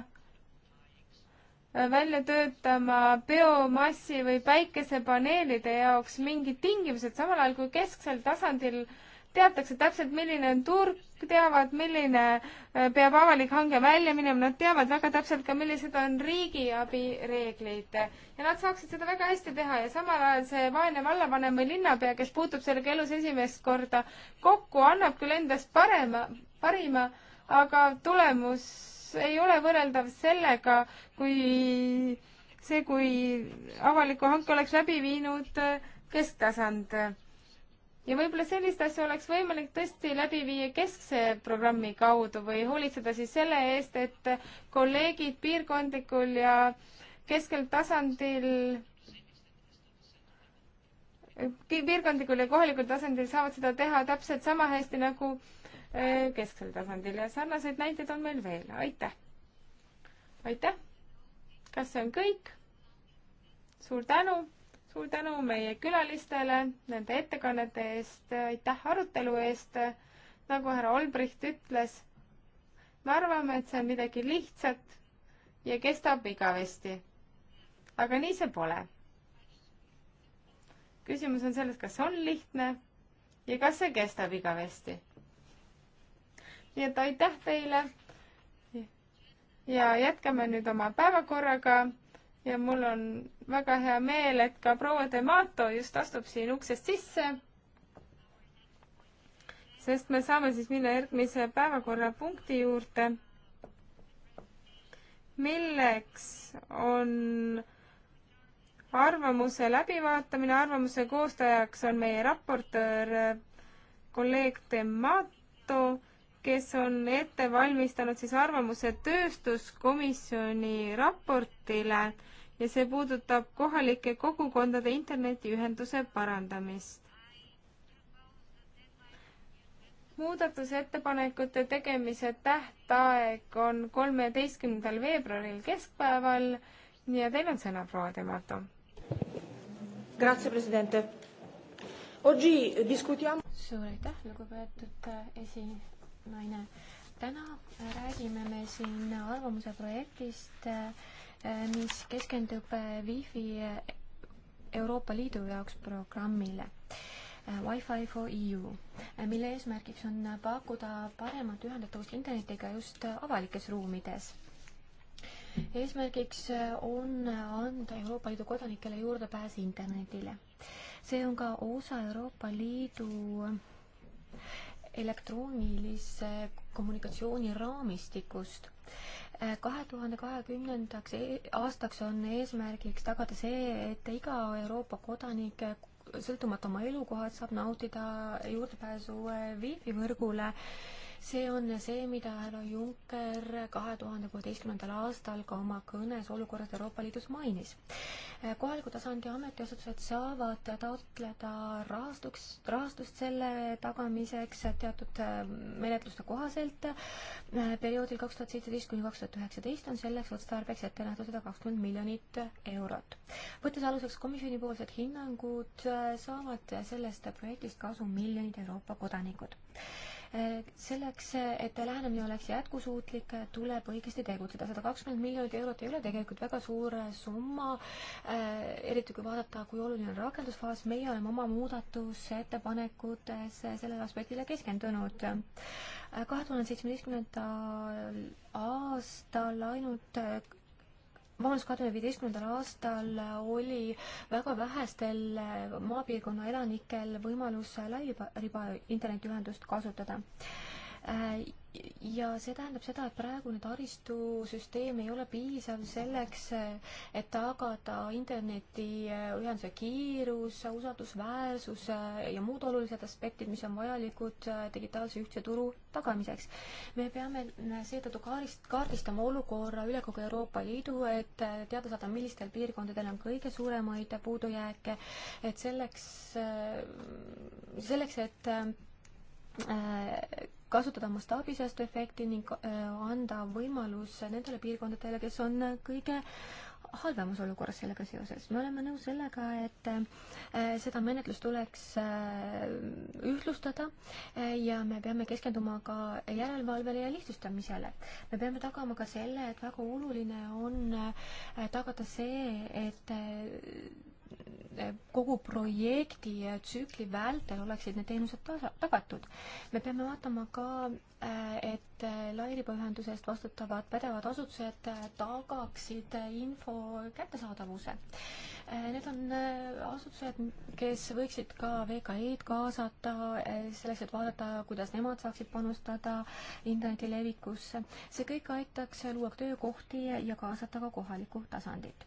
äh, välja töötama biomassi või päikesepaneelide jaoks mingid tingimused, samal ajal kui kesksel tasandil äh, teatakse täpselt, milline on turg, teavad, milline äh, peab avalik hange välja minema, nad teavad väga täpselt ka, millised on riigiabi reeglid. ja nad saaksid seda väga hästi teha ja samal ajal see vaene vallavanem või linnapea, kes puutub sellega elus esimest korda kokku, annab küll endast parema, parima, aga tulemus ei ole võrreldav sellega, kui see, kui avaliku hanke oleks läbi viinud äh, kesktasand ja võib-olla sellist asja oleks võimalik tõesti läbi viia keskse programmi kaudu või hoolitseda siis selle eest, et kolleegid piirkondlikul ja keskel tasandil piirkondlikul ja kohalikul tasandil saavad seda teha täpselt sama hästi nagu äh, kesksel tasandil ja sarnaseid näiteid on meil veel, aitäh! aitäh! kas see on kõik? suur tänu! suur tänu meie külalistele nende ettekannete eest, aitäh arutelu eest. nagu härra Olbricht ütles, me arvame, et see on midagi lihtsat ja kestab igavesti. aga nii see pole. küsimus on selles, kas on lihtne ja kas see kestab igavesti. nii et aitäh teile. ja jätkame nüüd oma päevakorraga ja mul on väga hea meel, et ka proua Demato just astub siin uksest sisse. sest me saame siis minna järgmise päevakorrapunkti juurde, milleks on arvamuse läbivaatamine, arvamuse koostajaks on meie raportöör kolleeg Demato, kes on ette valmistanud siis arvamuse tööstuskomisjoni raportile ja see puudutab kohalike kogukondade internetiühenduse parandamist. muudatusettepanekute tegemise tähtaeg on kolmeteistkümnendal veebruaril keskpäeval ja teil on sõna, proua Demato. suur aitäh, lugupeetud äh, esinaine. täna räägime me siin arvamuse projektist äh, Äh, mis keskendub äh, Wi-Fi äh, Euroopa Liidu jaoks programmile Wi-Fi for EU, mille eesmärgiks on pakkuda paremat ühendatavust internetiga just avalikes ruumides. eesmärgiks on anda Euroopa Liidu kodanikele juurdepääs internetile. see on ka osa Euroopa Liidu elektroonilise kommunikatsiooniraamistikust. Äh, kahe tuhande kahekümnendaks e-, aastaks on eesmärgiks tagada see, et iga Euroopa kodanik sõltumata oma elukohad saab nautida juurdepääsu äh, wifi võrgule see on see, mida härra Juncker kahe tuhande kuueteistkümnendal aastal ka oma kõnes olukorrast Euroopa Liidus mainis. Eh, kohaliku tasandi ametiasutused saavad taotleda rahastuks, rahastust selle tagamiseks teatud eh, menetluste kohaselt. Eh, perioodil kaks tuhat seitseteist kuni kaks tuhat üheksateist on selleks otstarbeks ette nähtud sada kakskümmend miljonit eurot. võttes aluseks komisjonipoolsed hinnangud, saavad sellest projektist kasu miljonid Euroopa kodanikud selleks, et lähenemine oleks jätkusuutlik, tuleb õigesti tegutseda. sada kakskümmend miljonit eurot ei ole tegelikult väga suur summa, eriti kui vaadata, kui oluline on rakendusfaas. meie oleme oma muudatusettepanekutes sellele aspektile keskendunud. kahe tuhande seitsmeteistkümnendal aastal ainult vabandust, kahe tuhande viieteistkümnendal aastal oli väga vähestel maapiirkonna elanikel võimalus lairiba internetiühendust kasutada äh, ja see tähendab seda, et praegune taristusüsteem ei ole piisav selleks, et tagada internetiühenduse äh, kiirus, usaldusväärsus äh, ja muud olulised aspektid, mis on vajalikud äh, digitaalse ühtse turu tagamiseks. me peame seetõttu kaarist, kaardistama olukorra üle kogu Euroopa Liidu, et teada saada, millistel piirkondadel on kõige suuremaid puudujääke, et selleks, selleks, et kasutada mastaabisäästu efekti ning äh, anda võimalus nendele piirkondadele, kes on äh, kõige halvemas olukorras sellega seoses. me oleme nõus sellega, et äh, seda menetlust tuleks ühtlustada ja me peame keskenduma ka järelevalvele ja lihtsustamisele. me peame tagama ka selle, et väga oluline on tagada see, et kogu projekti tsükli vältel oleksid need teenused tasa, tagatud. me peame vaatama ka, äh, et äh, lairibaühenduse eest vastutavad pädevad asutused äh, tagaksid info kättesaadavuse. Need on asutused, kes võiksid ka VKE-d kaasata selleks, et vaadata, kuidas nemad saaksid panustada interneti levikusse. see kõik aitaks luua töökohti ja kaasata ka kohalikku tasandit.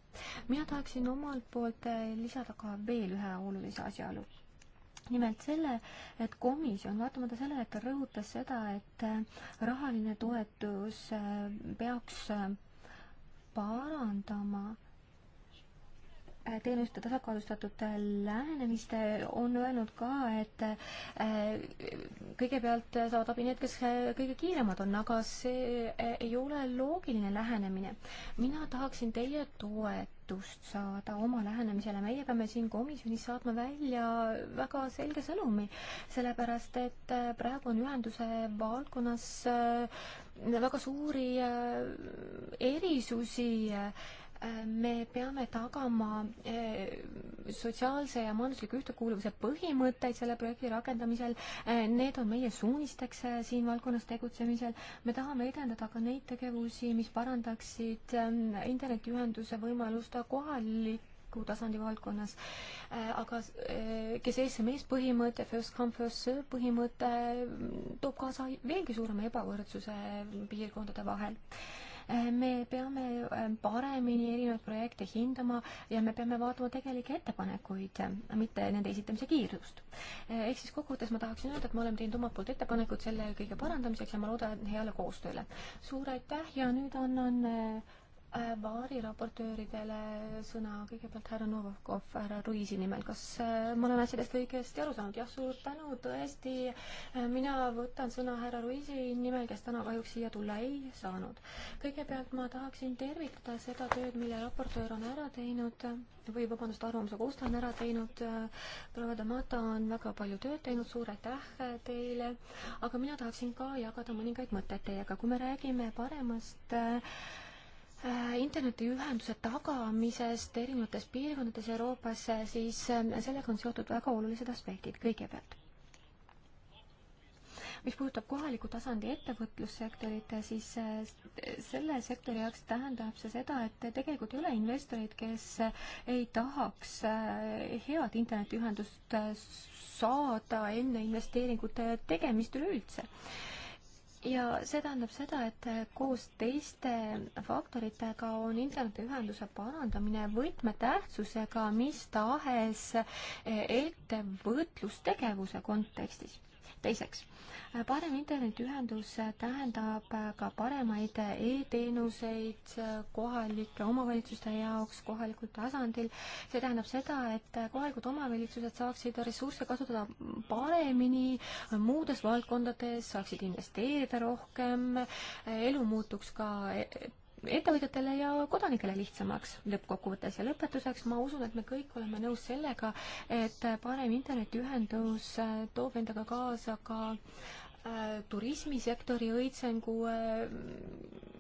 mina tahaksin omalt poolt lisada ka veel ühe olulise asjaolu. nimelt selle, et komisjon, vaatamata sellele, et ta rõhutas seda, et äh, rahaline toetus äh, peaks äh, parandama äh, Äh, teenuste tasakaalustatud äh, lähenemist on öelnud ka, et äh, kõigepealt saavad abi need, kes kõige kiiremad on, aga see ei ole loogiline lähenemine. mina tahaksin teie toetust saada oma lähenemisele, meie peame siin komisjonis saatma välja väga selge sõnumi, sellepärast et praegu on ühenduse valdkonnas väga suuri erisusi me peame tagama eh, sotsiaalse ja majandusliku ühtekuuluvuse põhimõtteid selle projekti rakendamisel. Eh, need on meie suunisteks eh, siin valdkonnas tegutsemisel. me tahame edendada ka neid tegevusi, mis parandaksid internetiühenduse võimalust kohalik isiku tasandi valdkonnas. aga kes ees, see mees põhimõte, first come, first serve põhimõte toob kaasa veelgi suurema ebavõrdsuse piirkondade vahel me peame eh, paremini erinevaid projekte hindama ja me peame vaatama tegelikke ettepanekuid, eh, mitte nende esitamise kiirust. Eh, ehk siis kokkuvõttes ma tahaksin öelda, et me oleme teinud omalt poolt ettepanekud selle kõige parandamiseks ja ma loodan heale koostööle. suur aitäh ja nüüd annan Äh, baariraportööridele sõna kõigepealt härra Novakov, härra Ruisi nimel, kas äh, ma olen asjadest õigesti aru saanud? jah, suur tänu, tõesti, äh, mina võtan sõna härra Ruisi nimel, kes täna kahjuks siia tulla ei saanud. kõigepealt ma tahaksin tervitada seda tööd, mille raportöör on ära teinud või vabandust, arvamuse koostaja on ära teinud. proua Damata on väga palju tööd teinud, suur aitäh teile, aga mina tahaksin ka jagada mõningaid mõtteid teiega, kui me räägime paremast äh, Äh, internetiühenduse tagamisest erinevates piirkondades Euroopas, äh, siis äh, sellega on seotud väga olulised aspektid kõigepealt. mis puudutab kohaliku tasandi ettevõtlussektorit, siis selle sektori jaoks tähendab see seda, et tegelikult ei ole investoreid, kes ei tahaks head internetiühendust saada enne investeeringute tegemist üleüldse ja see tähendab seda, et koos teiste faktoritega on internetiühenduse parandamine võtmetähtsusega mis tahes ettevõtlustegevuse kontekstis teiseks, parem internetiühendus tähendab ka paremaid e-teenuseid kohalike omavalitsuste jaoks kohalikul tasandil. see tähendab seda, et kohalikud omavalitsused saaksid ressursse kasutada paremini muudes valdkondades, saaksid investeerida rohkem, elu muutuks ka ettevõtjatele ja kodanikele lihtsamaks lõppkokkuvõttes. ja lõpetuseks ma usun, et me kõik oleme nõus sellega, et parem internetiühendus äh, toob endaga kaasa ka äh, turismisektori õitsengu äh,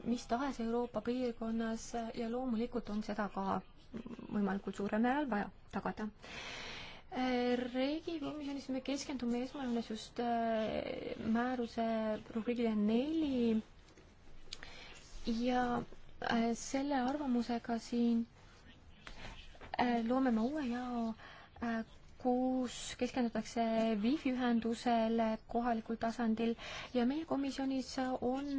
mis tahes Euroopa piirkonnas ja loomulikult on seda ka võimalikult suurel määral vaja tagada. Regi komisjonis me keskendume esmajoones just määruse rubriigile neli ja äh, selle arvamusega siin äh, loome me uue jao äh, kus keskendutakse wifi ühendusele kohalikul tasandil ja meie komisjonis on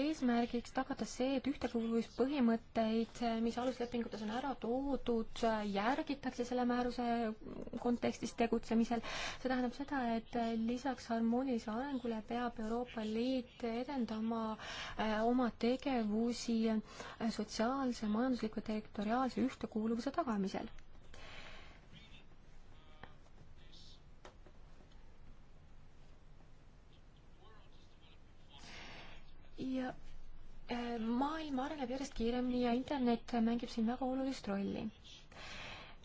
eesmärgiks tagada see, et ühtekuuluvuspõhimõtteid, mis aluslepingutes on ära toodud, järgitakse selle määruse kontekstis tegutsemisel. see tähendab seda, et lisaks harmoonilisele arengule peab Euroopa Liit edendama äh, oma tegevusi sotsiaalse, majandusliku, territoriaalse ühtekuuluvuse tagamisel ja äh, maailm areneb järjest kiiremini ja internet mängib siin väga olulist rolli.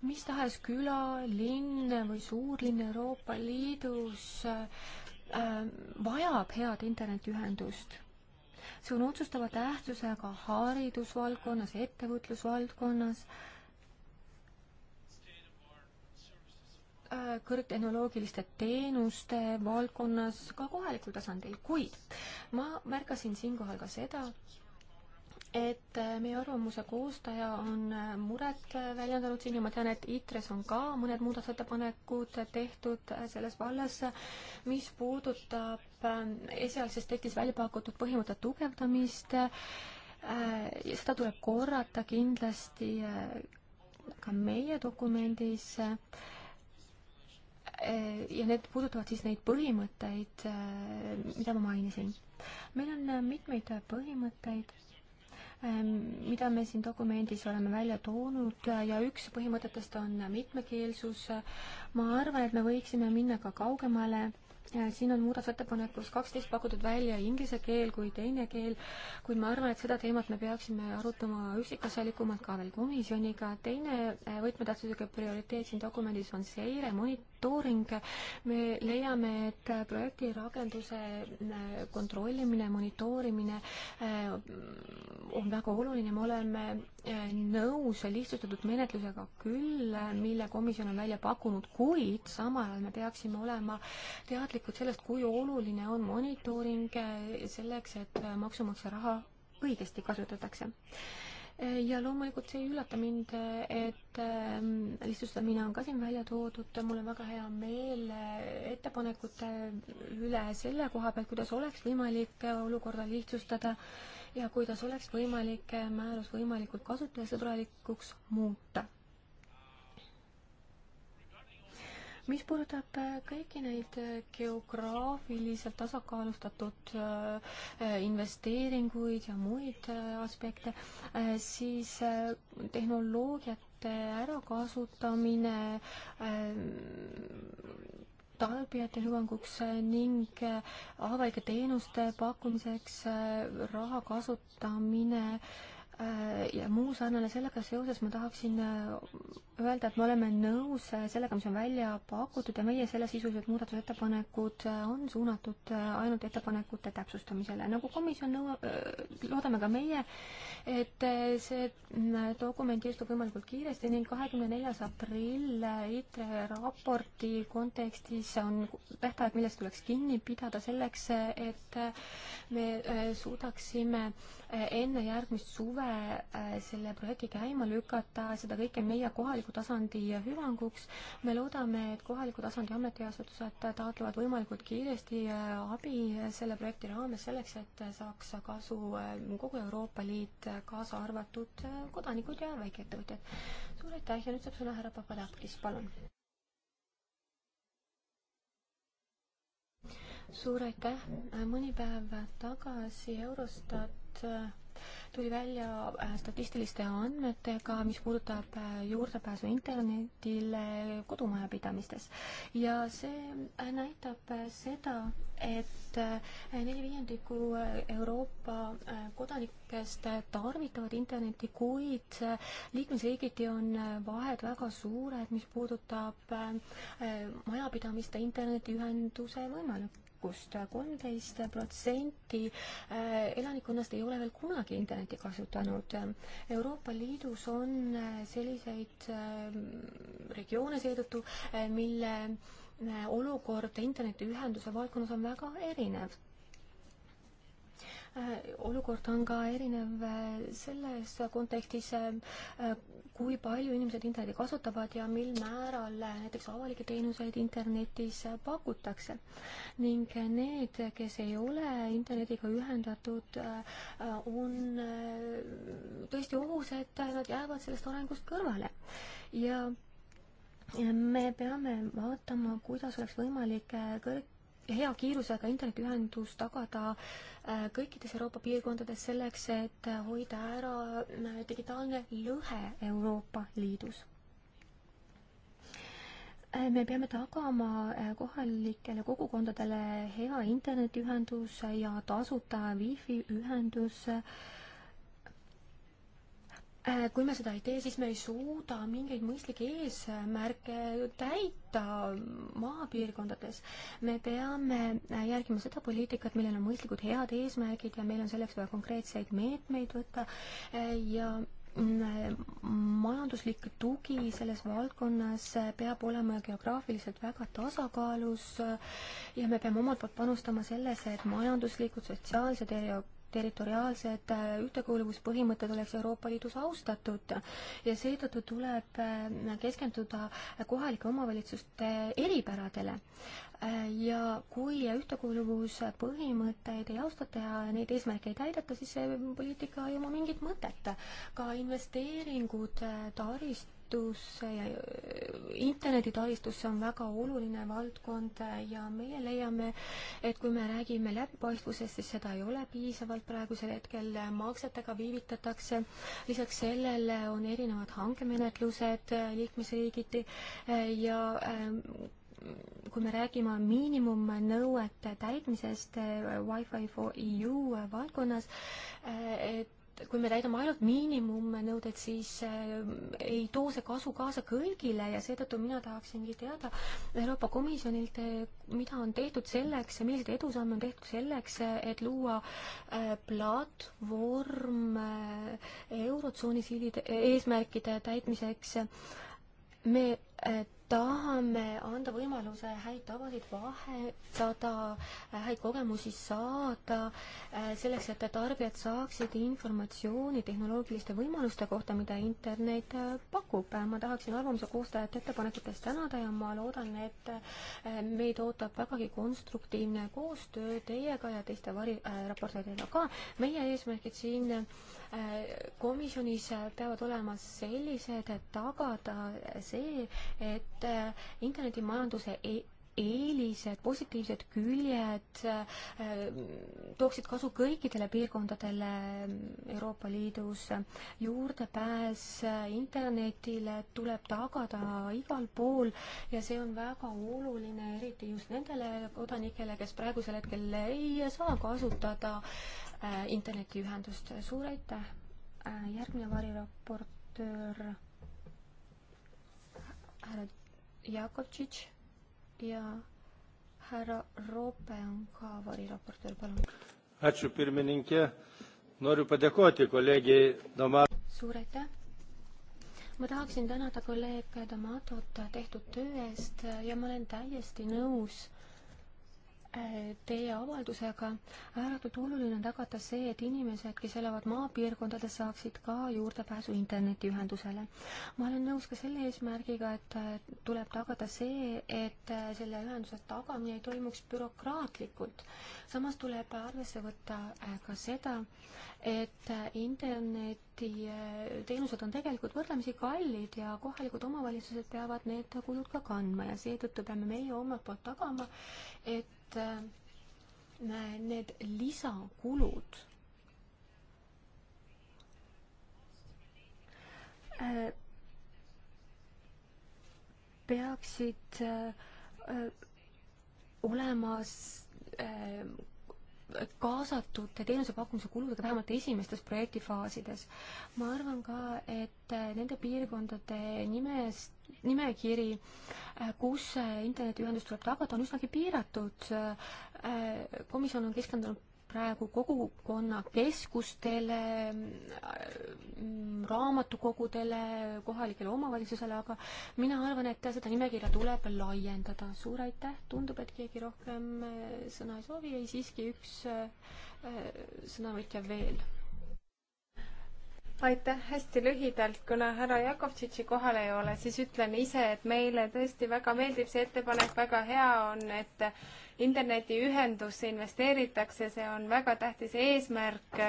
mis tahes küla, linn või suurlinn Euroopa Liidus äh, vajab head internetiühendust. see on otsustava tähtsusega haridusvaldkonnas, ettevõtlusvaldkonnas äh,, Äh, kõrgtehnoloogiliste teenuste valdkonnas ka kohalikul tasandil, kuid ma märkasin siinkohal ka seda, et äh, meie arvamuse koostaja on äh, muret väljendanud siin ja ma tean, et ITRES on ka mõned muudatusettepanekud tehtud selles vallas, mis puudutab esialgses tekstis välja pakutud põhimõtte tugevdamist. seda tuleb korrata kindlasti ka meie dokumendis Äh, ja need puudutavad siis neid põhimõtteid, äh, mida ma mainisin. meil on äh, mitmeid põhimõtteid, mida me siin dokumendis oleme välja toonud ja üks põhimõtetest on mitmekeelsus. ma arvan, et me võiksime minna ka kaugemale Ja siin on muudatusettepanekus kaksteist pakutud välja inglise keel kui teine keel, kuid ma arvan, et seda teemat me peaksime arutama üksikasjalikumalt ka veel komisjoniga. teine võtmetähtsusega prioriteet siin dokumendis on seire, monit-, monitooring. me leiame, et projekti rakenduse äh, kontrollimine, monitoorimine äh, on väga oluline, me oleme äh, nõus lihtsustatud menetlusega küll, mille komisjon on välja pakkunud, kuid samal ajal me peaksime olema teadlikud sellest, kui oluline on monitooring selleks, et maksumaksja raha õigesti kasutatakse ja loomulikult see ei üllata mind, et ähm, lihtsustamine on ka siin välja toodud, mul on väga hea meel äh, ettepanekute üle selle koha pealt, kuidas oleks võimalik äh, olukorda lihtsustada ja kuidas oleks võimalik äh, määrus võimalikult kasutajasõbralikuks muuta mis puudutab äh, kõiki neid äh, geograafiliselt tasakaalustatud äh, investeeringuid ja muid aspekte, siis tehnoloogiate ärakasutamine tarbijate hüvanguks ning avalike teenuste pakkumiseks raha kasutamine äh, Äh, ja muu sarnane sellega seoses ma tahaksin äh, öelda, et me oleme nõus äh, sellega, mis on välja pakutud ja meie sellesisulised muudatusettepanekud on suunatud ainult ettepanekute täpsustamisele. nagu komisjon nõu-, loodame ka meie, et see mm, dokument jõustub võimalikult kiiresti ning kahekümne neljas aprill ITRE raporti kontekstis on tähtaeg, millest tuleks kinni pidada selleks, et me suudaksime enne järgmist suve ole äh, selle projekti käima lükata, seda kõike meie kohaliku tasandi hüvanguks. me loodame, et kohaliku tasandi ametiasutused taotlevad võimalikult kiiresti äh, abi selle projekti raames selleks, et saaks kasu äh, kogu Euroopa Liit, kaasa arvatud kodanikud ja väikeettevõtjad. suur aitäh ja nüüd saab sõna härra Papadakis, palun. suur aitäh, mõni päev tagasi Eurostat tuli välja äh, statistiliste andmetega, mis puudutab äh, juurdepääsu internetile kodumajapidamistes. ja see äh, näitab seda, et neli viiendikku Euroopa kodanikest tarvitavad internetti, kuid liikmesriigiti on vahed väga suured, mis puudutab majapidamiste internetiühenduse võimalust võrgust. kolmteist protsenti äh, elanikkonnast ei ole veel kunagi Internetti kasutanud. Euroopa Liidus on äh, selliseid äh, regioone seetõttu, mille olukord internetiühenduse valdkonnas on väga erinev olukord on ka erinev äh, selles kontekstis, äh, kui palju inimesed interneti kasutavad ja mil määral äh, näiteks avalikke teenuseid internetis pakutakse. ning need, kes ei ole internetiga ühendatud, on tõesti ohus, et nad jäävad sellest arengust kõrvale ja me peame vaatama, kuidas oleks võimalik kõrg-, hea kiirusega internetiühendus tagada äh, kõikides Euroopa piirkondades selleks, et hoida ära äh, digitaalne lõhe Euroopa Liidus. Äh, me peame tagama kohalikele kogukondadele hea internetiühendus ja tasuta wifi ühendus äh, Äh, kui me seda ei tee, siis me ei suuda mingeid mõistlikke eesmärke täita maapiirkondades. me peame äh, järgima seda poliitikat, millel on mõistlikud head eesmärgid ja meil on selleks vaja konkreetseid meetmeid võtta äh, ja mm, majanduslik tugi selles valdkonnas peab olema geograafiliselt väga tasakaalus ja me peame omalt poolt panustama sellesse, et majanduslikud, sotsiaalsed ja territoriaalsed äh, ühtekuuluvuspõhimõtted oleks Euroopa Liidus austatud ja seetõttu tuleb äh, keskenduda kohalike omavalitsuste eripäradele. Äh, ja kui ühtekuuluvuspõhimõtteid ei austata ja neid eesmärke ei täideta, siis see poliitika ei oma mingit mõtet. ka investeeringud tarist haridusse ja äh, internetitaristusse on väga oluline valdkond ja meie leiame, et kui me räägime läbipaistvusest, siis seda ei ole piisavalt praegusel hetkel, maksetega viivitatakse, lisaks sellele on erinevad hankemenetlused äh, liikmesriigiti äh, ja ähm, kui me räägime miinimumnõuete täitmisest Wi-Fi for EU valdkonnas, et kui me täidame ainult miinimumnõuded, siis äh, ei too see kasu kaasa kõigile ja seetõttu mina tahaksingi teada Euroopa Komisjonilt, äh, mida on tehtud selleks ja milliseid edusamme on tehtud selleks, äh, et luua platvorm Eurotsooni siilide eesmärkide täitmiseks. me tahame anda võimaluse häid tavasid vahetada, häid kogemusi saada, äh, selleks, et tarbijad saaksid informatsiooni tehnoloogiliste võimaluste kohta, mida internet äh, pakub. ma tahaksin arvamuse koostajat ettepanekutest tänada ja ma loodan, et äh, meid ootab vägagi konstruktiivne koostöö teiega ja teiste variraportööridega ka. meie eesmärgid siin komisjonis peavad olema sellised, et tagada see, et internetimajanduse e- eelised, positiivsed küljed äh, tooksid kasu kõikidele piirkondadele Euroopa Liidus. juurdepääs internetile tuleb tagada igal pool ja see on väga oluline, eriti just nendele kodanikele, kes praegusel hetkel ei saa kasutada äh, internetiühendust. suur aitäh! Äh, järgmine variraportöör härra Jakovtšitš ja härra Roope on ka variraportöör, palun. suur aitäh! ma tahaksin tänada kolleeg Damatot tehtud töö eest ja ma olen täiesti nõus teie avaldusega. ääretult oluline on tagada see, et inimesed, kes elavad maapiirkondades, saaksid ka juurdepääsu internetiühendusele. ma olen nõus ka selle eesmärgiga, et äh, tuleb tagada see, et äh, selle ühenduse tagamine ei toimuks bürokraatlikult. samas tuleb arvesse võtta äh, ka seda, et internetiteenused on tegelikult võrdlemisi kallid ja kohalikud omavalitsused peavad need kulud ka kandma ja seetõttu peame meie omalt poolt tagama, et et äh, need lisakulud äh, peaksid äh, olema kaasatud teenuse pakkumise kuludega vähemalt esimestes projektifaasides. ma arvan ka, et nende piirkondade nimes, nimekiri, kus internetiühendus tuleb tagada, on üsnagi piiratud. komisjon on keskendunud praegu kogukonnakeskustele, raamatukogudele, kohalikele omavalitsusele, aga mina arvan, et seda nimekirja tuleb laiendada. suur aitäh, tundub, et keegi rohkem äh, sõna ei soovi, ei siiski üks äh, äh, sõnavõtja veel aitäh, hästi lühidalt, kuna härra Jakovtšitši kohal ei ole, siis ütlen ise, et meile tõesti väga meeldib see ettepanek, väga hea on, et internetiühendusse investeeritakse, see on väga tähtis eesmärk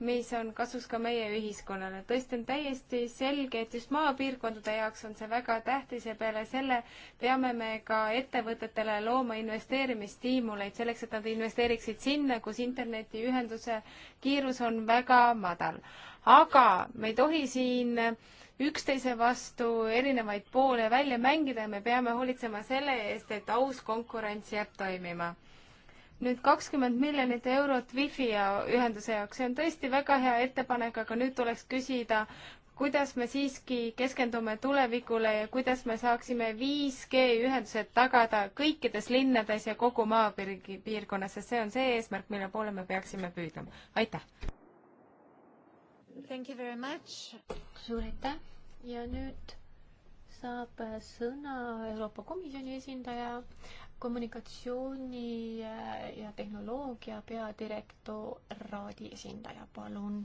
mis on kasuks ka meie ühiskonnale. tõesti on täiesti selge, et just maapiirkondade jaoks on see väga tähtis ja peale selle peame me ka ettevõtetele looma investeerimisstiimuleid selleks, et nad investeeriksid sinna, kus internetiühenduse kiirus on väga madal. aga me ei tohi siin üksteise vastu erinevaid poole välja mängida ja me peame hoolitsema selle eest, et aus konkurents jääb toimima nüüd kakskümmend miljonit eurot wifi ja ühenduse jaoks, see on tõesti väga hea ettepanek, aga nüüd tuleks küsida, kuidas me siiski keskendume tulevikule ja kuidas me saaksime 5G ühendused tagada kõikides linnades ja kogu maapiirkonnas, sest see on see eesmärk, mille poole me peaksime püüdlema. aitäh! suur aitäh ja nüüd saab sõna Euroopa Komisjoni esindaja kommunikatsiooni äh, ja tehnoloogia peadirektoraadi esindaja, palun.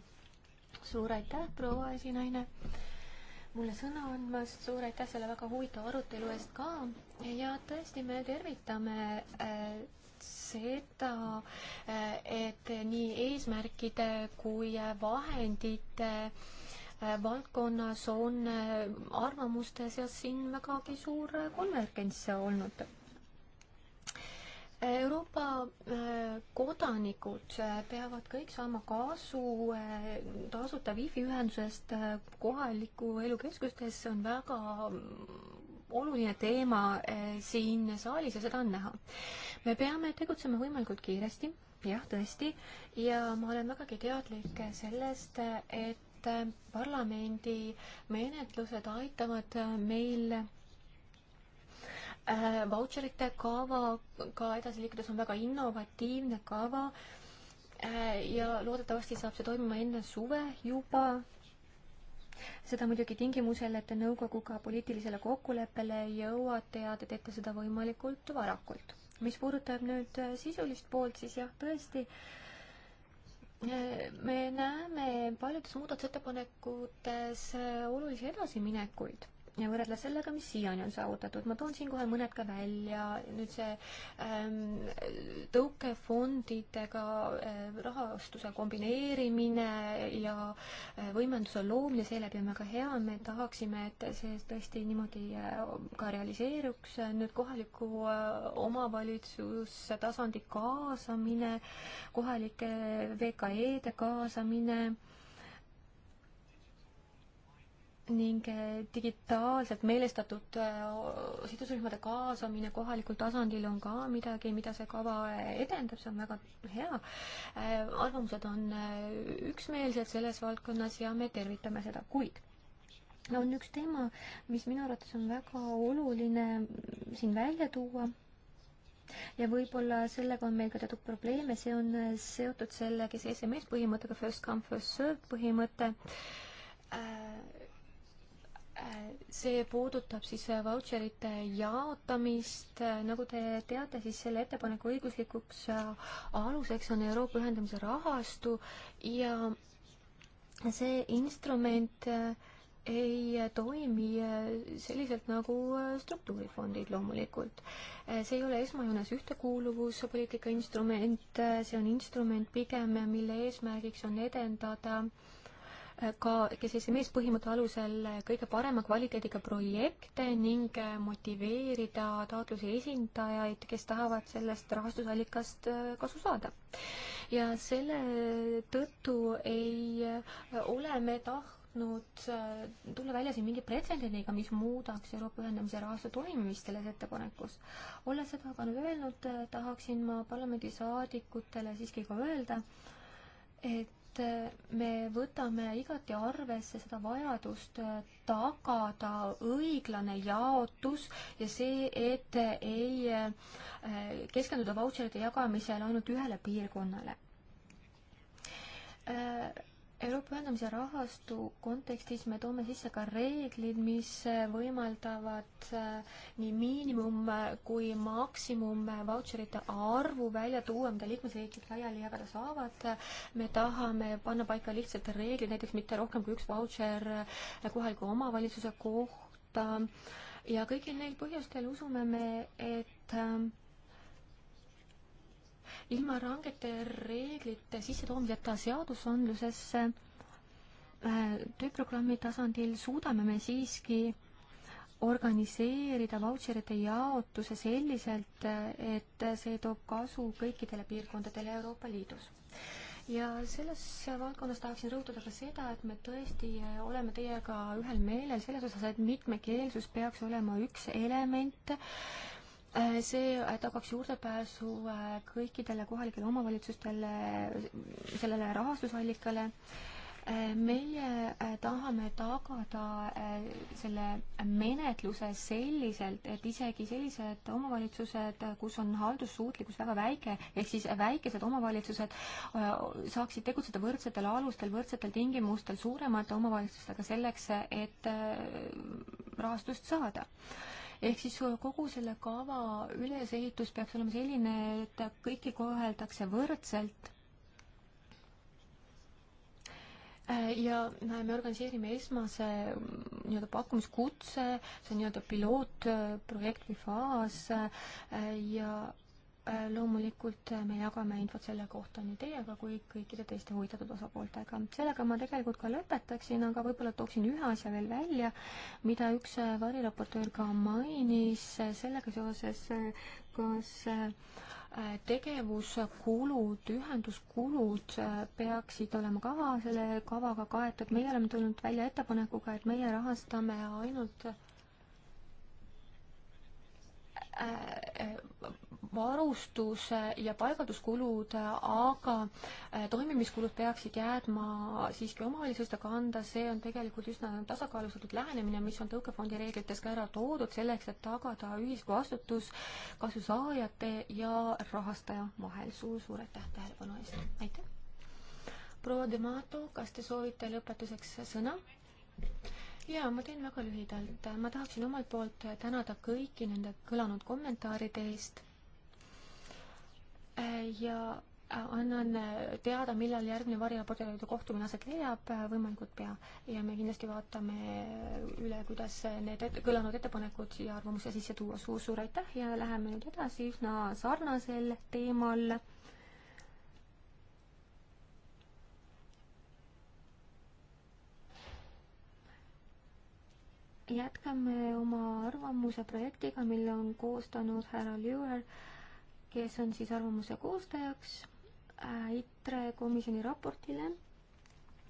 suur aitäh, proua esinaine, mulle sõna andmast, suur aitäh selle väga huvitava arutelu eest ka ja tõesti, me tervitame äh, seda, äh, et nii eesmärkide kui vahendite äh, valdkonnas on arvamuste seas siin vägagi suur konvergents olnud Euroopa äh, kodanikud äh, peavad kõik saama kasu äh, tasuta wifi ühendusest kohaliku elukeskustes, see on väga mm, oluline teema siin saalis ja seda on näha. me peame tegutsema võimalikult kiiresti, jah, tõesti, ja ma olen vägagi teadlik sellest, et parlamendi menetlused aitavad meil Äh, vautšerite kavaga ka edasi liikudes on väga innovatiivne kava äh, ja loodetavasti saab see toimuma enne suve juba. seda muidugi tingimusel, et te nõukoguga poliitilisele kokkuleppele jõuate ja te teete seda võimalikult varakult. mis puudutab nüüd äh, sisulist poolt, siis jah, tõesti, me näeme paljudes muudatusettepanekutes olulisi edasiminekuid ja võrreldes sellega, mis siiani on saavutatud. ma toon siin kohe mõned ka välja, nüüd see ähm, tõukefondidega äh, rahastuse kombineerimine ja äh, võimenduse loomine, seeläbi on väga hea, me tahaksime, et see tõesti niimoodi äh, ka realiseeruks, nüüd kohaliku äh, omavalitsuse tasandi kaasamine, kohalike VKE-de kaasamine ning eh, digitaalselt meelestatud eh, sidusrühmade kaasamine kohalikul tasandil on ka midagi, mida see kava eh, edendab, see on väga hea. arvamused on üksmeelsed selles valdkonnas ja me tervitame seda, kuid on üks teema, mis minu arvates on väga oluline mm, siin välja tuua ja võib-olla sellega on meil ka teatud probleeme, see on seotud selle, kes SMS põhimõttega, first come, first serve põhimõte äh, see puudutab siis vautšerite jaotamist. nagu te teate, siis selle ettepaneku õiguslikuks aluseks on Euroopa ühendamise rahastu ja see instrument ei toimi selliselt nagu struktuurifondid loomulikult. see ei ole esmajoones ühtekuuluvuspoliitika instrument, see on instrument pigem, mille eesmärgiks on edendada äh, ka, kes SMS põhimõtte alusel kõige parema kvaliteediga projekte ning motiveerida taotluse esindajaid, kes tahavad sellest rahastusallikast äh, kasu saada. ja selle tõttu ei äh, ole me tahtnud tahtnud äh, tulla välja siin mingi pretsedendiga, mis muudaks Euroopa ühendamise rahastu toimimist selles ettepanekus. olles seda aga nüüd öelnud, tahaksin ma parlamendisaadikutele siiski ka öelda, et et me võtame igati arvesse seda vajadust äh, tagada õiglane jaotus ja see, et ei äh, keskenduda vautšerite jagamisel ainult ühele piirkonnale äh, Euroopa ühendamise rahastu kontekstis me toome sisse ka reeglid, mis äh, võimaldavad äh, nii miinimum äh, kui maksimum vautšerite arvu välja tuua, mida liikmesriigid laiali jagada saavad. me tahame panna paika lihtsalt reeglid, näiteks mitte rohkem kui üks vautšer kohaliku omavalitsuse kohta ja kõigil neil põhjustel usume me, et ähm, ilma rangete reeglite sissetoomiseta seadusandlusesse äh, tööprogrammi tasandil suudame me siiski organiseerida vautšerite jaotuse selliselt, et see toob kasu kõikidele piirkondadele Euroopa Liidus. ja selles valdkonnas tahaksin rõhutada ka seda, et me tõesti oleme teiega ühel meelel selles osas, et mitmekeelsus peaks olema üks element Äh, see äh, tagaks juurdepääsu äh, kõikidele kohalikele omavalitsustele sellele rahastusallikale. meie tahame tagada selle menetluse selliselt, et isegi sellised omavalitsused, kus on haldussuutlikkus väga väike, ehk siis väikesed omavalitsused saaksid tegutseda võrdsetel alustel, võrdsetel tingimustel suuremate omavalitsustega selleks, et rahastust saada ehk siis kogu selle kava ülesehitus peaks olema selline, et kõiki koheldakse võrdselt ja me organiseerime esmase mm, nii-öelda pakkumiskutse, see on nii-öelda pilootprojekt või faas ja Äh, loomulikult äh, me jagame infot selle kohta nii teiega kui kõikide teiste huvitatud osapooltega. sellega ma tegelikult ka lõpetaksin, aga võib-olla tooksin ühe asja veel välja, mida üks äh, variraportöör ka mainis sellega seoses, kas tegevuskulud, ühenduskulud peaksid olema kava, selle kavaga kaetud, meie oleme tulnud välja ettepanekuga, et meie rahastame ainult varustuse ja paigalduskulud, aga äh, toimimiskulud peaksid jäädma siiski omavalitsuste kanda, see on tegelikult üsna tasakaalustatud lähenemine, mis on tõukefondi reeglites ka ära toodud, selleks et tagada ühisvastutus kasusaajate ja rahastaja vahel. suur-suur aitäh tähelepanu eest, aitäh! proua Demato, kas te soovite lõpetuseks sõna? jaa, ma teen väga lühidalt. ma tahaksin omalt poolt tänada kõiki nende kõlanud kommentaaride eest ja äh, annan äh, teada, millal järgmine variraportööride kohtumine aset leiab, äh, võimalikult pea. ja me kindlasti vaatame üle, kuidas need et, kõlanud ettepanekud ja arvamuse sisse tuua suur,. suur-suur aitäh ja läheme nüüd edasi üsna sarnasel teemal. jätkame oma arvamuse projektiga, mille on koostanud härra Lüür kes on siis arvamuse koostajaks äh, ITRE komisjoni raportile.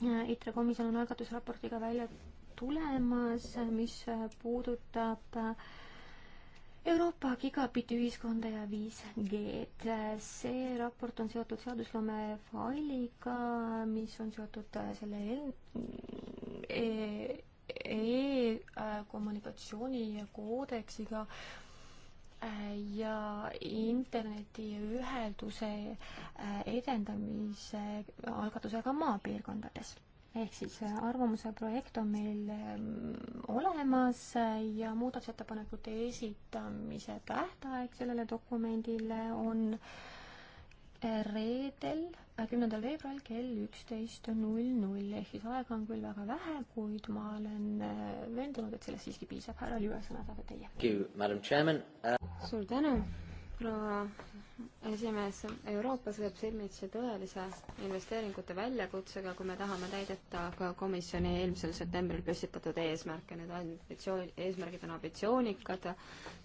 Äh, ITRE komisjon on algatusraportiga välja tulemas, äh, mis puudutab Euroopa gigabitti ühiskonda ja 5G-d. see raport on seotud seadusloome failiga, mis on seotud selle e-kommunikatsiooni e e e koodeksiga e ja internetiühenduse äh, edendamise algatusega maapiirkondades. ehk siis äh, arvamuse projekt on meil ähm, olemas äh, ja muudatusettepanekute esitamise tähtaeg sellele dokumendile on reedel kümnendal veebruaril kell üksteist null null, ehk siis aega on küll väga vähe, kuid ma olen äh, veendunud, et sellest siiski piisab. härra Lüüa, sõna saate teie. suur tänu proua esimees, Euroopa seisab silmitsi tõelise investeeringute väljakutsega, kui me tahame täideta ka komisjoni eelmisel septembril püstitatud eesmärke, need ambitsioon, eesmärgid on ambitsioonikad,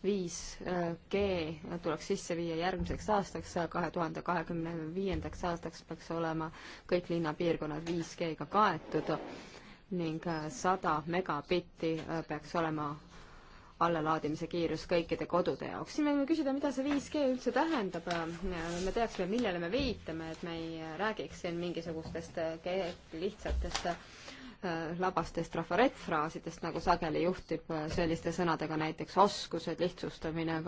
5G äh, tuleks sisse viia järgmiseks aastaks, kahe tuhande kahekümne viiendaks aastaks peaks olema kõik linnapiirkonnad 5G-ga kaetud ning äh, sada megabitti äh, peaks olema allalaadimise kiirus kõikide kodude jaoks. siin võime küsida, mida see 5G üldse tähendab. me teaksime, millele me viitame, et me ei räägiks siin mingisugustest lihtsatest Äh, labastest trafarettfraasidest, nagu sageli juhtub äh, selliste sõnadega näiteks oskused, lihtsustamine,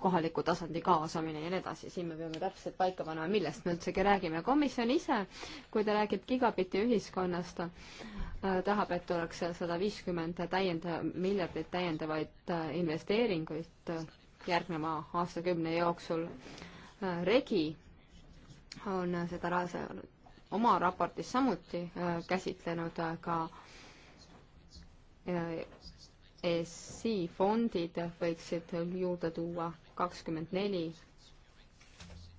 kohaliku tasandi kaasamine ja nii edasi, siin me peame täpselt paika panema, millest me üldsegi räägime. komisjon ise, kui ta räägib gigabitti ühiskonnast, äh, tahab, et oleks sada viiskümmend täienda-, miljardit täiendavaid investeeringuid järgneva aastakümne jooksul. regi on seda raha saanud oma raportis samuti äh, käsitlenud äh, ka äh, ESI fondid võiksid juurde tuua kakskümmend neli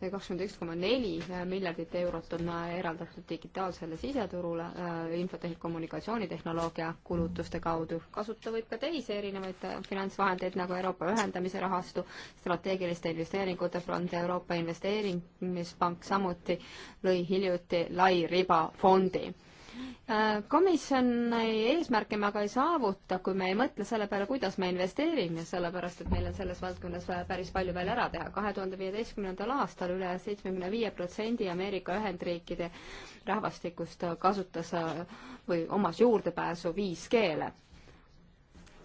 kakskümmend üks koma neli äh, miljardit eurot on äh, eraldatud digitaalsele siseturule äh, infotehnikatsioonitehnoloogia kulutuste kaudu. kasutada võib ka teisi erinevaid finantsvahendeid nagu Euroopa ühendamise rahastu, strateegiliste investeeringute fond, Euroopa Investeerimispank samuti lõi hiljuti lai riba fondi Äh, Komisjoni eesmärke me aga ei saavuta, kui me ei mõtle selle peale, kuidas me investeerime, sellepärast et meil on selles valdkonnas vaja päris palju veel ära teha. kahe tuhande viieteistkümnendal aastal üle seitsmekümne viie protsendi Ameerika Ühendriikide rahvastikust kasutas äh, või omas juurdepääsu 5G-le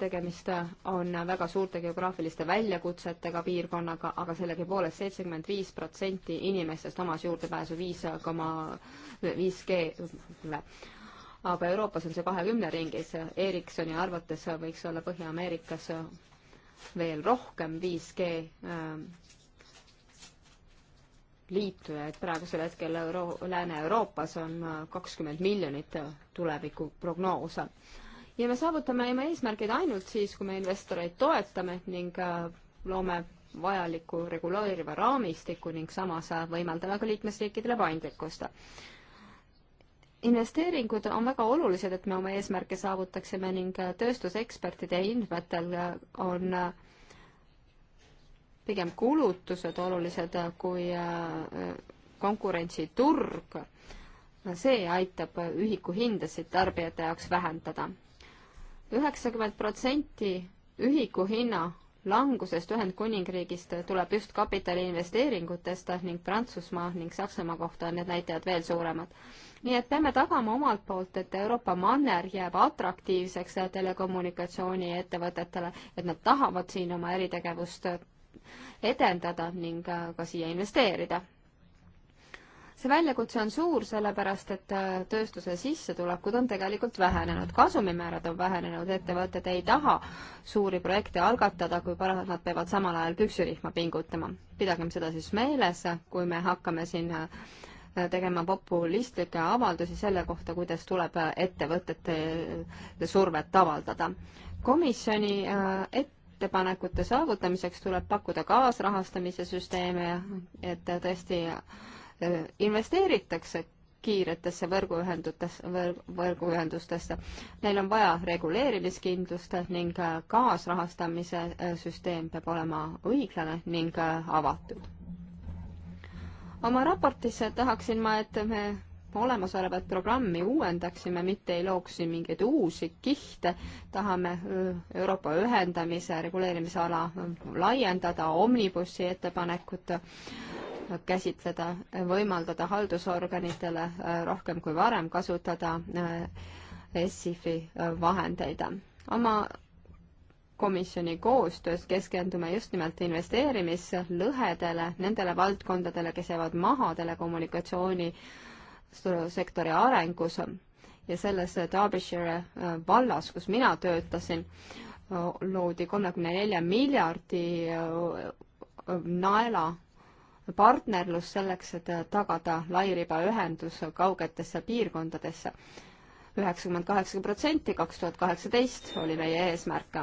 tegemist on väga suurte geograafiliste väljakutsetega piirkonnaga, aga sellegipoolest seitsekümmend viis protsenti inimestest omas juurdepääsu viis koma viis G-le. aga Euroopas on see kahekümne ringis, Ericssoni arvates võiks olla Põhja-Ameerikas veel rohkem 5G äh, liitujaid, praegusel hetkel Euro-, Lääne-Euroopas on kakskümmend miljonit tulevikuprognoose ja me saavutame oma eesmärgid ainult siis, kui me investoreid toetame ning äh, loome vajaliku reguleeriva raamistiku ning samas äh, võimaldame ka liikmesriikidele paindlikkust. investeeringud on väga olulised, et me oma eesmärke saavutaksime ning äh, tööstusekspertide hindmetel on pigem kulutused olulised kui konkurentsiturg. see aitab ühiku hindasid tarbijate jaoks vähendada üheksakümmend protsenti ühiku hinna langusest Ühendkuningriigist tuleb just kapitaliinvesteeringutest ning Prantsusmaa ning Saksamaa kohta on need näitajad veel suuremad. nii et peame tagama omalt poolt, et Euroopa manner jääb atraktiivseks telekommunikatsiooniettevõtetele, et nad tahavad siin oma äritegevust edendada ning ka siia investeerida see väljakutse on suur, sellepärast et äh, tööstuse sissetulekud on tegelikult vähenenud, kasumimäärad on vähenenud, ettevõtted ei taha suuri projekte algatada, kui parasjagu nad peavad samal ajal püksirihma pingutama. pidagem seda siis meeles, kui me hakkame siin äh, tegema populistlikke avaldusi selle kohta, kuidas tuleb äh, ettevõtete survet avaldada. komisjoni et-, ettepanekute saavutamiseks tuleb pakkuda kaasrahastamise süsteeme, et tõesti investeeritakse kiiretesse võrguühendutesse, võrguühendustesse. Neil on vaja reguleerimiskindlust ning äh, kaasrahastamise äh, süsteem peab olema õiglane ning äh, avatud. oma raportis tahaksin ma, et me olemasolevat programmi uuendaksime, mitte ei looks siin mingeid uusi kihte, tahame Euroopa ühendamise reguleerimisala laiendada, omnibussi ettepanekut käsitleda, võimaldada haldusorganitele äh, rohkem kui varem kasutada äh, SIF-i äh, vahendeid. oma komisjoni koostöös keskendume just nimelt investeerimislõhedele, nendele valdkondadele, kes jäävad maha telekommunikatsiooni sektori arengus ja selles Derbyshire vallas, kus mina töötasin, loodi kolmekümne nelja miljardi naela partnerlus selleks, et tagada lairibaühendus kaugetesse piirkondadesse. üheksakümmend kaheksa protsenti, kaks tuhat kaheksateist oli meie eesmärk.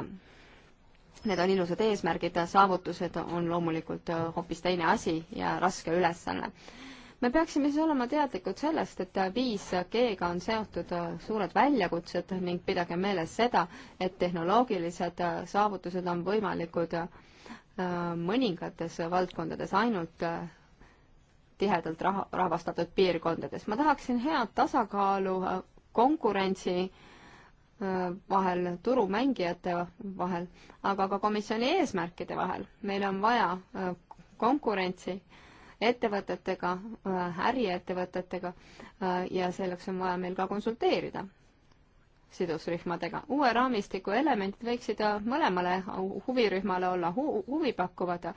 Need on ilusad eesmärgid, saavutused on loomulikult hoopis teine asi ja raske ülesanne. me peaksime siis olema teadlikud sellest, et 5G-ga on seotud suured väljakutsed ning pidage meeles seda, et tehnoloogilised saavutused on võimalikud Äh, mõningates valdkondades ainult äh, tihedalt rah-, rahvastatud piirkondades. ma tahaksin head tasakaalu äh, konkurentsi vahel, turumängijate vahel, aga ka komisjoni eesmärkide vahel. meil on vaja konkurentsi ettevõtetega, äriettevõtetega ja selleks on vaja meil ka konsulteerida sidusrühmadega. uue raamistiku elemendid võiksid mõlemale huvirühmale olla hu huvipakkuvad.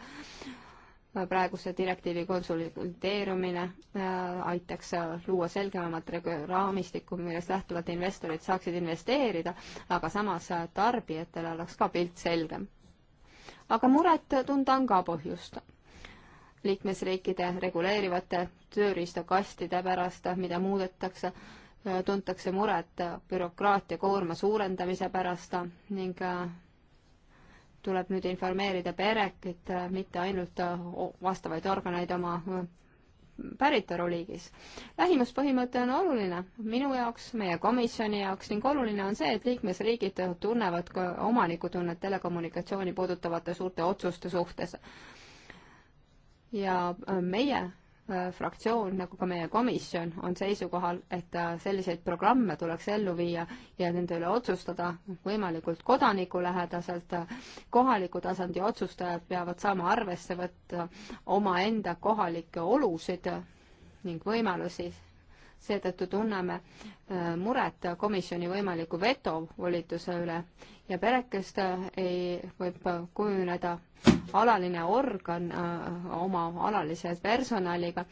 praeguse direktiivi konsulteerumine äh, aitaks luua selgemat raamistikku, millest lähtuvalt investorid saaksid investeerida, aga samas tarbijatel oleks ka pilt selgem. aga muret tunda on ka põhjust liikmesriikide reguleerivate tööriistakastide pärast, mida muudetakse Äh, tuntakse muret äh, bürokraatia koorma suurendamise pärast äh, ning tuleb nüüd informeerida perekit, mitte ainult vastavaid organeid oma päritoluliigis. lähimuspõhimõte on oluline minu jaoks, meie komisjoni jaoks ning oluline on see, et liikmesriigid tunnevad ka omanikutunnet telekommunikatsiooni puudutavate suurte otsuste suhtes. ja meie Äh, fraktsioon nagu ka meie komisjon on seisukohal, et äh, selliseid programme tuleks ellu viia ja nende üle otsustada võimalikult kodanikulähedaselt. kohaliku tasandi otsustajad peavad saama arvesse võtta omaenda kohalikke olusid ning võimalusi. seetõttu tunneme äh, muret komisjoni võimaliku veto volituse üle ja perekest ei, võib kujuneda alaline organ äh, oma alalise personaliga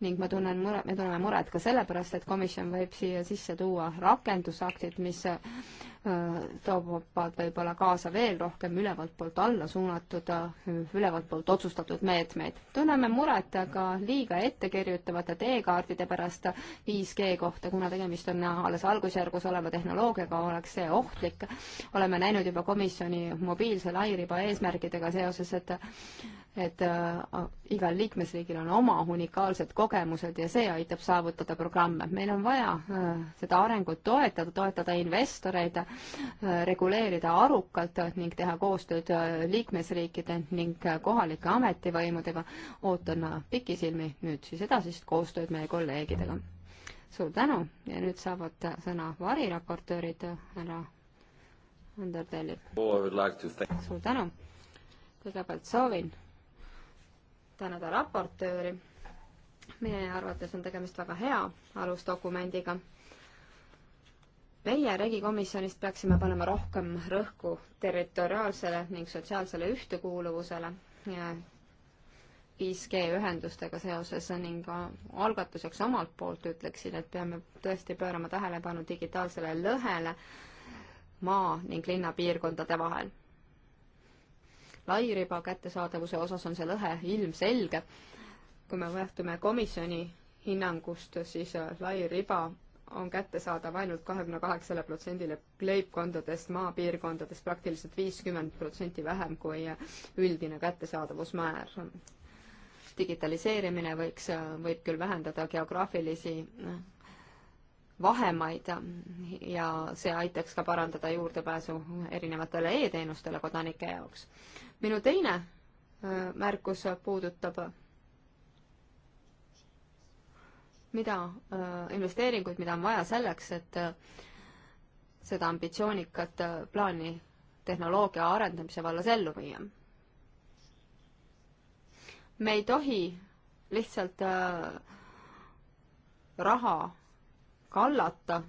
ning ma tunnen mure, me tunneme muret ka sellepärast, et komisjon võib siia sisse tuua rakendusaktid, mis äh, toovad võib-olla kaasa veel rohkem ülevalt poolt alla suunatud, äh, ülevalt poolt otsustatud meetmeid. tunneme muret ka liiga ettekirjutavate teekaardide pärast 5G kohta, kuna tegemist on alles algusjärgus oleva tehnoloogiaga, oleks see ohtlik. oleme näinud juba komisjoni mobiilse lairiba eesmärkidega seoses seoses, et et äh, igal liikmesriigil on oma unikaalsed kogemused ja see aitab saavutada programme. meil on vaja äh, seda arengut toetada, toetada investoreid äh,, reguleerida arukalt ning teha koostööd äh, liikmesriikide ning äh, kohalike ametivõimudega. ootan äh, pikisilmi nüüd siis edasist koostööd meie kolleegidega. suur tänu ja nüüd saavad äh, sõna variraportöörid äh, härra äh, Ander Tellip. Oh, suur tänu kõigepealt soovin tänada raportööri. meie arvates on tegemist väga hea alusdokumendiga. meie regikomisjonist peaksime panema rohkem rõhku territoriaalsele ning sotsiaalsele ühtekuuluvusele ja 5G ühendustega seoses ning algatuseks omalt poolt ütleksin, et peame tõesti pöörama tähelepanu digitaalsele lõhele maa ning linnapiirkondade vahel lairiba kättesaadavuse osas on see lõhe ilmselge. kui me lähtume komisjoni hinnangust, siis äh, lairiba on kättesaadav ainult kahekümne kaheksale protsendile leibkondadest, maapiirkondades praktiliselt viiskümmend protsenti vähem kui äh, üldine kättesaadavusmäär. digitaliseerimine võiks, äh, võib küll vähendada geograafilisi vahemaid ja see aitaks ka parandada juurdepääsu erinevatele e-teenustele kodanike jaoks. minu teine märkus puudutab mida, investeeringuid, mida on vaja selleks, et seda ambitsioonikat plaani tehnoloogia arendamise vallas ellu viia. me ei tohi lihtsalt raha kallata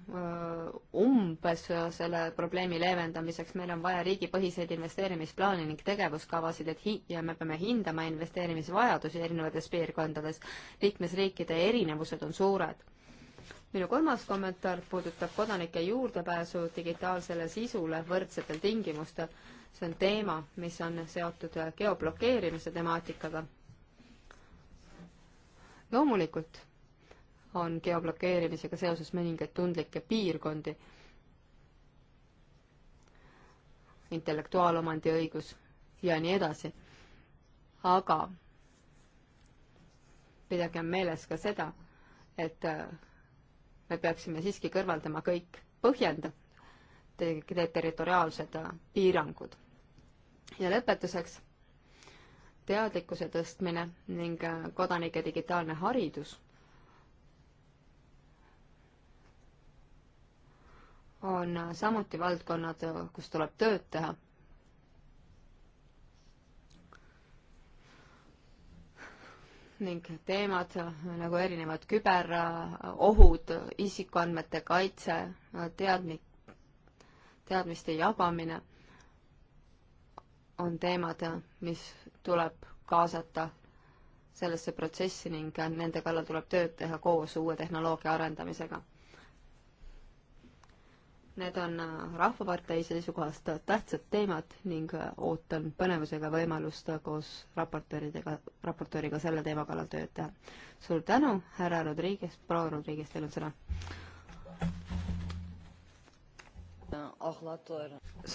umbes selle probleemi leevendamiseks, meil on vaja riigipõhiseid investeerimisplaane ning tegevuskavasid, et hi-, ja me peame hindama investeerimisvajadusi erinevates piirkondades. liikmesriikide erinevused on suured. minu kolmas kommentaar puudutab kodanike juurdepääsu digitaalsele sisule võrdsetel tingimustel. see on teema, mis on seotud geoblokeerimise temaatikaga. loomulikult on geoblokeerimisega seoses mõningaid tundlikke piirkondi. intellektuaalomandi õigus ja nii edasi. aga pidagem meeles ka seda, et äh, me peaksime siiski kõrvaldama kõik põhjendatud territoriaalsed äh, piirangud. ja lõpetuseks teadlikkuse tõstmine ning äh, kodanike digitaalne haridus on samuti valdkonnad, kus tuleb tööd teha. ning teemad nagu erinevad küberohud, isikuandmete kaitse, teadmi-, teadmiste jagamine on teemad, mis tuleb kaasata sellesse protsessi ning nende kallal tuleb tööd teha koos uue tehnoloogia arendamisega Need on äh, Rahvapartei seisukohast tähtsad teemad ning äh, ootan põnevusega võimalust äh, koos raportööridega, raportööriga selle teema kallal tööd teha. suur tänu, härra Rodriguez, proua Rodriguez, teil on sõna.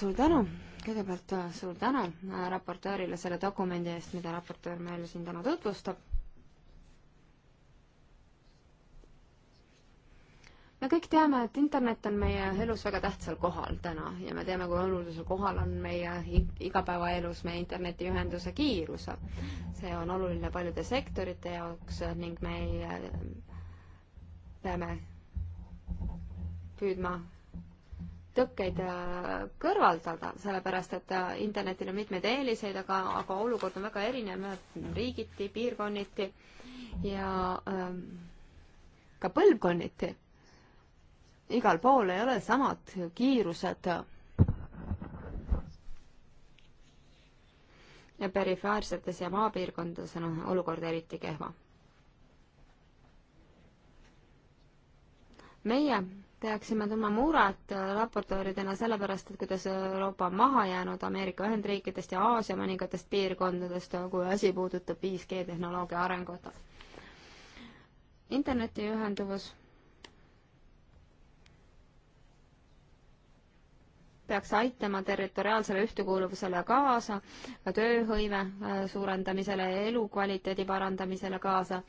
suur tänu, kõigepealt suur tänu raportöörile selle dokumendi eest, mida raportöör meile siin täna tutvustab me kõik teame, et internet on meie elus väga tähtsal kohal täna ja me teame, kui olulisel kohal on meie igapäevaelus meie internetiühenduse kiirus. see on oluline paljude sektorite jaoks ning me ei, peame püüdma tõkkeid äh, kõrvaldada, sellepärast et äh, internetil on mitmeid eeliseid, aga, aga olukord on väga erinev riigiti, piirkonniti ja ähm, ka põlvkonniti igal pool ei ole samad kiirused. ja perifaarsetes ja maapiirkondades on olukord eriti kehva. meie peaksime tundma muret raportööridena sellepärast, et kuidas Euroopa on maha jäänud Ameerika Ühendriikidest ja Aasia mõningatest piirkondadest, kui asi puudutab 5G tehnoloogia arengut. internetiühenduvus peaks aitama territoriaalsele ühtekuuluvusele kaasa, ka tööhõive äh, suurendamisele, elukvaliteedi parandamisele kaasa.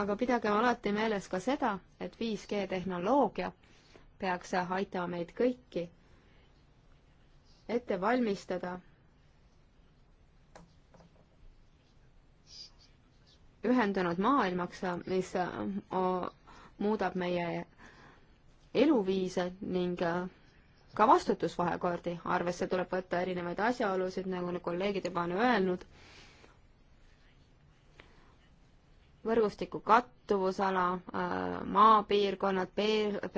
aga pidagem alati meeles ka seda, et 5G tehnoloogia peaks aitama meid kõiki ette valmistada ühendunud maailmaks, mis äh, muudab meie eluviise ning äh, ka vastutusvahekordi, arvesse tuleb võtta erinevaid asjaolusid, nagu kolleegid juba on öelnud. võrgustiku kattuvusala, äh, maapiirkonnad,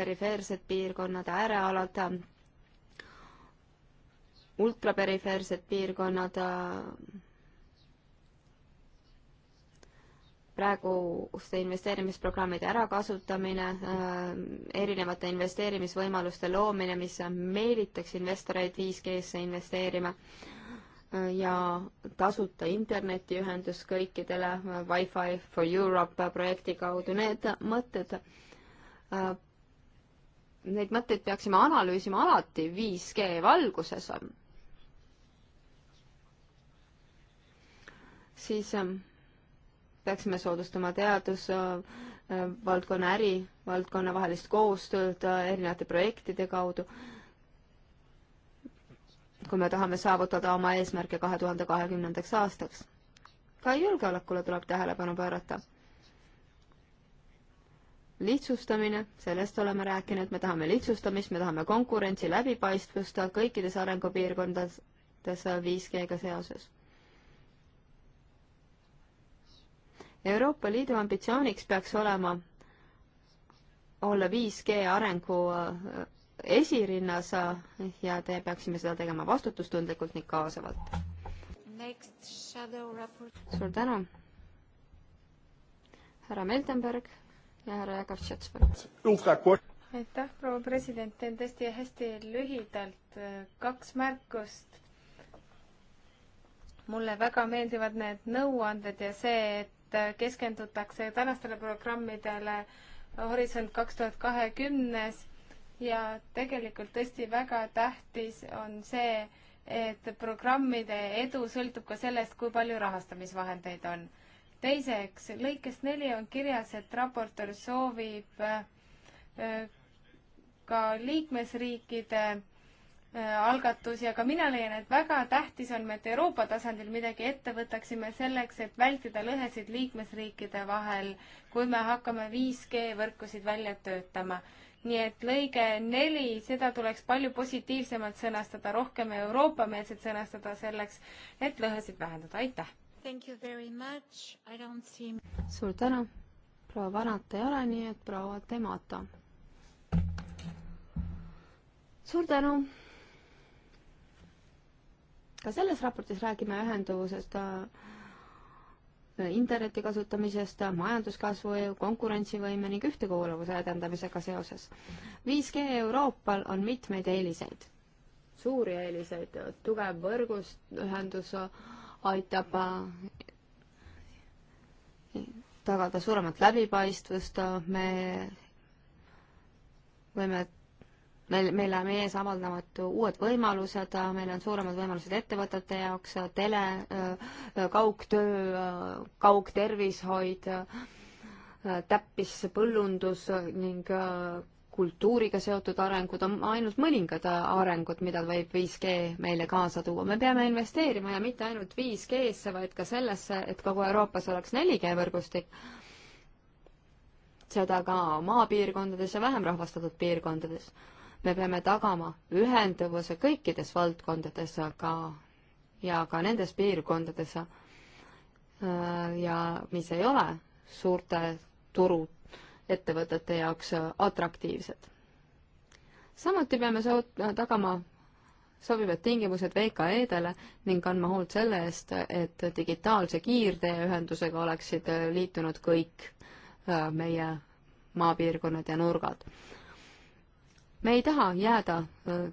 perifeersed piirkonnad, äärealad, ultraperifeersed piirkonnad, äh, praeguste investeerimisprogrammide ärakasutamine, äh, erinevate investeerimisvõimaluste loomine, mis meelitaks investoreid 5G-sse investeerima äh, ja tasuta internetiühendus kõikidele äh, Wi-Fi for Europe projekti kaudu, need mõtted, neid mõtteid peaksime analüüsima alati 5G valguses. siis ähm, peaksime soodustama teadusvaldkonna, äh, ärivaldkonna vahelist koostööd äh, erinevate projektide kaudu, kui me tahame saavutada oma eesmärke kahe tuhande kahekümnendaks aastaks. ka julgeolekule tuleb tähelepanu pöörata lihtsustamine, sellest oleme rääkinud, me tahame lihtsustamist, me tahame konkurentsi läbipaistvust kõikides arengupiirkondades 5G-ga äh, seoses. Euroopa Liidu ambitsiooniks peaks olema olla 5G arengu äh, esirinnas äh, ja te peaksime seda tegema vastutustundlikult ning kaasavalt. suur tänu. härra Meltenberg ja härra Jakob Tšetšberg. aitäh, proua president, teen tõesti hästi lühidalt äh, kaks märkust. mulle väga meeldivad need nõuanded ja see, et et keskendutakse tänastele programmidele Horisont kaks tuhat kahekümnes ja tegelikult tõesti väga tähtis on see, et programmide edu sõltub ka sellest, kui palju rahastamisvahendeid on. teiseks, lõikes neli on kirjas, et raportöör soovib äh, ka liikmesriikide Äh, algatus ja ka mina leian, et väga tähtis on, et Euroopa tasandil midagi ette võtaksime selleks, et vältida lõhesid liikmesriikide vahel, kui me hakkame 5G võrkusid välja töötama. nii et lõige neli, seda tuleks palju positiivsemalt sõnastada, rohkem Euroopa-meelset sõnastada selleks, et lõhesid vähendada, aitäh! See... suur tänu, proua Vanat ei ole, nii et proua Temata. suur tänu! ka selles raportis räägime ühenduvusest, äh, interneti kasutamisest, majanduskasvu, konkurentsivõime ning ühtekuuluvuse edendamisega seoses. 5G Euroopal on mitmeid eeliseid, suuri eeliseid, tugev võrgusühendus aitab äh, tagada suuremat läbipaistvust, me võime meil, meile mees avaldavad uued võimalused, meil on suuremad võimalused ettevõtete jaoks, tele, kaugtöö, kaugtervishoid, täppispõllundus ning kultuuriga seotud arengud on ainult mõningad arengud, mida võib 5G meile kaasa tuua. me peame investeerima ja mitte ainult 5G-sse, vaid ka sellesse, et kogu Euroopas oleks 4G võrgustik. seda ka maapiirkondades ja vähem rahvastatud piirkondades me peame tagama ühenduvuse kõikides valdkondades, aga ja ka nendes piirkondades äh, ja mis ei ole suurte turuettevõtete jaoks äh, atraktiivsed. samuti peame soot-, tagama sobivad tingimused VKE-dele ning andma hoolt selle eest, et digitaalse kiirteeühendusega oleksid äh, liitunud kõik meie maapiirkonnad ja nurgad me ei taha jääda äh,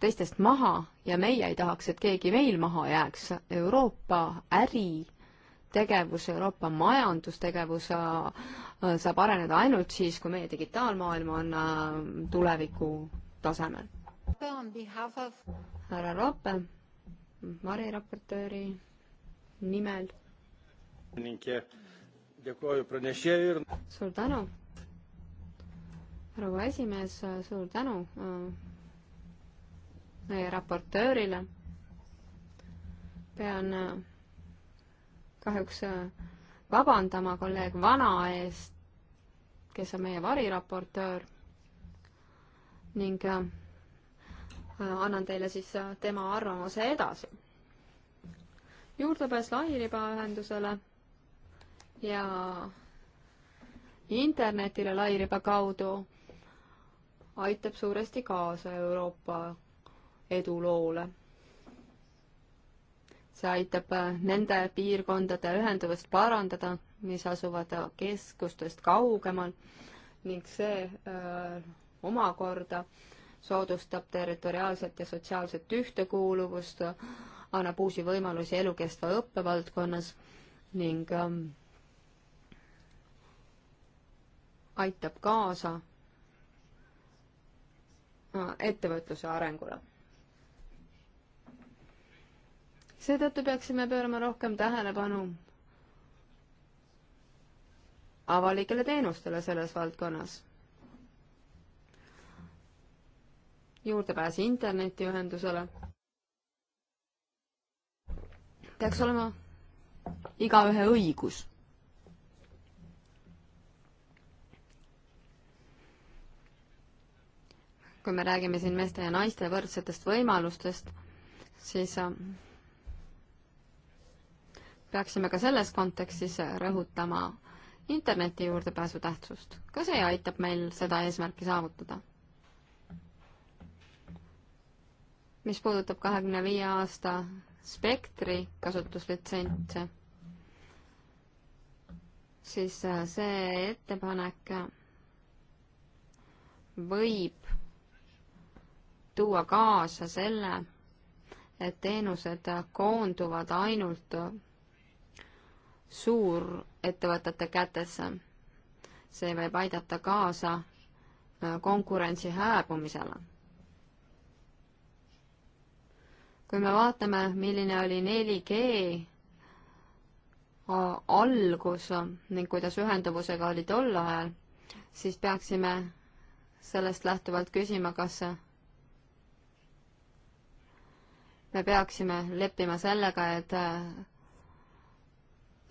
teistest maha ja meie ei tahaks, et keegi meil maha jääks. Euroopa äri tegevus, Euroopa majandustegevus äh, saab areneda ainult siis, kui meie digitaalmaailm on äh, tuleviku tasemel. härra Roppe, variraportööri nimel. suur tänu proua esimees, suur tänu äh, meie raportöörile. pean äh, kahjuks äh, vabandama kolleeg Vana eest, kes on meie variraportöör ning annan teile siis tema arvamuse edasi. juurdepääs lairibaühendusele ja internetile lairiba kaudu aitab suuresti kaasa Euroopa eduloole. see aitab äh, nende piirkondade ühenduvust parandada, mis asuvad äh, keskustest kaugemal ning see öö, äh, omakorda soodustab territoriaalset ja sotsiaalset ühtekuuluvust, annab uusi võimalusi elukestva õppe valdkonnas ning öö, ähm, aitab kaasa ettevõtluse arengule. seetõttu peaksime pöörama rohkem tähelepanu avalikele teenustele selles valdkonnas. juurdepääs internetiühendusele peaks olema igaühe õigus kui me räägime siin meeste ja naiste võrdsetest võimalustest, siis äh, peaksime ka selles kontekstis rõhutama interneti juurdepääsu tähtsust. ka see aitab meil seda eesmärki saavutada. mis puudutab kahekümne viie aasta spektri kasutuslitsentse, siis äh, see ettepanek võib tuua kaasa selle, et teenused koonduvad ainult suurettevõtete kätesse. see võib aidata kaasa äh, konkurentsi hääbumisele. kui me vaatame, milline oli 4G äh, algus ning kuidas ühenduvusega oli tol ajal, siis peaksime sellest lähtuvalt küsima, kas me peaksime leppima sellega, et äh,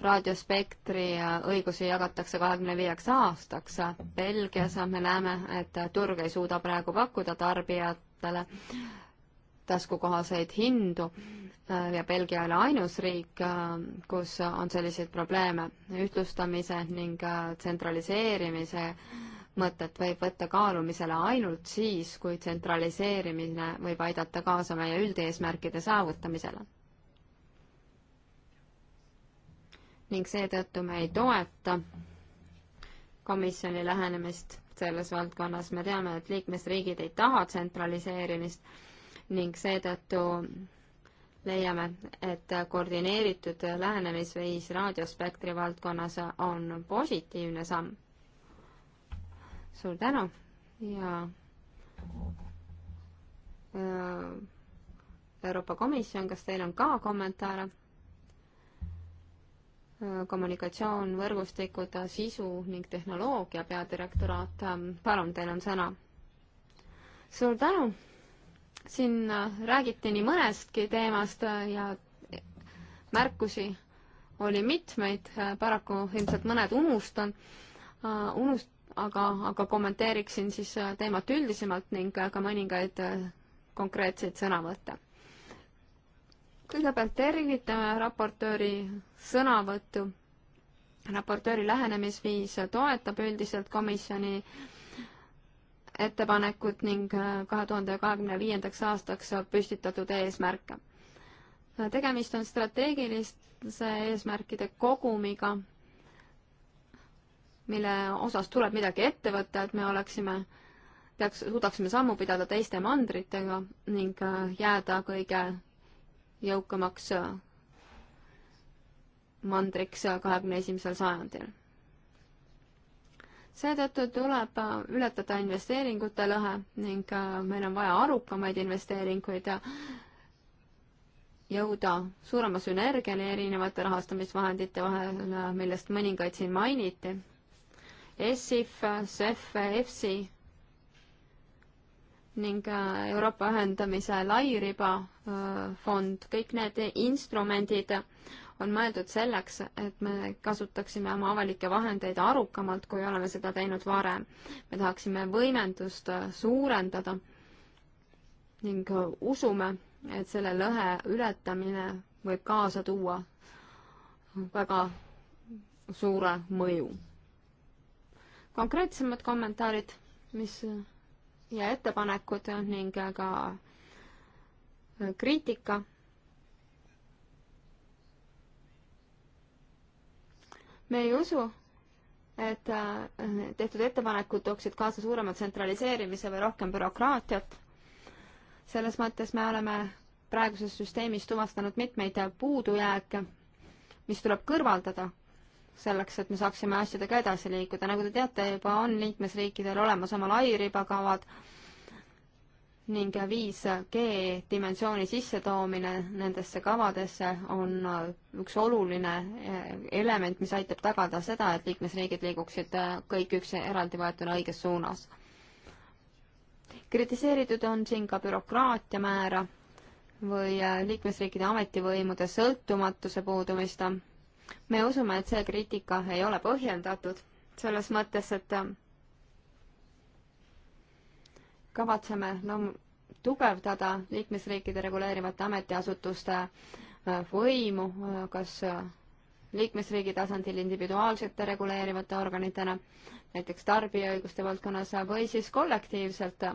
raadiospektri äh, õigusi jagatakse kahekümne viieks aastaks. Belgias me näeme, et äh, turg ei suuda praegu pakkuda tarbijatele taskukohaseid hindu ja Belgia ei ole ainus riik, kus on selliseid probleeme ühtlustamise ning tsentraliseerimise äh, mõtet võib võtta kaalumisele ainult siis, kui tsentraliseerimine võib aidata kaasa meie üldeesmärkide saavutamisele. ning seetõttu me ei toeta komisjoni lähenemist selles valdkonnas, me teame, et liikmesriigid ei taha tsentraliseerimist ning seetõttu leiame, et koordineeritud lähenemisviis raadiospektri valdkonnas on positiivne samm suur tänu ja äh, Euroopa Komisjon, kas teil on ka kommentaare? Äh, kommunikatsioon, võrgustikud, sisu ning tehnoloogia peadirektoraat, ähm, palun, teil on sõna. suur tänu! siin äh, räägiti nii mõnestki teemast ja märkusi oli mitmeid, paraku ilmselt mõned unustan, unust-, aga, aga kommenteeriksin siis äh, teemat üldisemalt ning äh, ka mõningaid äh, konkreetseid sõnavõtte. kõigepealt tervitame raportööri sõnavõttu. raportööri lähenemisviis toetab üldiselt komisjoni ettepanekut ning kahe tuhande kahekümne viiendaks aastaks püstitatud eesmärke. tegemist on strateegilise eesmärkide kogumiga mille osas tuleb midagi ette võtta, et me oleksime, peaks, suudaksime sammu pidada teiste mandritega ning äh, jääda kõige jõukamaks äh, mandriks äh, kahekümne esimesel sajandil. seetõttu tuleb ületada investeeringute lõhe ning meil on vaja arukamaid investeeringuid ja jõuda suurema sünergiani erinevate rahastamisvahendite vahel, millest mõningaid siin mainiti ESIF, SEF, EFSI ning äh, Euroopa ühendamise lairiba äh, fond, kõik need instrumendid on mõeldud selleks, et me kasutaksime oma avalikke vahendeid arukamalt, kui oleme seda teinud varem. me tahaksime võimendust äh, suurendada ning usume, et selle lõhe ületamine võib kaasa tuua väga suure mõju konkreetsemad kommentaarid, mis ja ettepanekud ning ka kriitika. me ei usu, et äh, tehtud ettepanekud tooksid kaasa suurema tsentraliseerimise või rohkem bürokraatiat. selles mõttes me oleme praeguses süsteemis tuvastanud mitmeid puudujääke, mis tuleb kõrvaldada selleks, et me saaksime asjadega edasi liikuda. nagu te teate, juba on liikmesriikidel olemas oma lairibakavad ning 5G dimensiooni sissetoomine nendesse kavadesse on üks oluline eh, element, mis aitab tagada seda, et liikmesriigid liiguksid eh, kõik üks eraldivõetuna õiges suunas. kritiseeritud on siin ka bürokraatia määra või eh, liikmesriikide ametivõimude sõltumatuse puudumist me usume, et see kriitika ei ole põhjendatud selles mõttes, et äh, kavatseme loom-, tugevdada liikmesriikide reguleerivate ametiasutuste äh, võimu, äh, kas liikmesriigi tasandil individuaalsete reguleerivate organitena, näiteks tarbijaõiguste valdkonnas, või siis kollektiivselt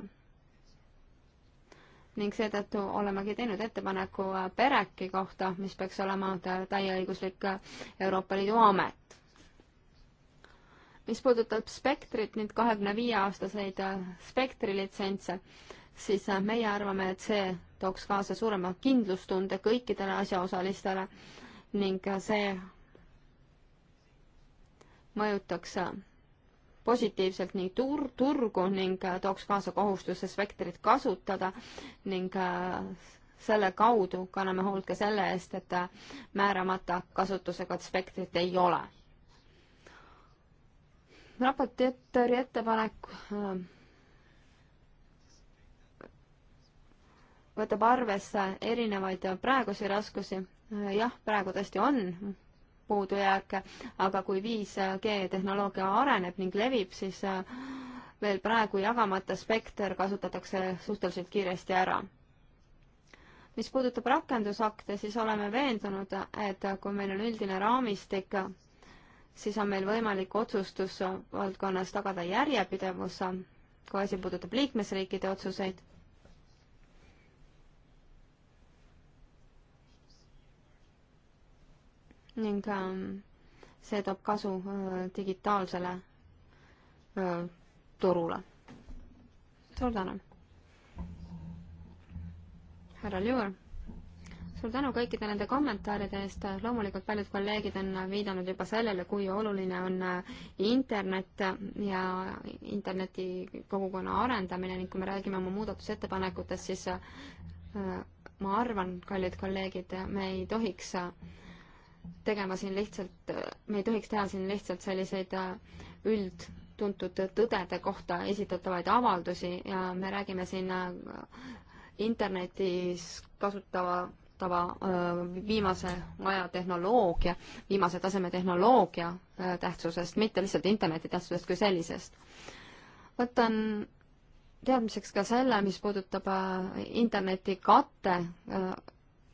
ning seetõttu olemegi teinud ettepaneku PEREC-i kohta, mis peaks olema täieõiguslik Euroopa Liidu amet. mis puudutab spektrit, neid kahekümne viie aastaseid spektrilitsentse, siis meie arvame, et see tooks kaasa suurema kindlustunde kõikidele asjaosalistele ning see mõjutaks positiivselt nii tur-, turgu ning äh, tooks kaasa kohustuse spektrit kasutada ning äh, selle kaudu kanname hoolt ka selle eest, et äh, määramata kasutusega spektrit ei ole. raporti etteri ettepanek võtab arvesse erinevaid praegusi raskusi. jah, praegu tõesti on puudujääke, aga kui 5G tehnoloogia areneb ning levib, siis äh, veel praegu jagamata spekter kasutatakse suhteliselt kiiresti ära. mis puudutab rakendusakte, siis oleme veendunud, et kui meil on üldine raamistik, siis on meil võimalik otsustusvaldkonnas tagada järjepidevus, kui asi puudutab liikmesriikide otsuseid ning ähm, see toob kasu äh, digitaalsele äh, turule. suur tänu! härra Liur, suur tänu kõikide nende kommentaaride eest, loomulikult paljud kolleegid on viidanud juba sellele, kui oluline on äh, internet ja interneti kogukonna arendamine ning kui me räägime oma muudatusettepanekutest, siis ma arvan, kallid kolleegid, me ei tohiks äh, tegema siin lihtsalt, me ei tohiks teha siin lihtsalt selliseid äh, üldtuntud tõdede kohta esitatavaid avaldusi ja me räägime siin äh, internetis kasutava kasutava äh, viimase aja tehnoloogia, viimase taseme tehnoloogia tähtsusest, mitte lihtsalt interneti tähtsusest kui sellisest. võtan teadmiseks ka selle, mis puudutab interneti katte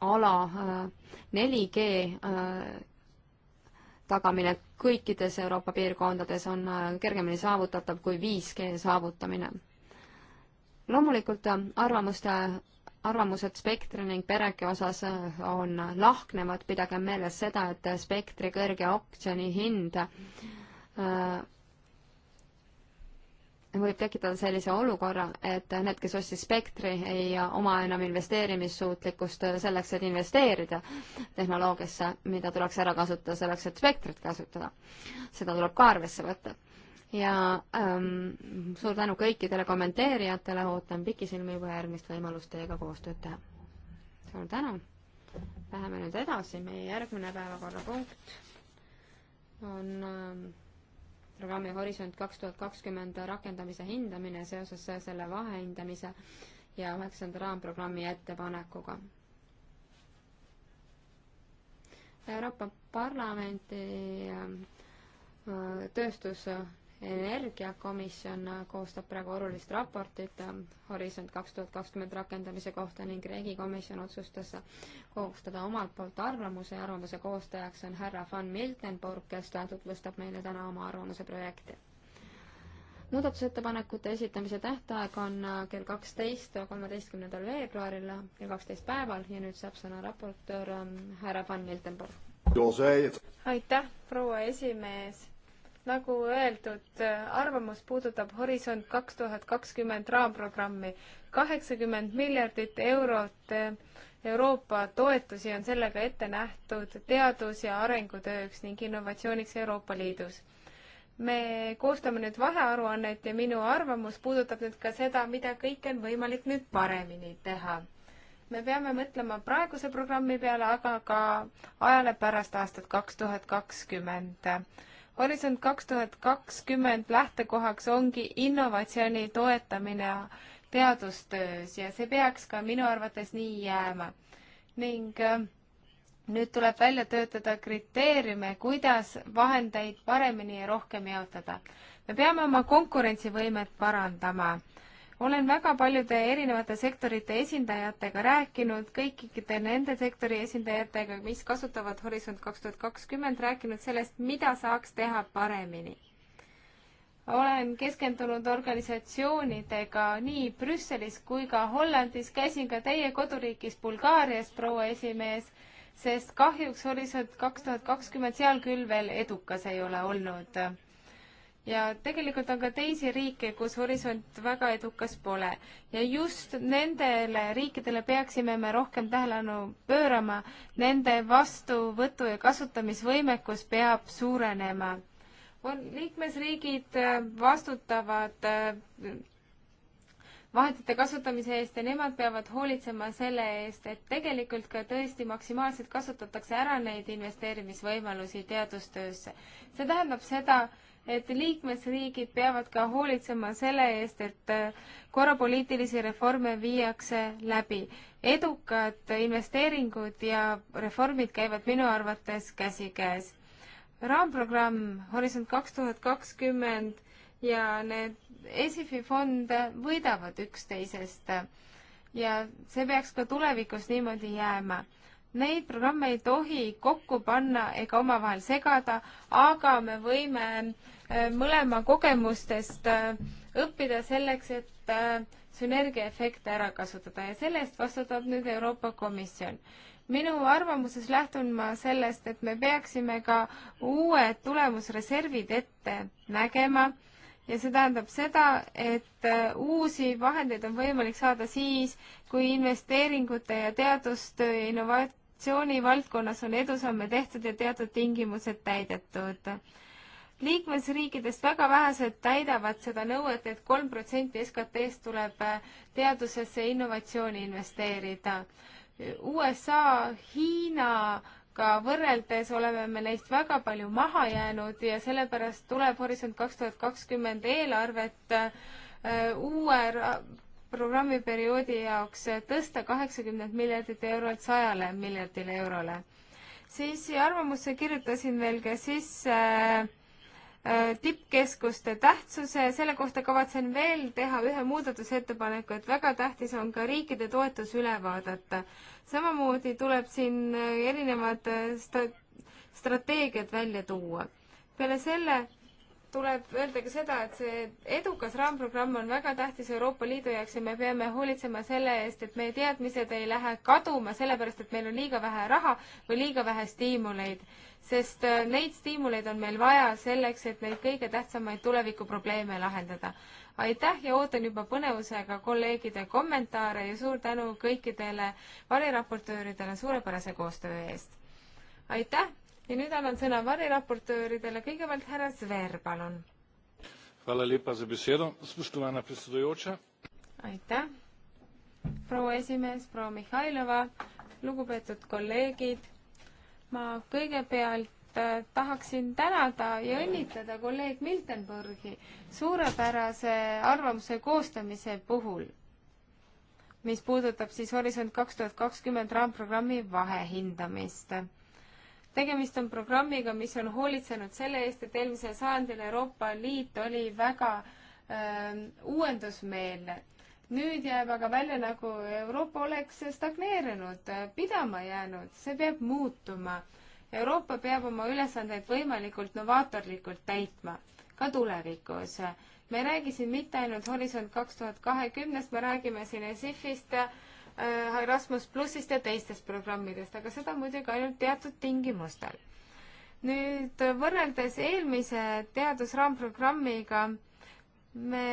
ala 4G äh, äh, tagamine kõikides Euroopa piirkondades on äh, kergemini saavutatav kui 5G saavutamine. loomulikult arvamuste, arvamused spektri ning pereke osas on lahknevad, pidagem meeles seda, et spektri kõrge oktsiooni hind võib tekitada sellise olukorra, et need, kes ostis Spektri, ei oma enam investeerimissuutlikkust selleks, et investeerida tehnoloogiasse, mida tuleks ära kasutada selleks, et Spektrit kasutada. seda tuleb ka arvesse võtta. ja ähm, suur tänu kõikidele kommenteerijatele, ootan pikisilmi juba järgmist võimalust teiega koostööd teha. suur tänu. Läheme nüüd edasi, meie järgmine päevakorrapunkt on ähm, programmi Horisont kaks tuhat kakskümmend rakendamise hindamine seoses selle vahehindamise ja üheksanda raamprogrammi ettepanekuga. Euroopa Parlamenti äh, tööstus energiakomisjon koostab praegu olulist raportit äh, Horisont kaks tuhat kakskümmend rakendamise kohta ning riigikomisjon otsustas koostada omalt poolt arvamuse ja arvamuse koostajaks on härra Van Miltenburg, kes tutvustab meile täna oma arvamuse projekti. muudatusettepanekute esitamise tähtaeg on äh, kell kaksteist, kolmeteistkümnendal veebruaril kell kaksteist päeval ja nüüd saab sõna raportöör ähm, härra Van Miltenburg. aitäh, proua esimees nagu öeldud, arvamus puudutab Horisont kaks tuhat kakskümmend raamprogrammi. kaheksakümmend miljardit eurot eh, Euroopa toetusi on sellega ette nähtud teadus- ja arengutööks ning innovatsiooniks Euroopa Liidus. me koostame nüüd vahearuannet ja minu arvamus puudutab nüüd ka seda, mida kõike on võimalik nüüd paremini teha. me peame mõtlema praeguse programmi peale, aga ka ajale pärast aastat kaks tuhat kakskümmend Horisont kaks tuhat kakskümmend lähtekohaks ongi innovatsiooni toetamine teadustöös ja see peaks ka minu arvates nii jääma. ning äh, nüüd tuleb välja töötada kriteeriume, kuidas vahendeid paremini ja rohkem jaotada. me peame oma konkurentsivõimet parandama olen väga paljude erinevate sektorite esindajatega rääkinud, kõikide nende sektori esindajatega, mis kasutavad Horisont kaks tuhat kakskümmend, rääkinud sellest, mida saaks teha paremini. olen keskendunud organisatsioonidega nii Brüsselis kui ka Hollandis, käisin ka teie koduriigis Bulgaarias, proua esimees, sest kahjuks Horisont kaks tuhat kakskümmend seal küll veel edukas ei ole olnud ja tegelikult on ka teisi riike, kus Horisont väga edukas pole. ja just nendele riikidele peaksime me rohkem tähelepanu pöörama, nende vastuvõtu- ja kasutamisvõimekus peab suurenema. on, liikmesriigid äh, vastutavad äh, vahendite kasutamise eest ja nemad peavad hoolitsema selle eest, et tegelikult ka tõesti maksimaalselt kasutatakse ära neid investeerimisvõimalusi teadustöösse. see tähendab seda, et liikmesriigid peavad ka hoolitsema selle eest, et äh, korrapoliitilisi reforme viiakse läbi. edukad investeeringud ja reformid käivad minu arvates käsikäes. raamprogramm Horisont kaks tuhat kakskümmend ja need ESIFi fond võidavad üksteisest ja see peaks ka tulevikus niimoodi jääma neid programme ei tohi kokku panna ega omavahel segada, aga me võime mõlema kogemustest äh, õppida selleks, et äh, sünergiaefekte ära kasutada ja selle eest vastutab nüüd Euroopa Komisjon. minu arvamuses lähtun ma sellest, et me peaksime ka uued tulemusreservid ette nägema ja see tähendab seda, et äh, uusi vahendeid on võimalik saada siis, kui investeeringute ja teadustöö ja innovatsiooni valdkonnas on edusamme tehtud ja teatud tingimused täidetud liikmesriikidest väga vähesed täidavad seda nõuet et, et kolm protsenti SKT-st tuleb äh, teadusesse ja innovatsiooni investeerida. USA, Hiina ka võrreldes oleme me neist väga palju maha jäänud ja sellepärast tuleb Horisont kaks tuhat kakskümmend eelarvet äh, uue programmiperioodi jaoks tõsta kaheksakümnelt miljardit eurolt sajale miljardile eurole. siis arvamusse kirjutasin veel ka sisse äh, Äh, tippkeskuste tähtsuse ja selle kohta kavatsen veel teha ühe muudatusettepaneku, et väga tähtis on ka riikide toetus üle vaadata. samamoodi tuleb siin äh, erinevad äh, sta-, strateegiad välja tuua. peale selle tuleb öelda ka seda, et see edukas raamprogramm on väga tähtis Euroopa Liidu jaoks ja me peame hoolitsema selle eest, et meie teadmised ei lähe kaduma, sellepärast et meil on liiga vähe raha või liiga vähe stiimuleid. sest äh, neid stiimuleid on meil vaja selleks, et neid kõige tähtsamaid tulevikuprobleeme lahendada. aitäh ja ootan juba põnevusega kolleegide kommentaare ja suur tänu kõikidele variraportööridele suurepärase koostöö eest. aitäh ja nüüd annan sõna variraportööridele, kõigepealt härra Zver, palun. aitäh, proua esimees, proua Mihhailova, lugupeetud kolleegid, ma kõigepealt äh, tahaksin tänada ja õnnitleda kolleeg Miltenburgi suurepärase arvamuse koostamise puhul, mis puudutab siis Horisont kaks tuhat kakskümmend raamprogrammi vahehindamist tegemist on programmiga, mis on hoolitsenud selle eest, et eelmisel sajandil Euroopa Liit oli väga äh, uuendusmeelne. nüüd jääb aga välja, nagu Euroopa oleks stagneerunud, äh, pidama jäänud, see peab muutuma. Euroopa peab oma ülesandeid võimalikult novaatorlikult täitma, ka tulevikus. me ei räägi siin mitte ainult Horisont kaks tuhat kahekümnest, me räägime siin ESIF-ist äh,, Äh, Erasmus plussist ja teistest programmidest, aga seda muidugi ainult teatud tingimustel. nüüd võrreldes eelmise teadusraamprogrammiga me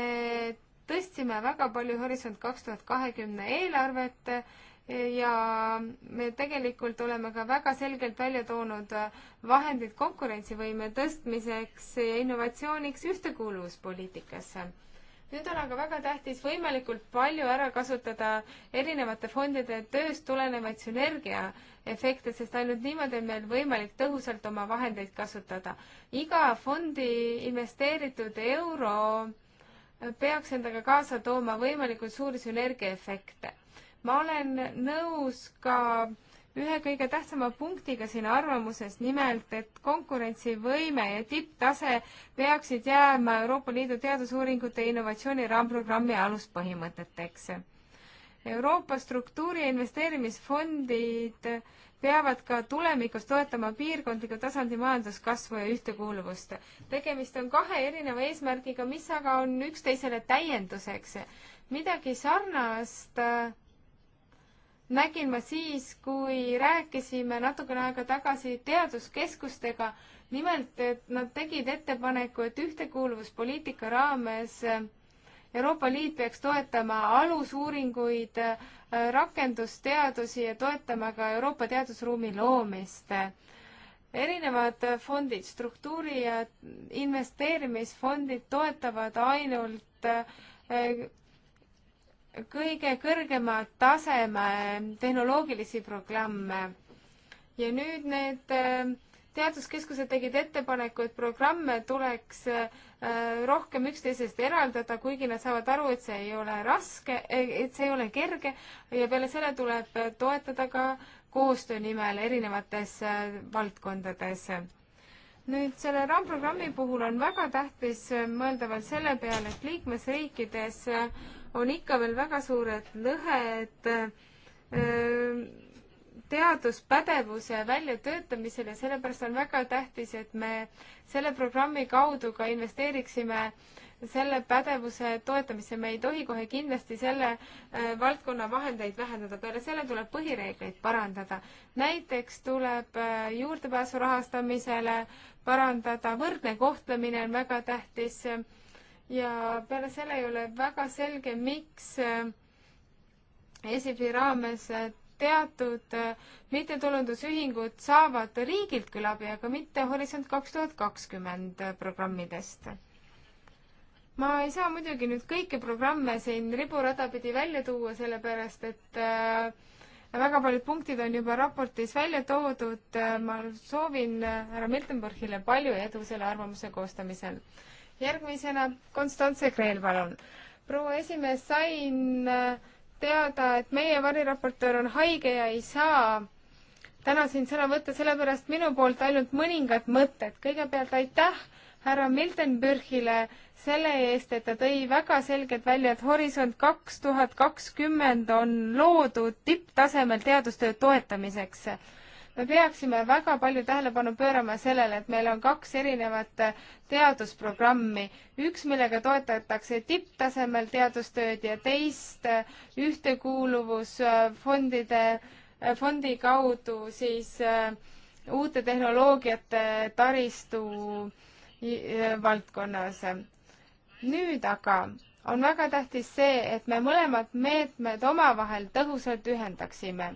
tõstsime väga palju Horisont kaks tuhat kahekümne eelarvet äh, ja me tegelikult oleme ka väga selgelt välja toonud äh, vahendid konkurentsivõime tõstmiseks ja innovatsiooniks ühtekuuluvuspoliitikasse nüüd on aga väga tähtis võimalikult palju ära kasutada erinevate fondide tööst tulenevaid sünergiaefekte, sest ainult niimoodi on meil võimalik tõhusalt oma vahendeid kasutada. iga fondi investeeritud euro peaks endaga kaasa tooma võimalikult suuri sünergiaefekte. ma olen nõus ka äh, ühe kõige tähtsama punktiga siin arvamuses, nimelt et konkurentsivõime ja tipptase peaksid jääma Euroopa Liidu teadusuuringute ja innovatsiooni raamprogrammi aluspõhimõteteks. Euroopa struktuuri investeerimisfondid peavad ka tulemikus toetama piirkondliku tasandi majanduskasvu ja ühtekuuluvust. tegemist on kahe erineva eesmärgiga, mis aga on üksteisele täienduseks. midagi sarnast äh, nägin ma siis, kui rääkisime natukene aega tagasi teaduskeskustega, nimelt, et nad tegid ettepaneku, et ühtekuuluvuspoliitika raames äh, Euroopa Liit peaks toetama alusuuringuid, äh, rakendusteadusi ja toetama ka Euroopa teadusruumi loomist. erinevad fondid, struktuuri- ja investeerimisfondid toetavad ainult äh, kõige kõrgema taseme tehnoloogilisi programme. ja nüüd need äh, teaduskeskused tegid ettepaneku, et programme tuleks äh, rohkem üksteisest eraldada, kuigi nad saavad aru, et see ei ole raske, äh, et see ei ole kerge ja peale selle tuleb toetada ka koostöö nimel erinevates valdkondades. nüüd selle RAM-programmi puhul on väga tähtis mõelda veel selle peale, et liikmesriikides on ikka veel väga suured lõhed ehm, teaduspädevuse väljatöötamisel ja sellepärast on väga tähtis, et me selle programmi kaudu ka investeeriksime selle pädevuse toetamisse, me ei tohi kohe kindlasti selle eh, valdkonna vahendeid vähendada, peale selle tuleb põhireegleid parandada. näiteks tuleb eh, juurdepääsu rahastamisele parandada, võrdne kohtlemine on väga tähtis ja peale selle ei ole väga selge, miks äh, ESIF-i raames äh, teatud äh, mittetulundusühingud saavad riigilt küll abi, aga mitte Horisont kaks tuhat kakskümmend programmidest. ma ei saa muidugi nüüd kõiki programme siin riburada pidi välja tuua, sellepärast et väga paljud punktid on juba raportis välja toodud. ma soovin härra Miltenburgile palju edu selle arvamuse koostamisel järgmisena Konstantse Kreel, palun. proua esimees, sain äh, teada, et meie variraportöör on haige ja ei saa täna siin sõna võtta, sellepärast minu poolt ainult mõningad mõtted. kõigepealt aitäh härra Miltenbürgile selle eest, et ta tõi väga selgelt välja, et Horisont kaks tuhat kakskümmend on loodud tipptasemel teadustöö toetamiseks me peaksime väga palju tähelepanu pöörama sellele, et meil on kaks erinevat teadusprogrammi. üks, millega toetatakse tipptasemel teadustööd ja teist ühtekuuluvusfondide, fondi kaudu siis äh, uute tehnoloogiate taristu äh, valdkonnas. nüüd aga on väga tähtis see, et me mõlemad meetmed omavahel tõhusalt ühendaksime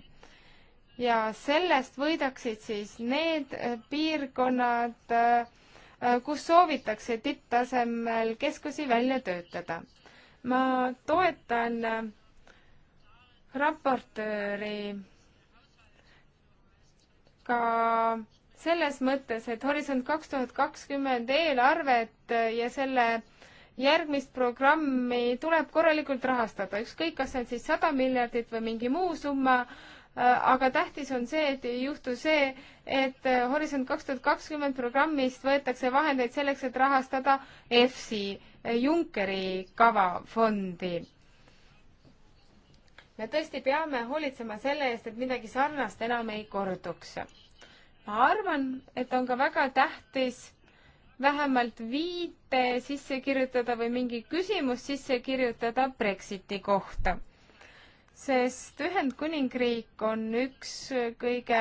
ja sellest võidaksid siis need äh, piirkonnad, äh, äh, kus soovitakse tipptasemel keskusi välja töötada. ma toetan raportööri ka selles mõttes, et Horisont kaks tuhat kakskümmend eelarvet ja selle järgmist programmi tuleb korralikult rahastada, ükskõik, kas see on siis sada miljardit või mingi muu summa, Äh, aga tähtis on see, et ei juhtu see, et äh, Horisont kaks tuhat kakskümmend programmist võetakse vahendeid selleks, et rahastada EFSI, äh, Junckeri kava fondi. me tõesti peame hoolitsema selle eest, et midagi sarnast enam ei korduks. ma arvan, et on ka väga tähtis vähemalt viite sisse kirjutada või mingi küsimus sisse kirjutada Brexiti kohta sest Ühendkuningriik on üks kõige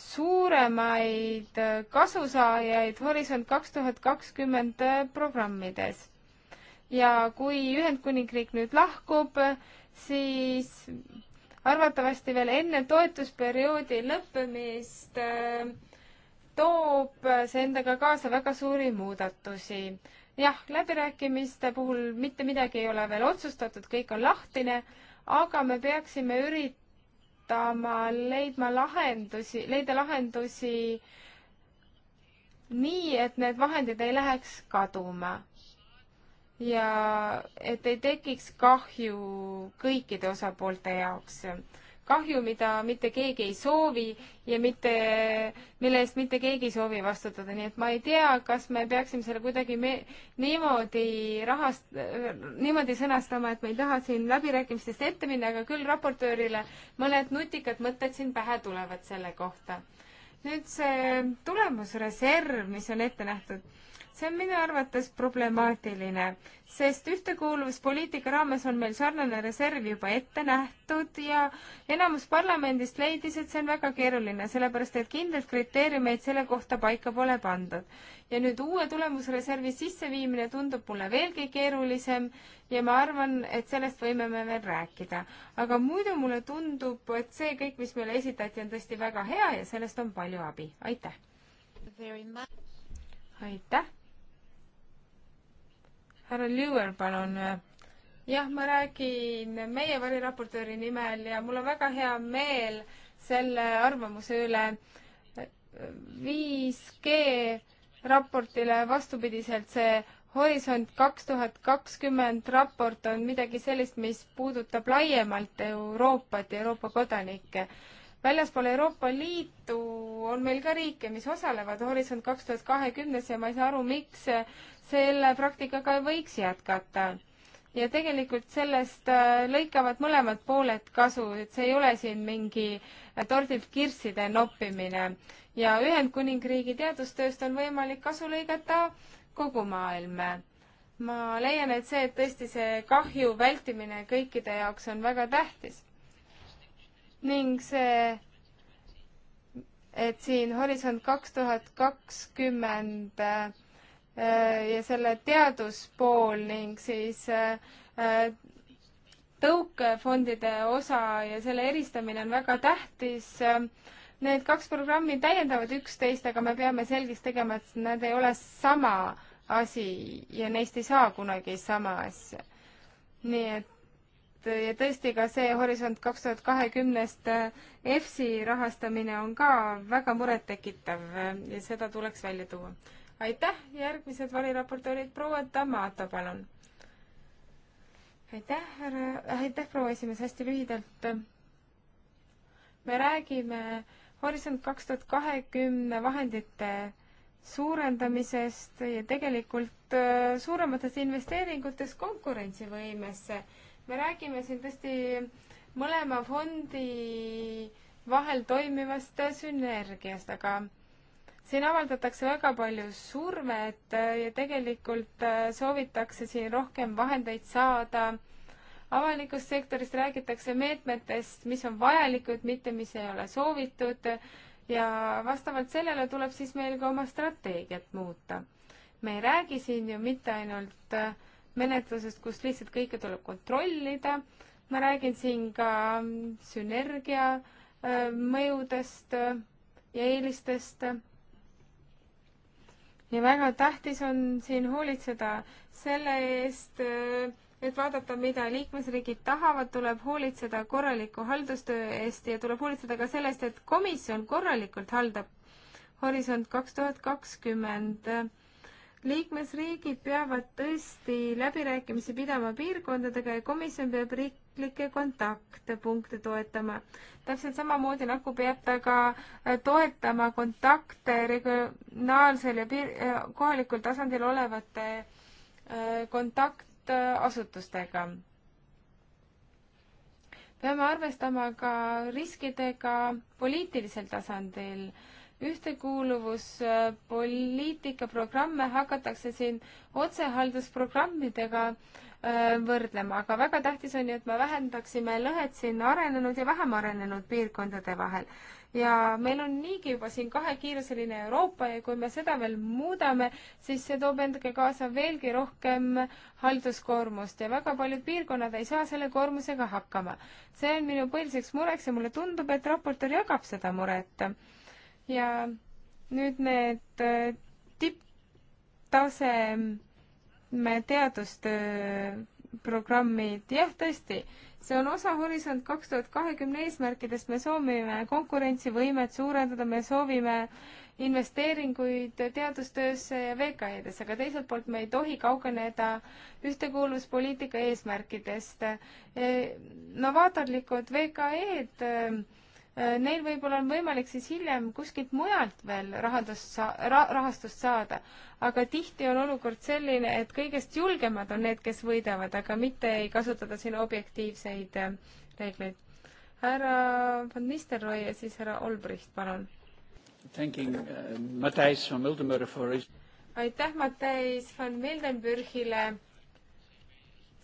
suuremaid kasusaajaid Horisont kaks tuhat kakskümmend programmides. ja kui Ühendkuningriik nüüd lahkub, siis arvatavasti veel enne toetusperioodi lõppemist äh, toob see endaga kaasa väga suuri muudatusi jah, läbirääkimiste puhul mitte midagi ei ole veel otsustatud, kõik on lahtine, aga me peaksime üritama leidma lahendusi, leida lahendusi nii, et need vahendid ei läheks kaduma. ja et ei tekiks kahju kõikide osapoolte jaoks kahju, mida mitte keegi ei soovi ja mitte, mille eest mitte keegi ei soovi vastutada, nii et ma ei tea, kas me peaksime selle kuidagi me-, niimoodi rahast-, niimoodi sõnastama, et ma ei taha siin läbirääkimistest ette minna, aga küll raportöörile mõned nutikad mõtted siin pähe tulevad selle kohta. nüüd see tulemusreserv, mis on ette nähtud see on minu arvates problemaatiline, sest ühtekuuluvuspoliitika raames on meil sarnane reserv juba ette nähtud ja enamus parlamendist leidis, et see on väga keeruline, sellepärast et kindlaid kriteeriumeid selle kohta paika pole pandud. ja nüüd uue tulemusreservi sisseviimine tundub mulle veelgi keerulisem ja ma arvan, et sellest võime me veel rääkida. aga muidu mulle tundub, et see kõik, mis meile esitati, on tõesti väga hea ja sellest on palju abi. aitäh! aitäh! härra Liuer, palun. jah, ma räägin meie variraportööri nimel ja mul on väga hea meel selle arvamuse üle. 5G raportile vastupidiselt see Horisont kaks tuhat kakskümmend raport on midagi sellist, mis puudutab laiemalt Euroopat ja Euroopa kodanikke. väljaspool Euroopa Liitu on meil ka riike, mis osalevad Horisont kaks tuhat kahekümnes ja ma ei saa aru, miks selle praktikaga ei võiks jätkata. ja tegelikult sellest äh, lõikavad mõlemad pooled kasu, et see ei ole siin mingi äh, tordilt kirsside noppimine ja Ühendkuningriigi teadustööst on võimalik kasu lõigata kogu maailm. ma leian, et see, et tõesti see kahju vältimine kõikide jaoks on väga tähtis. ning see, et siin Horisont kaks tuhat kakskümmend 20 äh, Äh, ja selle teaduspool ning siis äh, tõukefondide osa ja selle eristamine on väga tähtis. Need kaks programmi täiendavad üksteist, aga me peame selgeks tegema, et nad ei ole sama asi ja neist ei saa kunagi sama asja. nii et ja tõesti ka see Horisont kaks tuhat kahekümnest äh, EFSI rahastamine on ka väga murettekitav ja seda tuleks välja tuua aitäh, järgmised variraportöörid, proua Tamato, palun. aitäh, härra, aitäh, proua esimees, hästi lühidalt. me räägime Horisont kaks tuhat kahekümne vahendite suurendamisest ja tegelikult äh, suurematest investeeringutest konkurentsivõimesse. me räägime siin tõesti mõlema fondi vahel toimivast sünergiast, aga siin avaldatakse väga palju survet äh, ja tegelikult äh, soovitakse siin rohkem vahendeid saada. avalikust sektorist räägitakse meetmetest, mis on vajalikud, mitte mis ei ole soovitud ja vastavalt sellele tuleb siis meil ka oma strateegiat muuta. me ei räägi siin ju mitte ainult äh, menetlusest, kus lihtsalt kõike tuleb kontrollida, ma räägin siin ka mm, sünergia mõjudest ja eelistest ja väga tähtis on siin hoolitseda selle eest, et vaadata, mida liikmesriigid tahavad, tuleb hoolitseda korraliku haldustöö eest ja tuleb hoolitseda ka sellest, et komisjon korralikult haldab Horisont kaks tuhat kakskümmend liikmesriigid peavad tõesti läbirääkimisi pidama piirkondadega ja komisjon peab riiklikke kontaktpunkte toetama. täpselt samamoodi nagu peab ta ka äh, toetama kontakte regionaalsel ja piir-, äh, kohalikul tasandil olevate äh, kontaktasutustega. peame arvestama ka riskidega poliitilisel tasandil ühtekuuluvuspoliitika programme hakatakse siin otsehaldusprogrammidega äh, võrdlema, aga väga tähtis on ju, et me vähendaksime lõhet siin arenenud ja vähem arenenud piirkondade vahel. ja meil on niigi juba siin kahekiiruseline Euroopa ja kui me seda veel muudame, siis see toob endaga kaasa veelgi rohkem halduskoormust ja väga paljud piirkonnad ei saa selle koormusega hakkama. see on minu põhiliseks mureks ja mulle tundub, et raportöör jagab seda muret ja nüüd need äh, tipptaseme mm, teadustöö programmid, jah, tõesti, see on osa Horisont kaks tuhat kahekümne eesmärkidest, me soovime konkurentsivõimet suurendada, me soovime investeeringuid teadustöösse ja VKE-des, aga teiselt poolt me ei tohi kaugeneda ühtekuuluvuspoliitika eesmärkidest. E, novaatorlikud VKE-d Äh, neil võib-olla on võimalik siis hiljem kuskilt mujalt veel rahandust sa-, ra-, rahastust saada. aga tihti on olukord selline, et kõigest julgemad on need, kes võidavad, aga mitte ei kasutada siin objektiivseid äh, reegleid. härra Van Nistelrooy ja siis härra Olbricht, palun. Uh, aitäh Matthäis Van Mildenburgile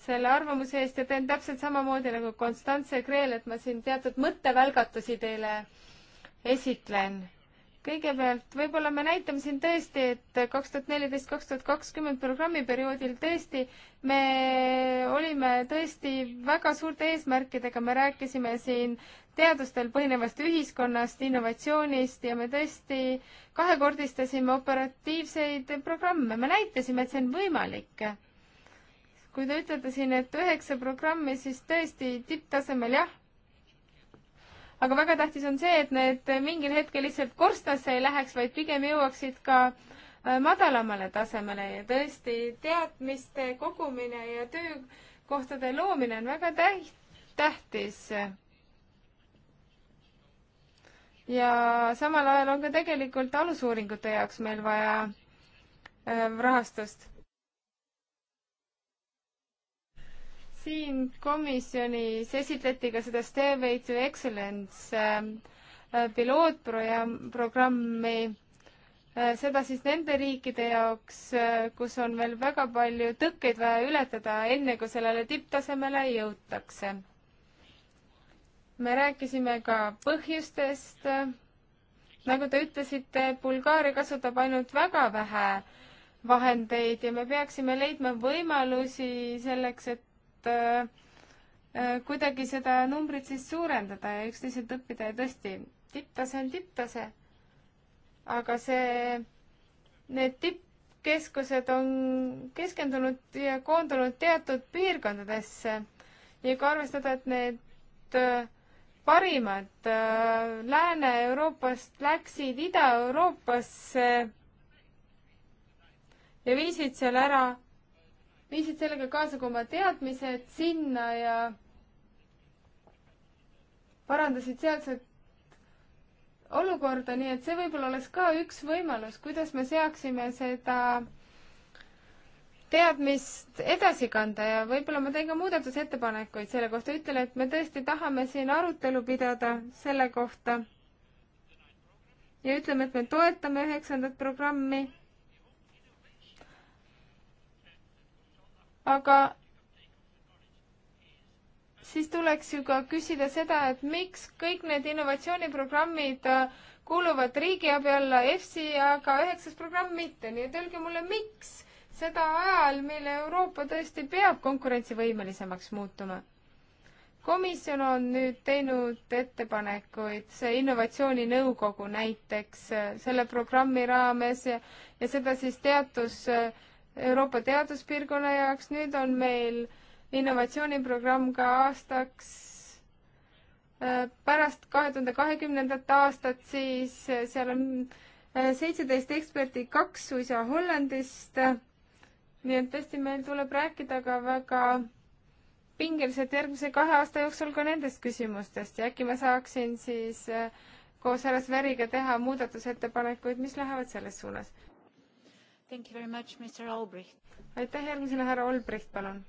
selle arvamuse eest ja teen täpselt samamoodi nagu Konstantse Kreel, et ma siin teatud mõttevälgatusi teile esitlen. kõigepealt võib-olla me näitame siin tõesti, et kaks tuhat neliteist, kaks tuhat kakskümmend programmiperioodil tõesti me olime tõesti väga suurte eesmärkidega, me rääkisime siin teadustel põhinevast ühiskonnast, innovatsioonist ja me tõesti kahekordistasime operatiivseid programme, me näitasime, et see on võimalik kui te ütlete siin, et üheksa programmi, siis tõesti tipptasemel jah. aga väga tähtis on see, et need mingil hetkel lihtsalt korstnasse ei läheks, vaid pigem jõuaksid ka äh, madalamale tasemele ja tõesti teadmiste kogumine ja töökohtade loomine on väga täht-, tähtis. ja samal ajal on ka tegelikult alusuuringute jaoks meil vaja äh, rahastust siin komisjonis esitleti ka seda Stairway to Excellence äh, äh, pilootprogrammi, äh, seda siis nende riikide jaoks, kus on veel väga palju tõkkeid vaja ületada, enne kui sellele tipptasemele jõutakse. me rääkisime ka põhjustest, nagu te ütlesite, Bulgaaria kasutab ainult väga vähe vahendeid ja me peaksime leidma võimalusi selleks, et Äh, äh, kuidagi seda numbrit siis suurendada ja üksteiselt õppida ja tõesti, tipptase on tipptase. aga see, need tippkeskused on keskendunud ja koondunud teatud piirkondadesse ja kui arvestada, et need äh, parimad Lääne-Euroopast läksid Ida-Euroopasse ja viisid seal ära viisid sellega kaasa ka oma teadmised sinna ja parandasid sealset olukorda, nii et see võib-olla oleks ka üks võimalus, kuidas me seaksime seda teadmist edasi kanda ja võib-olla ma teen ka muudatusettepanekuid selle kohta, ütlen, et me tõesti tahame siin arutelu pidada selle kohta. ja ütleme, et me toetame üheksandat programmi aga siis tuleks ju ka küsida seda, et miks kõik need innovatsiooniprogrammid äh, kuuluvad riigiabi alla EFSI, aga üheksas programm mitte, nii et öelge mulle, miks seda ajal, mil Euroopa tõesti peab konkurentsivõimelisemaks muutuma. komisjon on nüüd teinud ettepanekuid, see innovatsiooninõukogu näiteks äh, selle programmi raames ja, ja seda siis teadus äh, Euroopa teaduspiirkonna jaoks, nüüd on meil innovatsiooniprogramm ka aastaks äh, pärast kahe tuhande kahekümnendat aastat, siis äh, seal on äh, seitseteist eksperti, kaks suisa Hollandist. nii et tõesti, meil tuleb rääkida ka väga pingeliselt järgmise kahe aasta jooksul ka nendest küsimustest ja äkki ma saaksin siis koos härra Sveriga teha muudatusettepanekuid, mis lähevad selles suunas Thank you very much, Mr Albrecht. aitäh, järgmisena härra Albrecht, palun.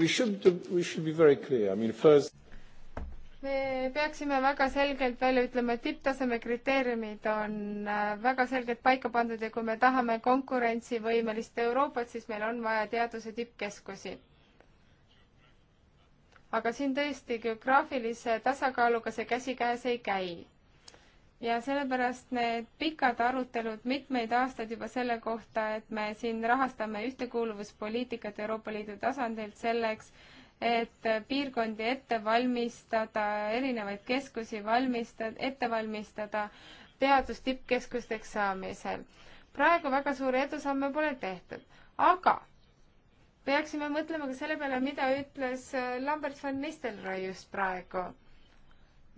We should, we should be very clear, I mean first me peaksime väga selgelt välja ütlema, et tipptaseme kriteeriumid on äh, väga selgelt paika pandud ja kui me tahame konkurentsivõimelist Euroopat, siis meil on vaja teaduse tippkeskusi. aga siin tõesti geograafilise tasakaaluga see käsikäes ei käi ja sellepärast need pikad arutelud mitmeid aastaid juba selle kohta, et me siin rahastame ühtekuuluvuspoliitikat Euroopa Liidu tasandilt selleks, et piirkondi ette valmistada, erinevaid keskusi valmistada, ette valmistada teadustippkeskusteks saamisel. praegu väga suuri edusamme pole tehtud, aga peaksime mõtlema ka selle peale, mida ütles Lambert von Nistelrooy just praegu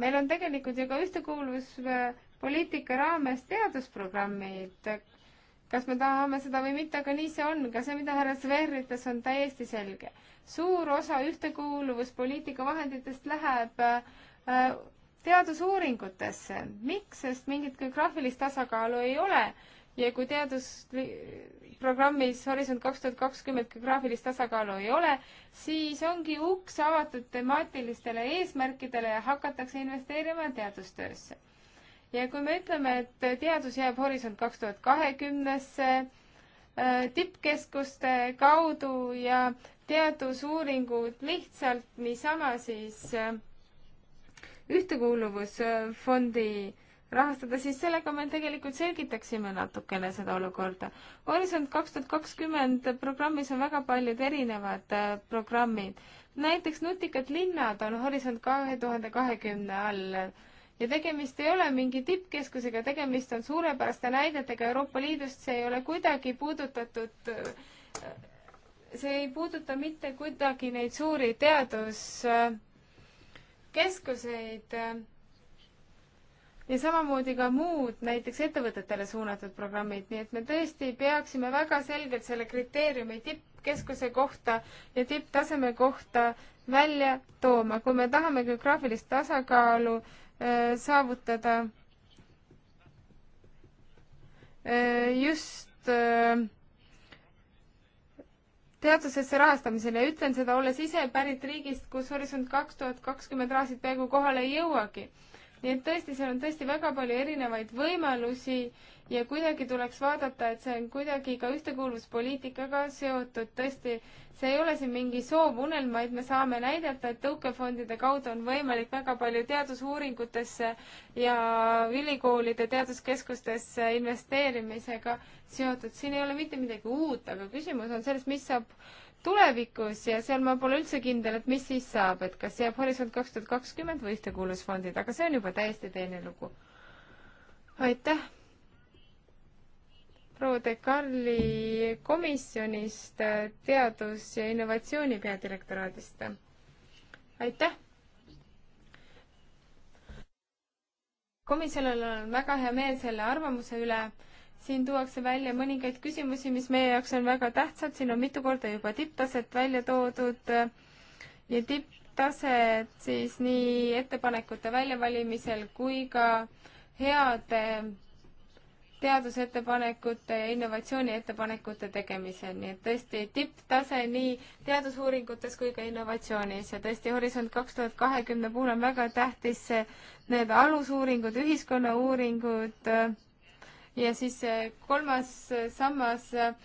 meil on tegelikult ju ka ühtekuuluvuspoliitika raames teadusprogrammid. kas me tahame seda või mitte, aga nii see on, ka see, mida härra Sver ütles, on täiesti selge. suur osa ühtekuuluvuspoliitika vahenditest läheb äh, teadusuuringutesse. miks, sest mingit geograafilist tasakaalu ei ole ja kui teadusprogrammis Horisont kaks tuhat kakskümmend geograafilist tasakaalu ei ole, siis ongi uks avatud temaatilistele eesmärkidele ja hakatakse investeerima teadustöösse. ja kui me ütleme, et teadus jääb Horisont kaks tuhat kahekümnesse, äh, tippkeskuste kaudu ja teadusuuringud lihtsalt niisama siis äh, ühtekuuluvusfondi äh, rahastada, siis sellega me tegelikult selgitaksime natukene seda olukorda. Horisont kaks tuhat kakskümmend programmis on väga paljud erinevad äh, programmid. näiteks Nutikad linnad on Horisont kahe tuhande kahekümne all ja tegemist ei ole mingi tippkeskusega, tegemist on suurepäraste näidetega Euroopa Liidust, see ei ole kuidagi puudutatud, äh, see ei puuduta mitte kuidagi neid suuri teaduskeskuseid äh, ja samamoodi ka muud, näiteks ettevõtetele suunatud programmid, nii et me tõesti peaksime väga selgelt selle kriteeriumi tippkeskuse kohta ja tipptaseme kohta välja tooma, kui me tahame geograafilist tasakaalu äh, saavutada äh, just äh, teadusesse rahastamisele ja ütlen seda, olles ise pärit riigist, kus Horisont kaks tuhat kakskümmend rahasid peaaegu kohale ei jõuagi nii et tõesti, seal on tõesti väga palju erinevaid võimalusi ja kuidagi tuleks vaadata, et see on kuidagi ka ühtekuuluvuspoliitikaga seotud, tõesti, see ei ole siin mingi soovunelm, vaid me saame näidata, et tõukefondide kaudu on võimalik väga palju teadusuuringutesse ja ülikoolide teaduskeskustesse investeerimisega seotud. siin ei ole mitte midagi uut, aga küsimus on selles, mis saab tulevikus ja seal ma pole üldse kindel, et mis siis saab, et kas jääb Horisont kaks tuhat kakskümmend või ühtekuuluvusfondid, aga see on juba täiesti teine lugu. aitäh! proua De Carli komisjonist, äh, teadus- ja innovatsiooni peadirektoraadist. aitäh! komisjonil on väga hea meel selle arvamuse üle. siin tuuakse välja mõningaid küsimusi, mis meie jaoks on väga tähtsad, siin on mitu korda juba tipptaset välja toodud ja tipptaset siis nii ettepanekute väljavalimisel kui ka heade teadusettepanekute ja innovatsiooniettepanekute tegemisel, nii et tõesti tipptase nii teadusuuringutes kui ka innovatsioonis ja tõesti Horisont kaks tuhat kahekümne puhul on väga tähtis see, need alusuuringud, ühiskonnauuringud äh, ja siis see äh, kolmas äh, sammas äh,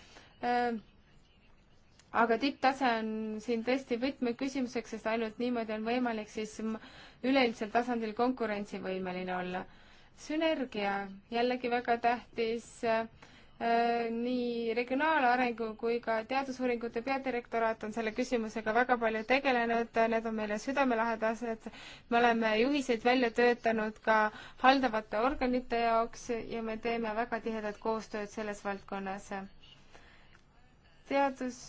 aga tipptase on siin tõesti võtmeküsimuseks, sest ainult niimoodi on võimalik siis üleüldisel tasandil konkurentsivõimeline olla sünergia, jällegi väga tähtis äh, nii regionaalarengu kui ka teadusuuringute peadirektoraat on selle küsimusega väga palju tegelenud, need on meile südamelähedased. me oleme juhiseid välja töötanud ka haldavate organite jaoks ja me teeme väga tihedat koostööd selles valdkonnas. teadus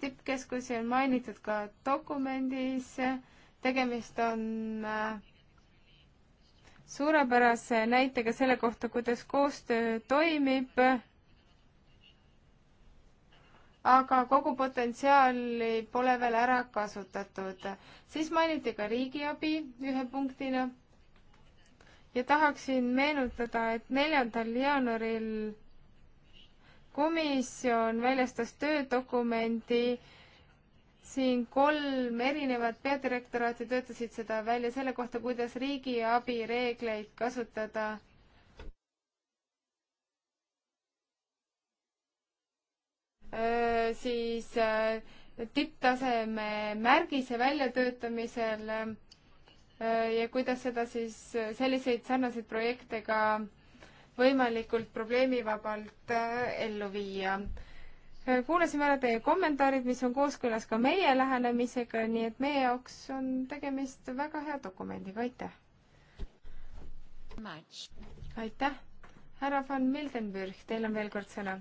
tippkeskusi on mainitud ka dokumendis, tegemist on äh, suurepärase näitega selle kohta, kuidas koostöö toimib, aga kogu potentsiaali pole veel ära kasutatud. siis mainiti ka riigiabi ühe punktina ja tahaksin meenutada, et neljandal jaanuaril komisjon väljastas töödokumendi siin kolm erinevat peadirektoraati töötasid seda välja selle kohta, kuidas riigiabi reegleid kasutada. siis tipptaseme märgise väljatöötamisel ja kuidas seda siis, selliseid sarnaseid projekte ka võimalikult probleemivabalt ellu viia Äh, kuulasime ära teie kommentaarid, mis on kooskõlas ka meie lähenemisega, nii et meie jaoks on tegemist väga hea dokumendiga, aitäh! aitäh! härra von Mildenburg, teil on veel kord sõna.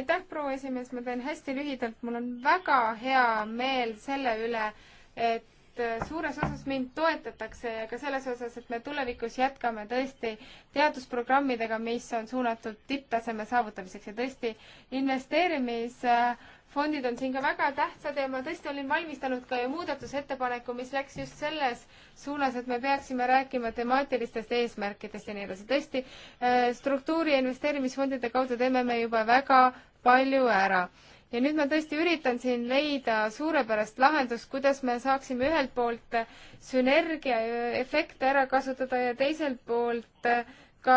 aitäh, proua esimees, ma teen hästi lühidalt, mul on väga hea meel selle üle, et et äh, suures osas mind toetatakse ja ka selles osas, et me tulevikus jätkame tõesti teadusprogrammidega, mis on suunatud tipptaseme saavutamiseks ja tõesti investeerimisfondid on siin ka väga tähtsad ja ma tõesti olin valmistanud ka ju muudatusettepaneku, mis läks just selles suunas, et me peaksime rääkima temaatilistest eesmärkidest ja nii edasi. tõesti, äh, struktuuri ja investeerimisfondide kaudu teeme me juba väga palju ära ja nüüd ma tõesti üritan siin leida suurepärast lahendust, kuidas me saaksime ühelt poolt sünergiaefekte ära kasutada ja teiselt poolt ka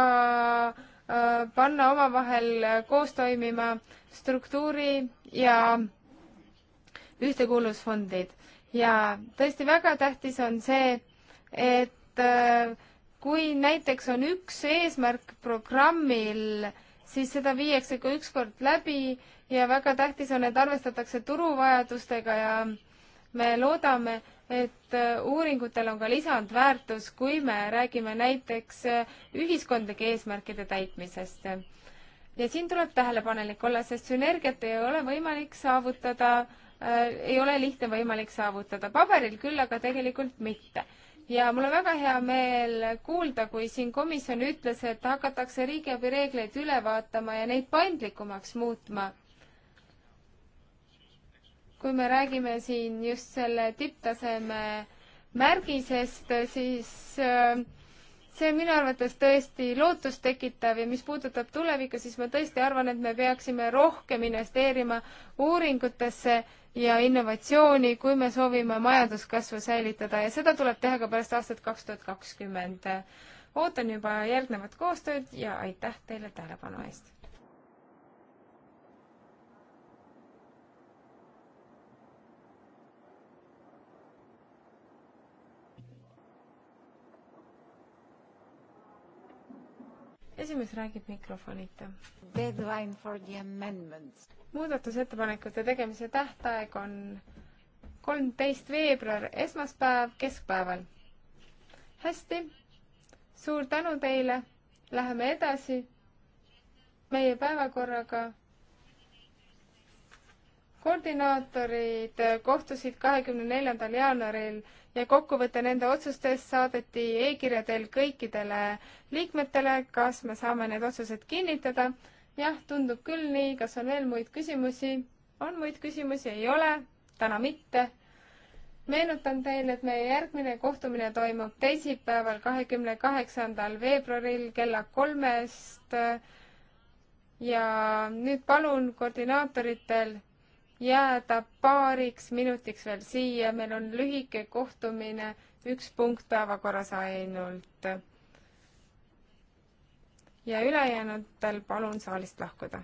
äh, panna omavahel koos toimima struktuuri ja ühtekuuluvusfondid. ja tõesti väga tähtis on see, et äh, kui näiteks on üks eesmärk programmil, siis seda viiakse ka ükskord läbi ja väga tähtis on, et arvestatakse turuvajadustega ja me loodame, et äh, uuringutel on ka lisandväärtus, kui me räägime näiteks äh, ühiskondlike eesmärkide täitmisest. ja siin tuleb tähelepanelik olla, sest sünergiat ei ole võimalik saavutada äh,, ei ole lihtne võimalik saavutada, paberil küll, aga tegelikult mitte ja mul on väga hea meel kuulda, kui siin komisjon ütles, et hakatakse riigiabi reegleid üle vaatama ja neid paindlikumaks muutma kui me räägime siin just selle tipptaseme märgisest, siis äh, see on minu arvates tõesti lootustekitav ja mis puudutab tulevikku, siis ma tõesti arvan, et me peaksime rohkem investeerima uuringutesse ja innovatsiooni, kui me soovime majanduskasvu säilitada ja seda tuleb teha ka pärast aastat kaks tuhat kakskümmend ootan juba järgnevat koostööd ja aitäh teile tähelepanu eest! esimees räägib mikrofonita. Deadline for the amendments. muudatusettepanekute tegemise tähtaeg on kolmteist veebruar, esmaspäev keskpäeval. hästi, suur tänu teile, läheme edasi meie päevakorraga koordinaatorid kohtusid kahekümne neljandal jaanuaril ja kokkuvõte nende otsustest saadeti e-kirja teel kõikidele liikmetele. kas me saame need otsused kinnitada? jah, tundub küll nii. kas on veel muid küsimusi? on muid küsimusi? ei ole? täna mitte. meenutan teile, et meie järgmine kohtumine toimub teisipäeval, kahekümne kaheksandal veebruaril kella kolmest. ja nüüd palun koordinaatoritel jääda paariks minutiks veel siia, meil on lühike kohtumine, üks punkt päevakorras ainult. ja ülejäänutel palun saalist lahkuda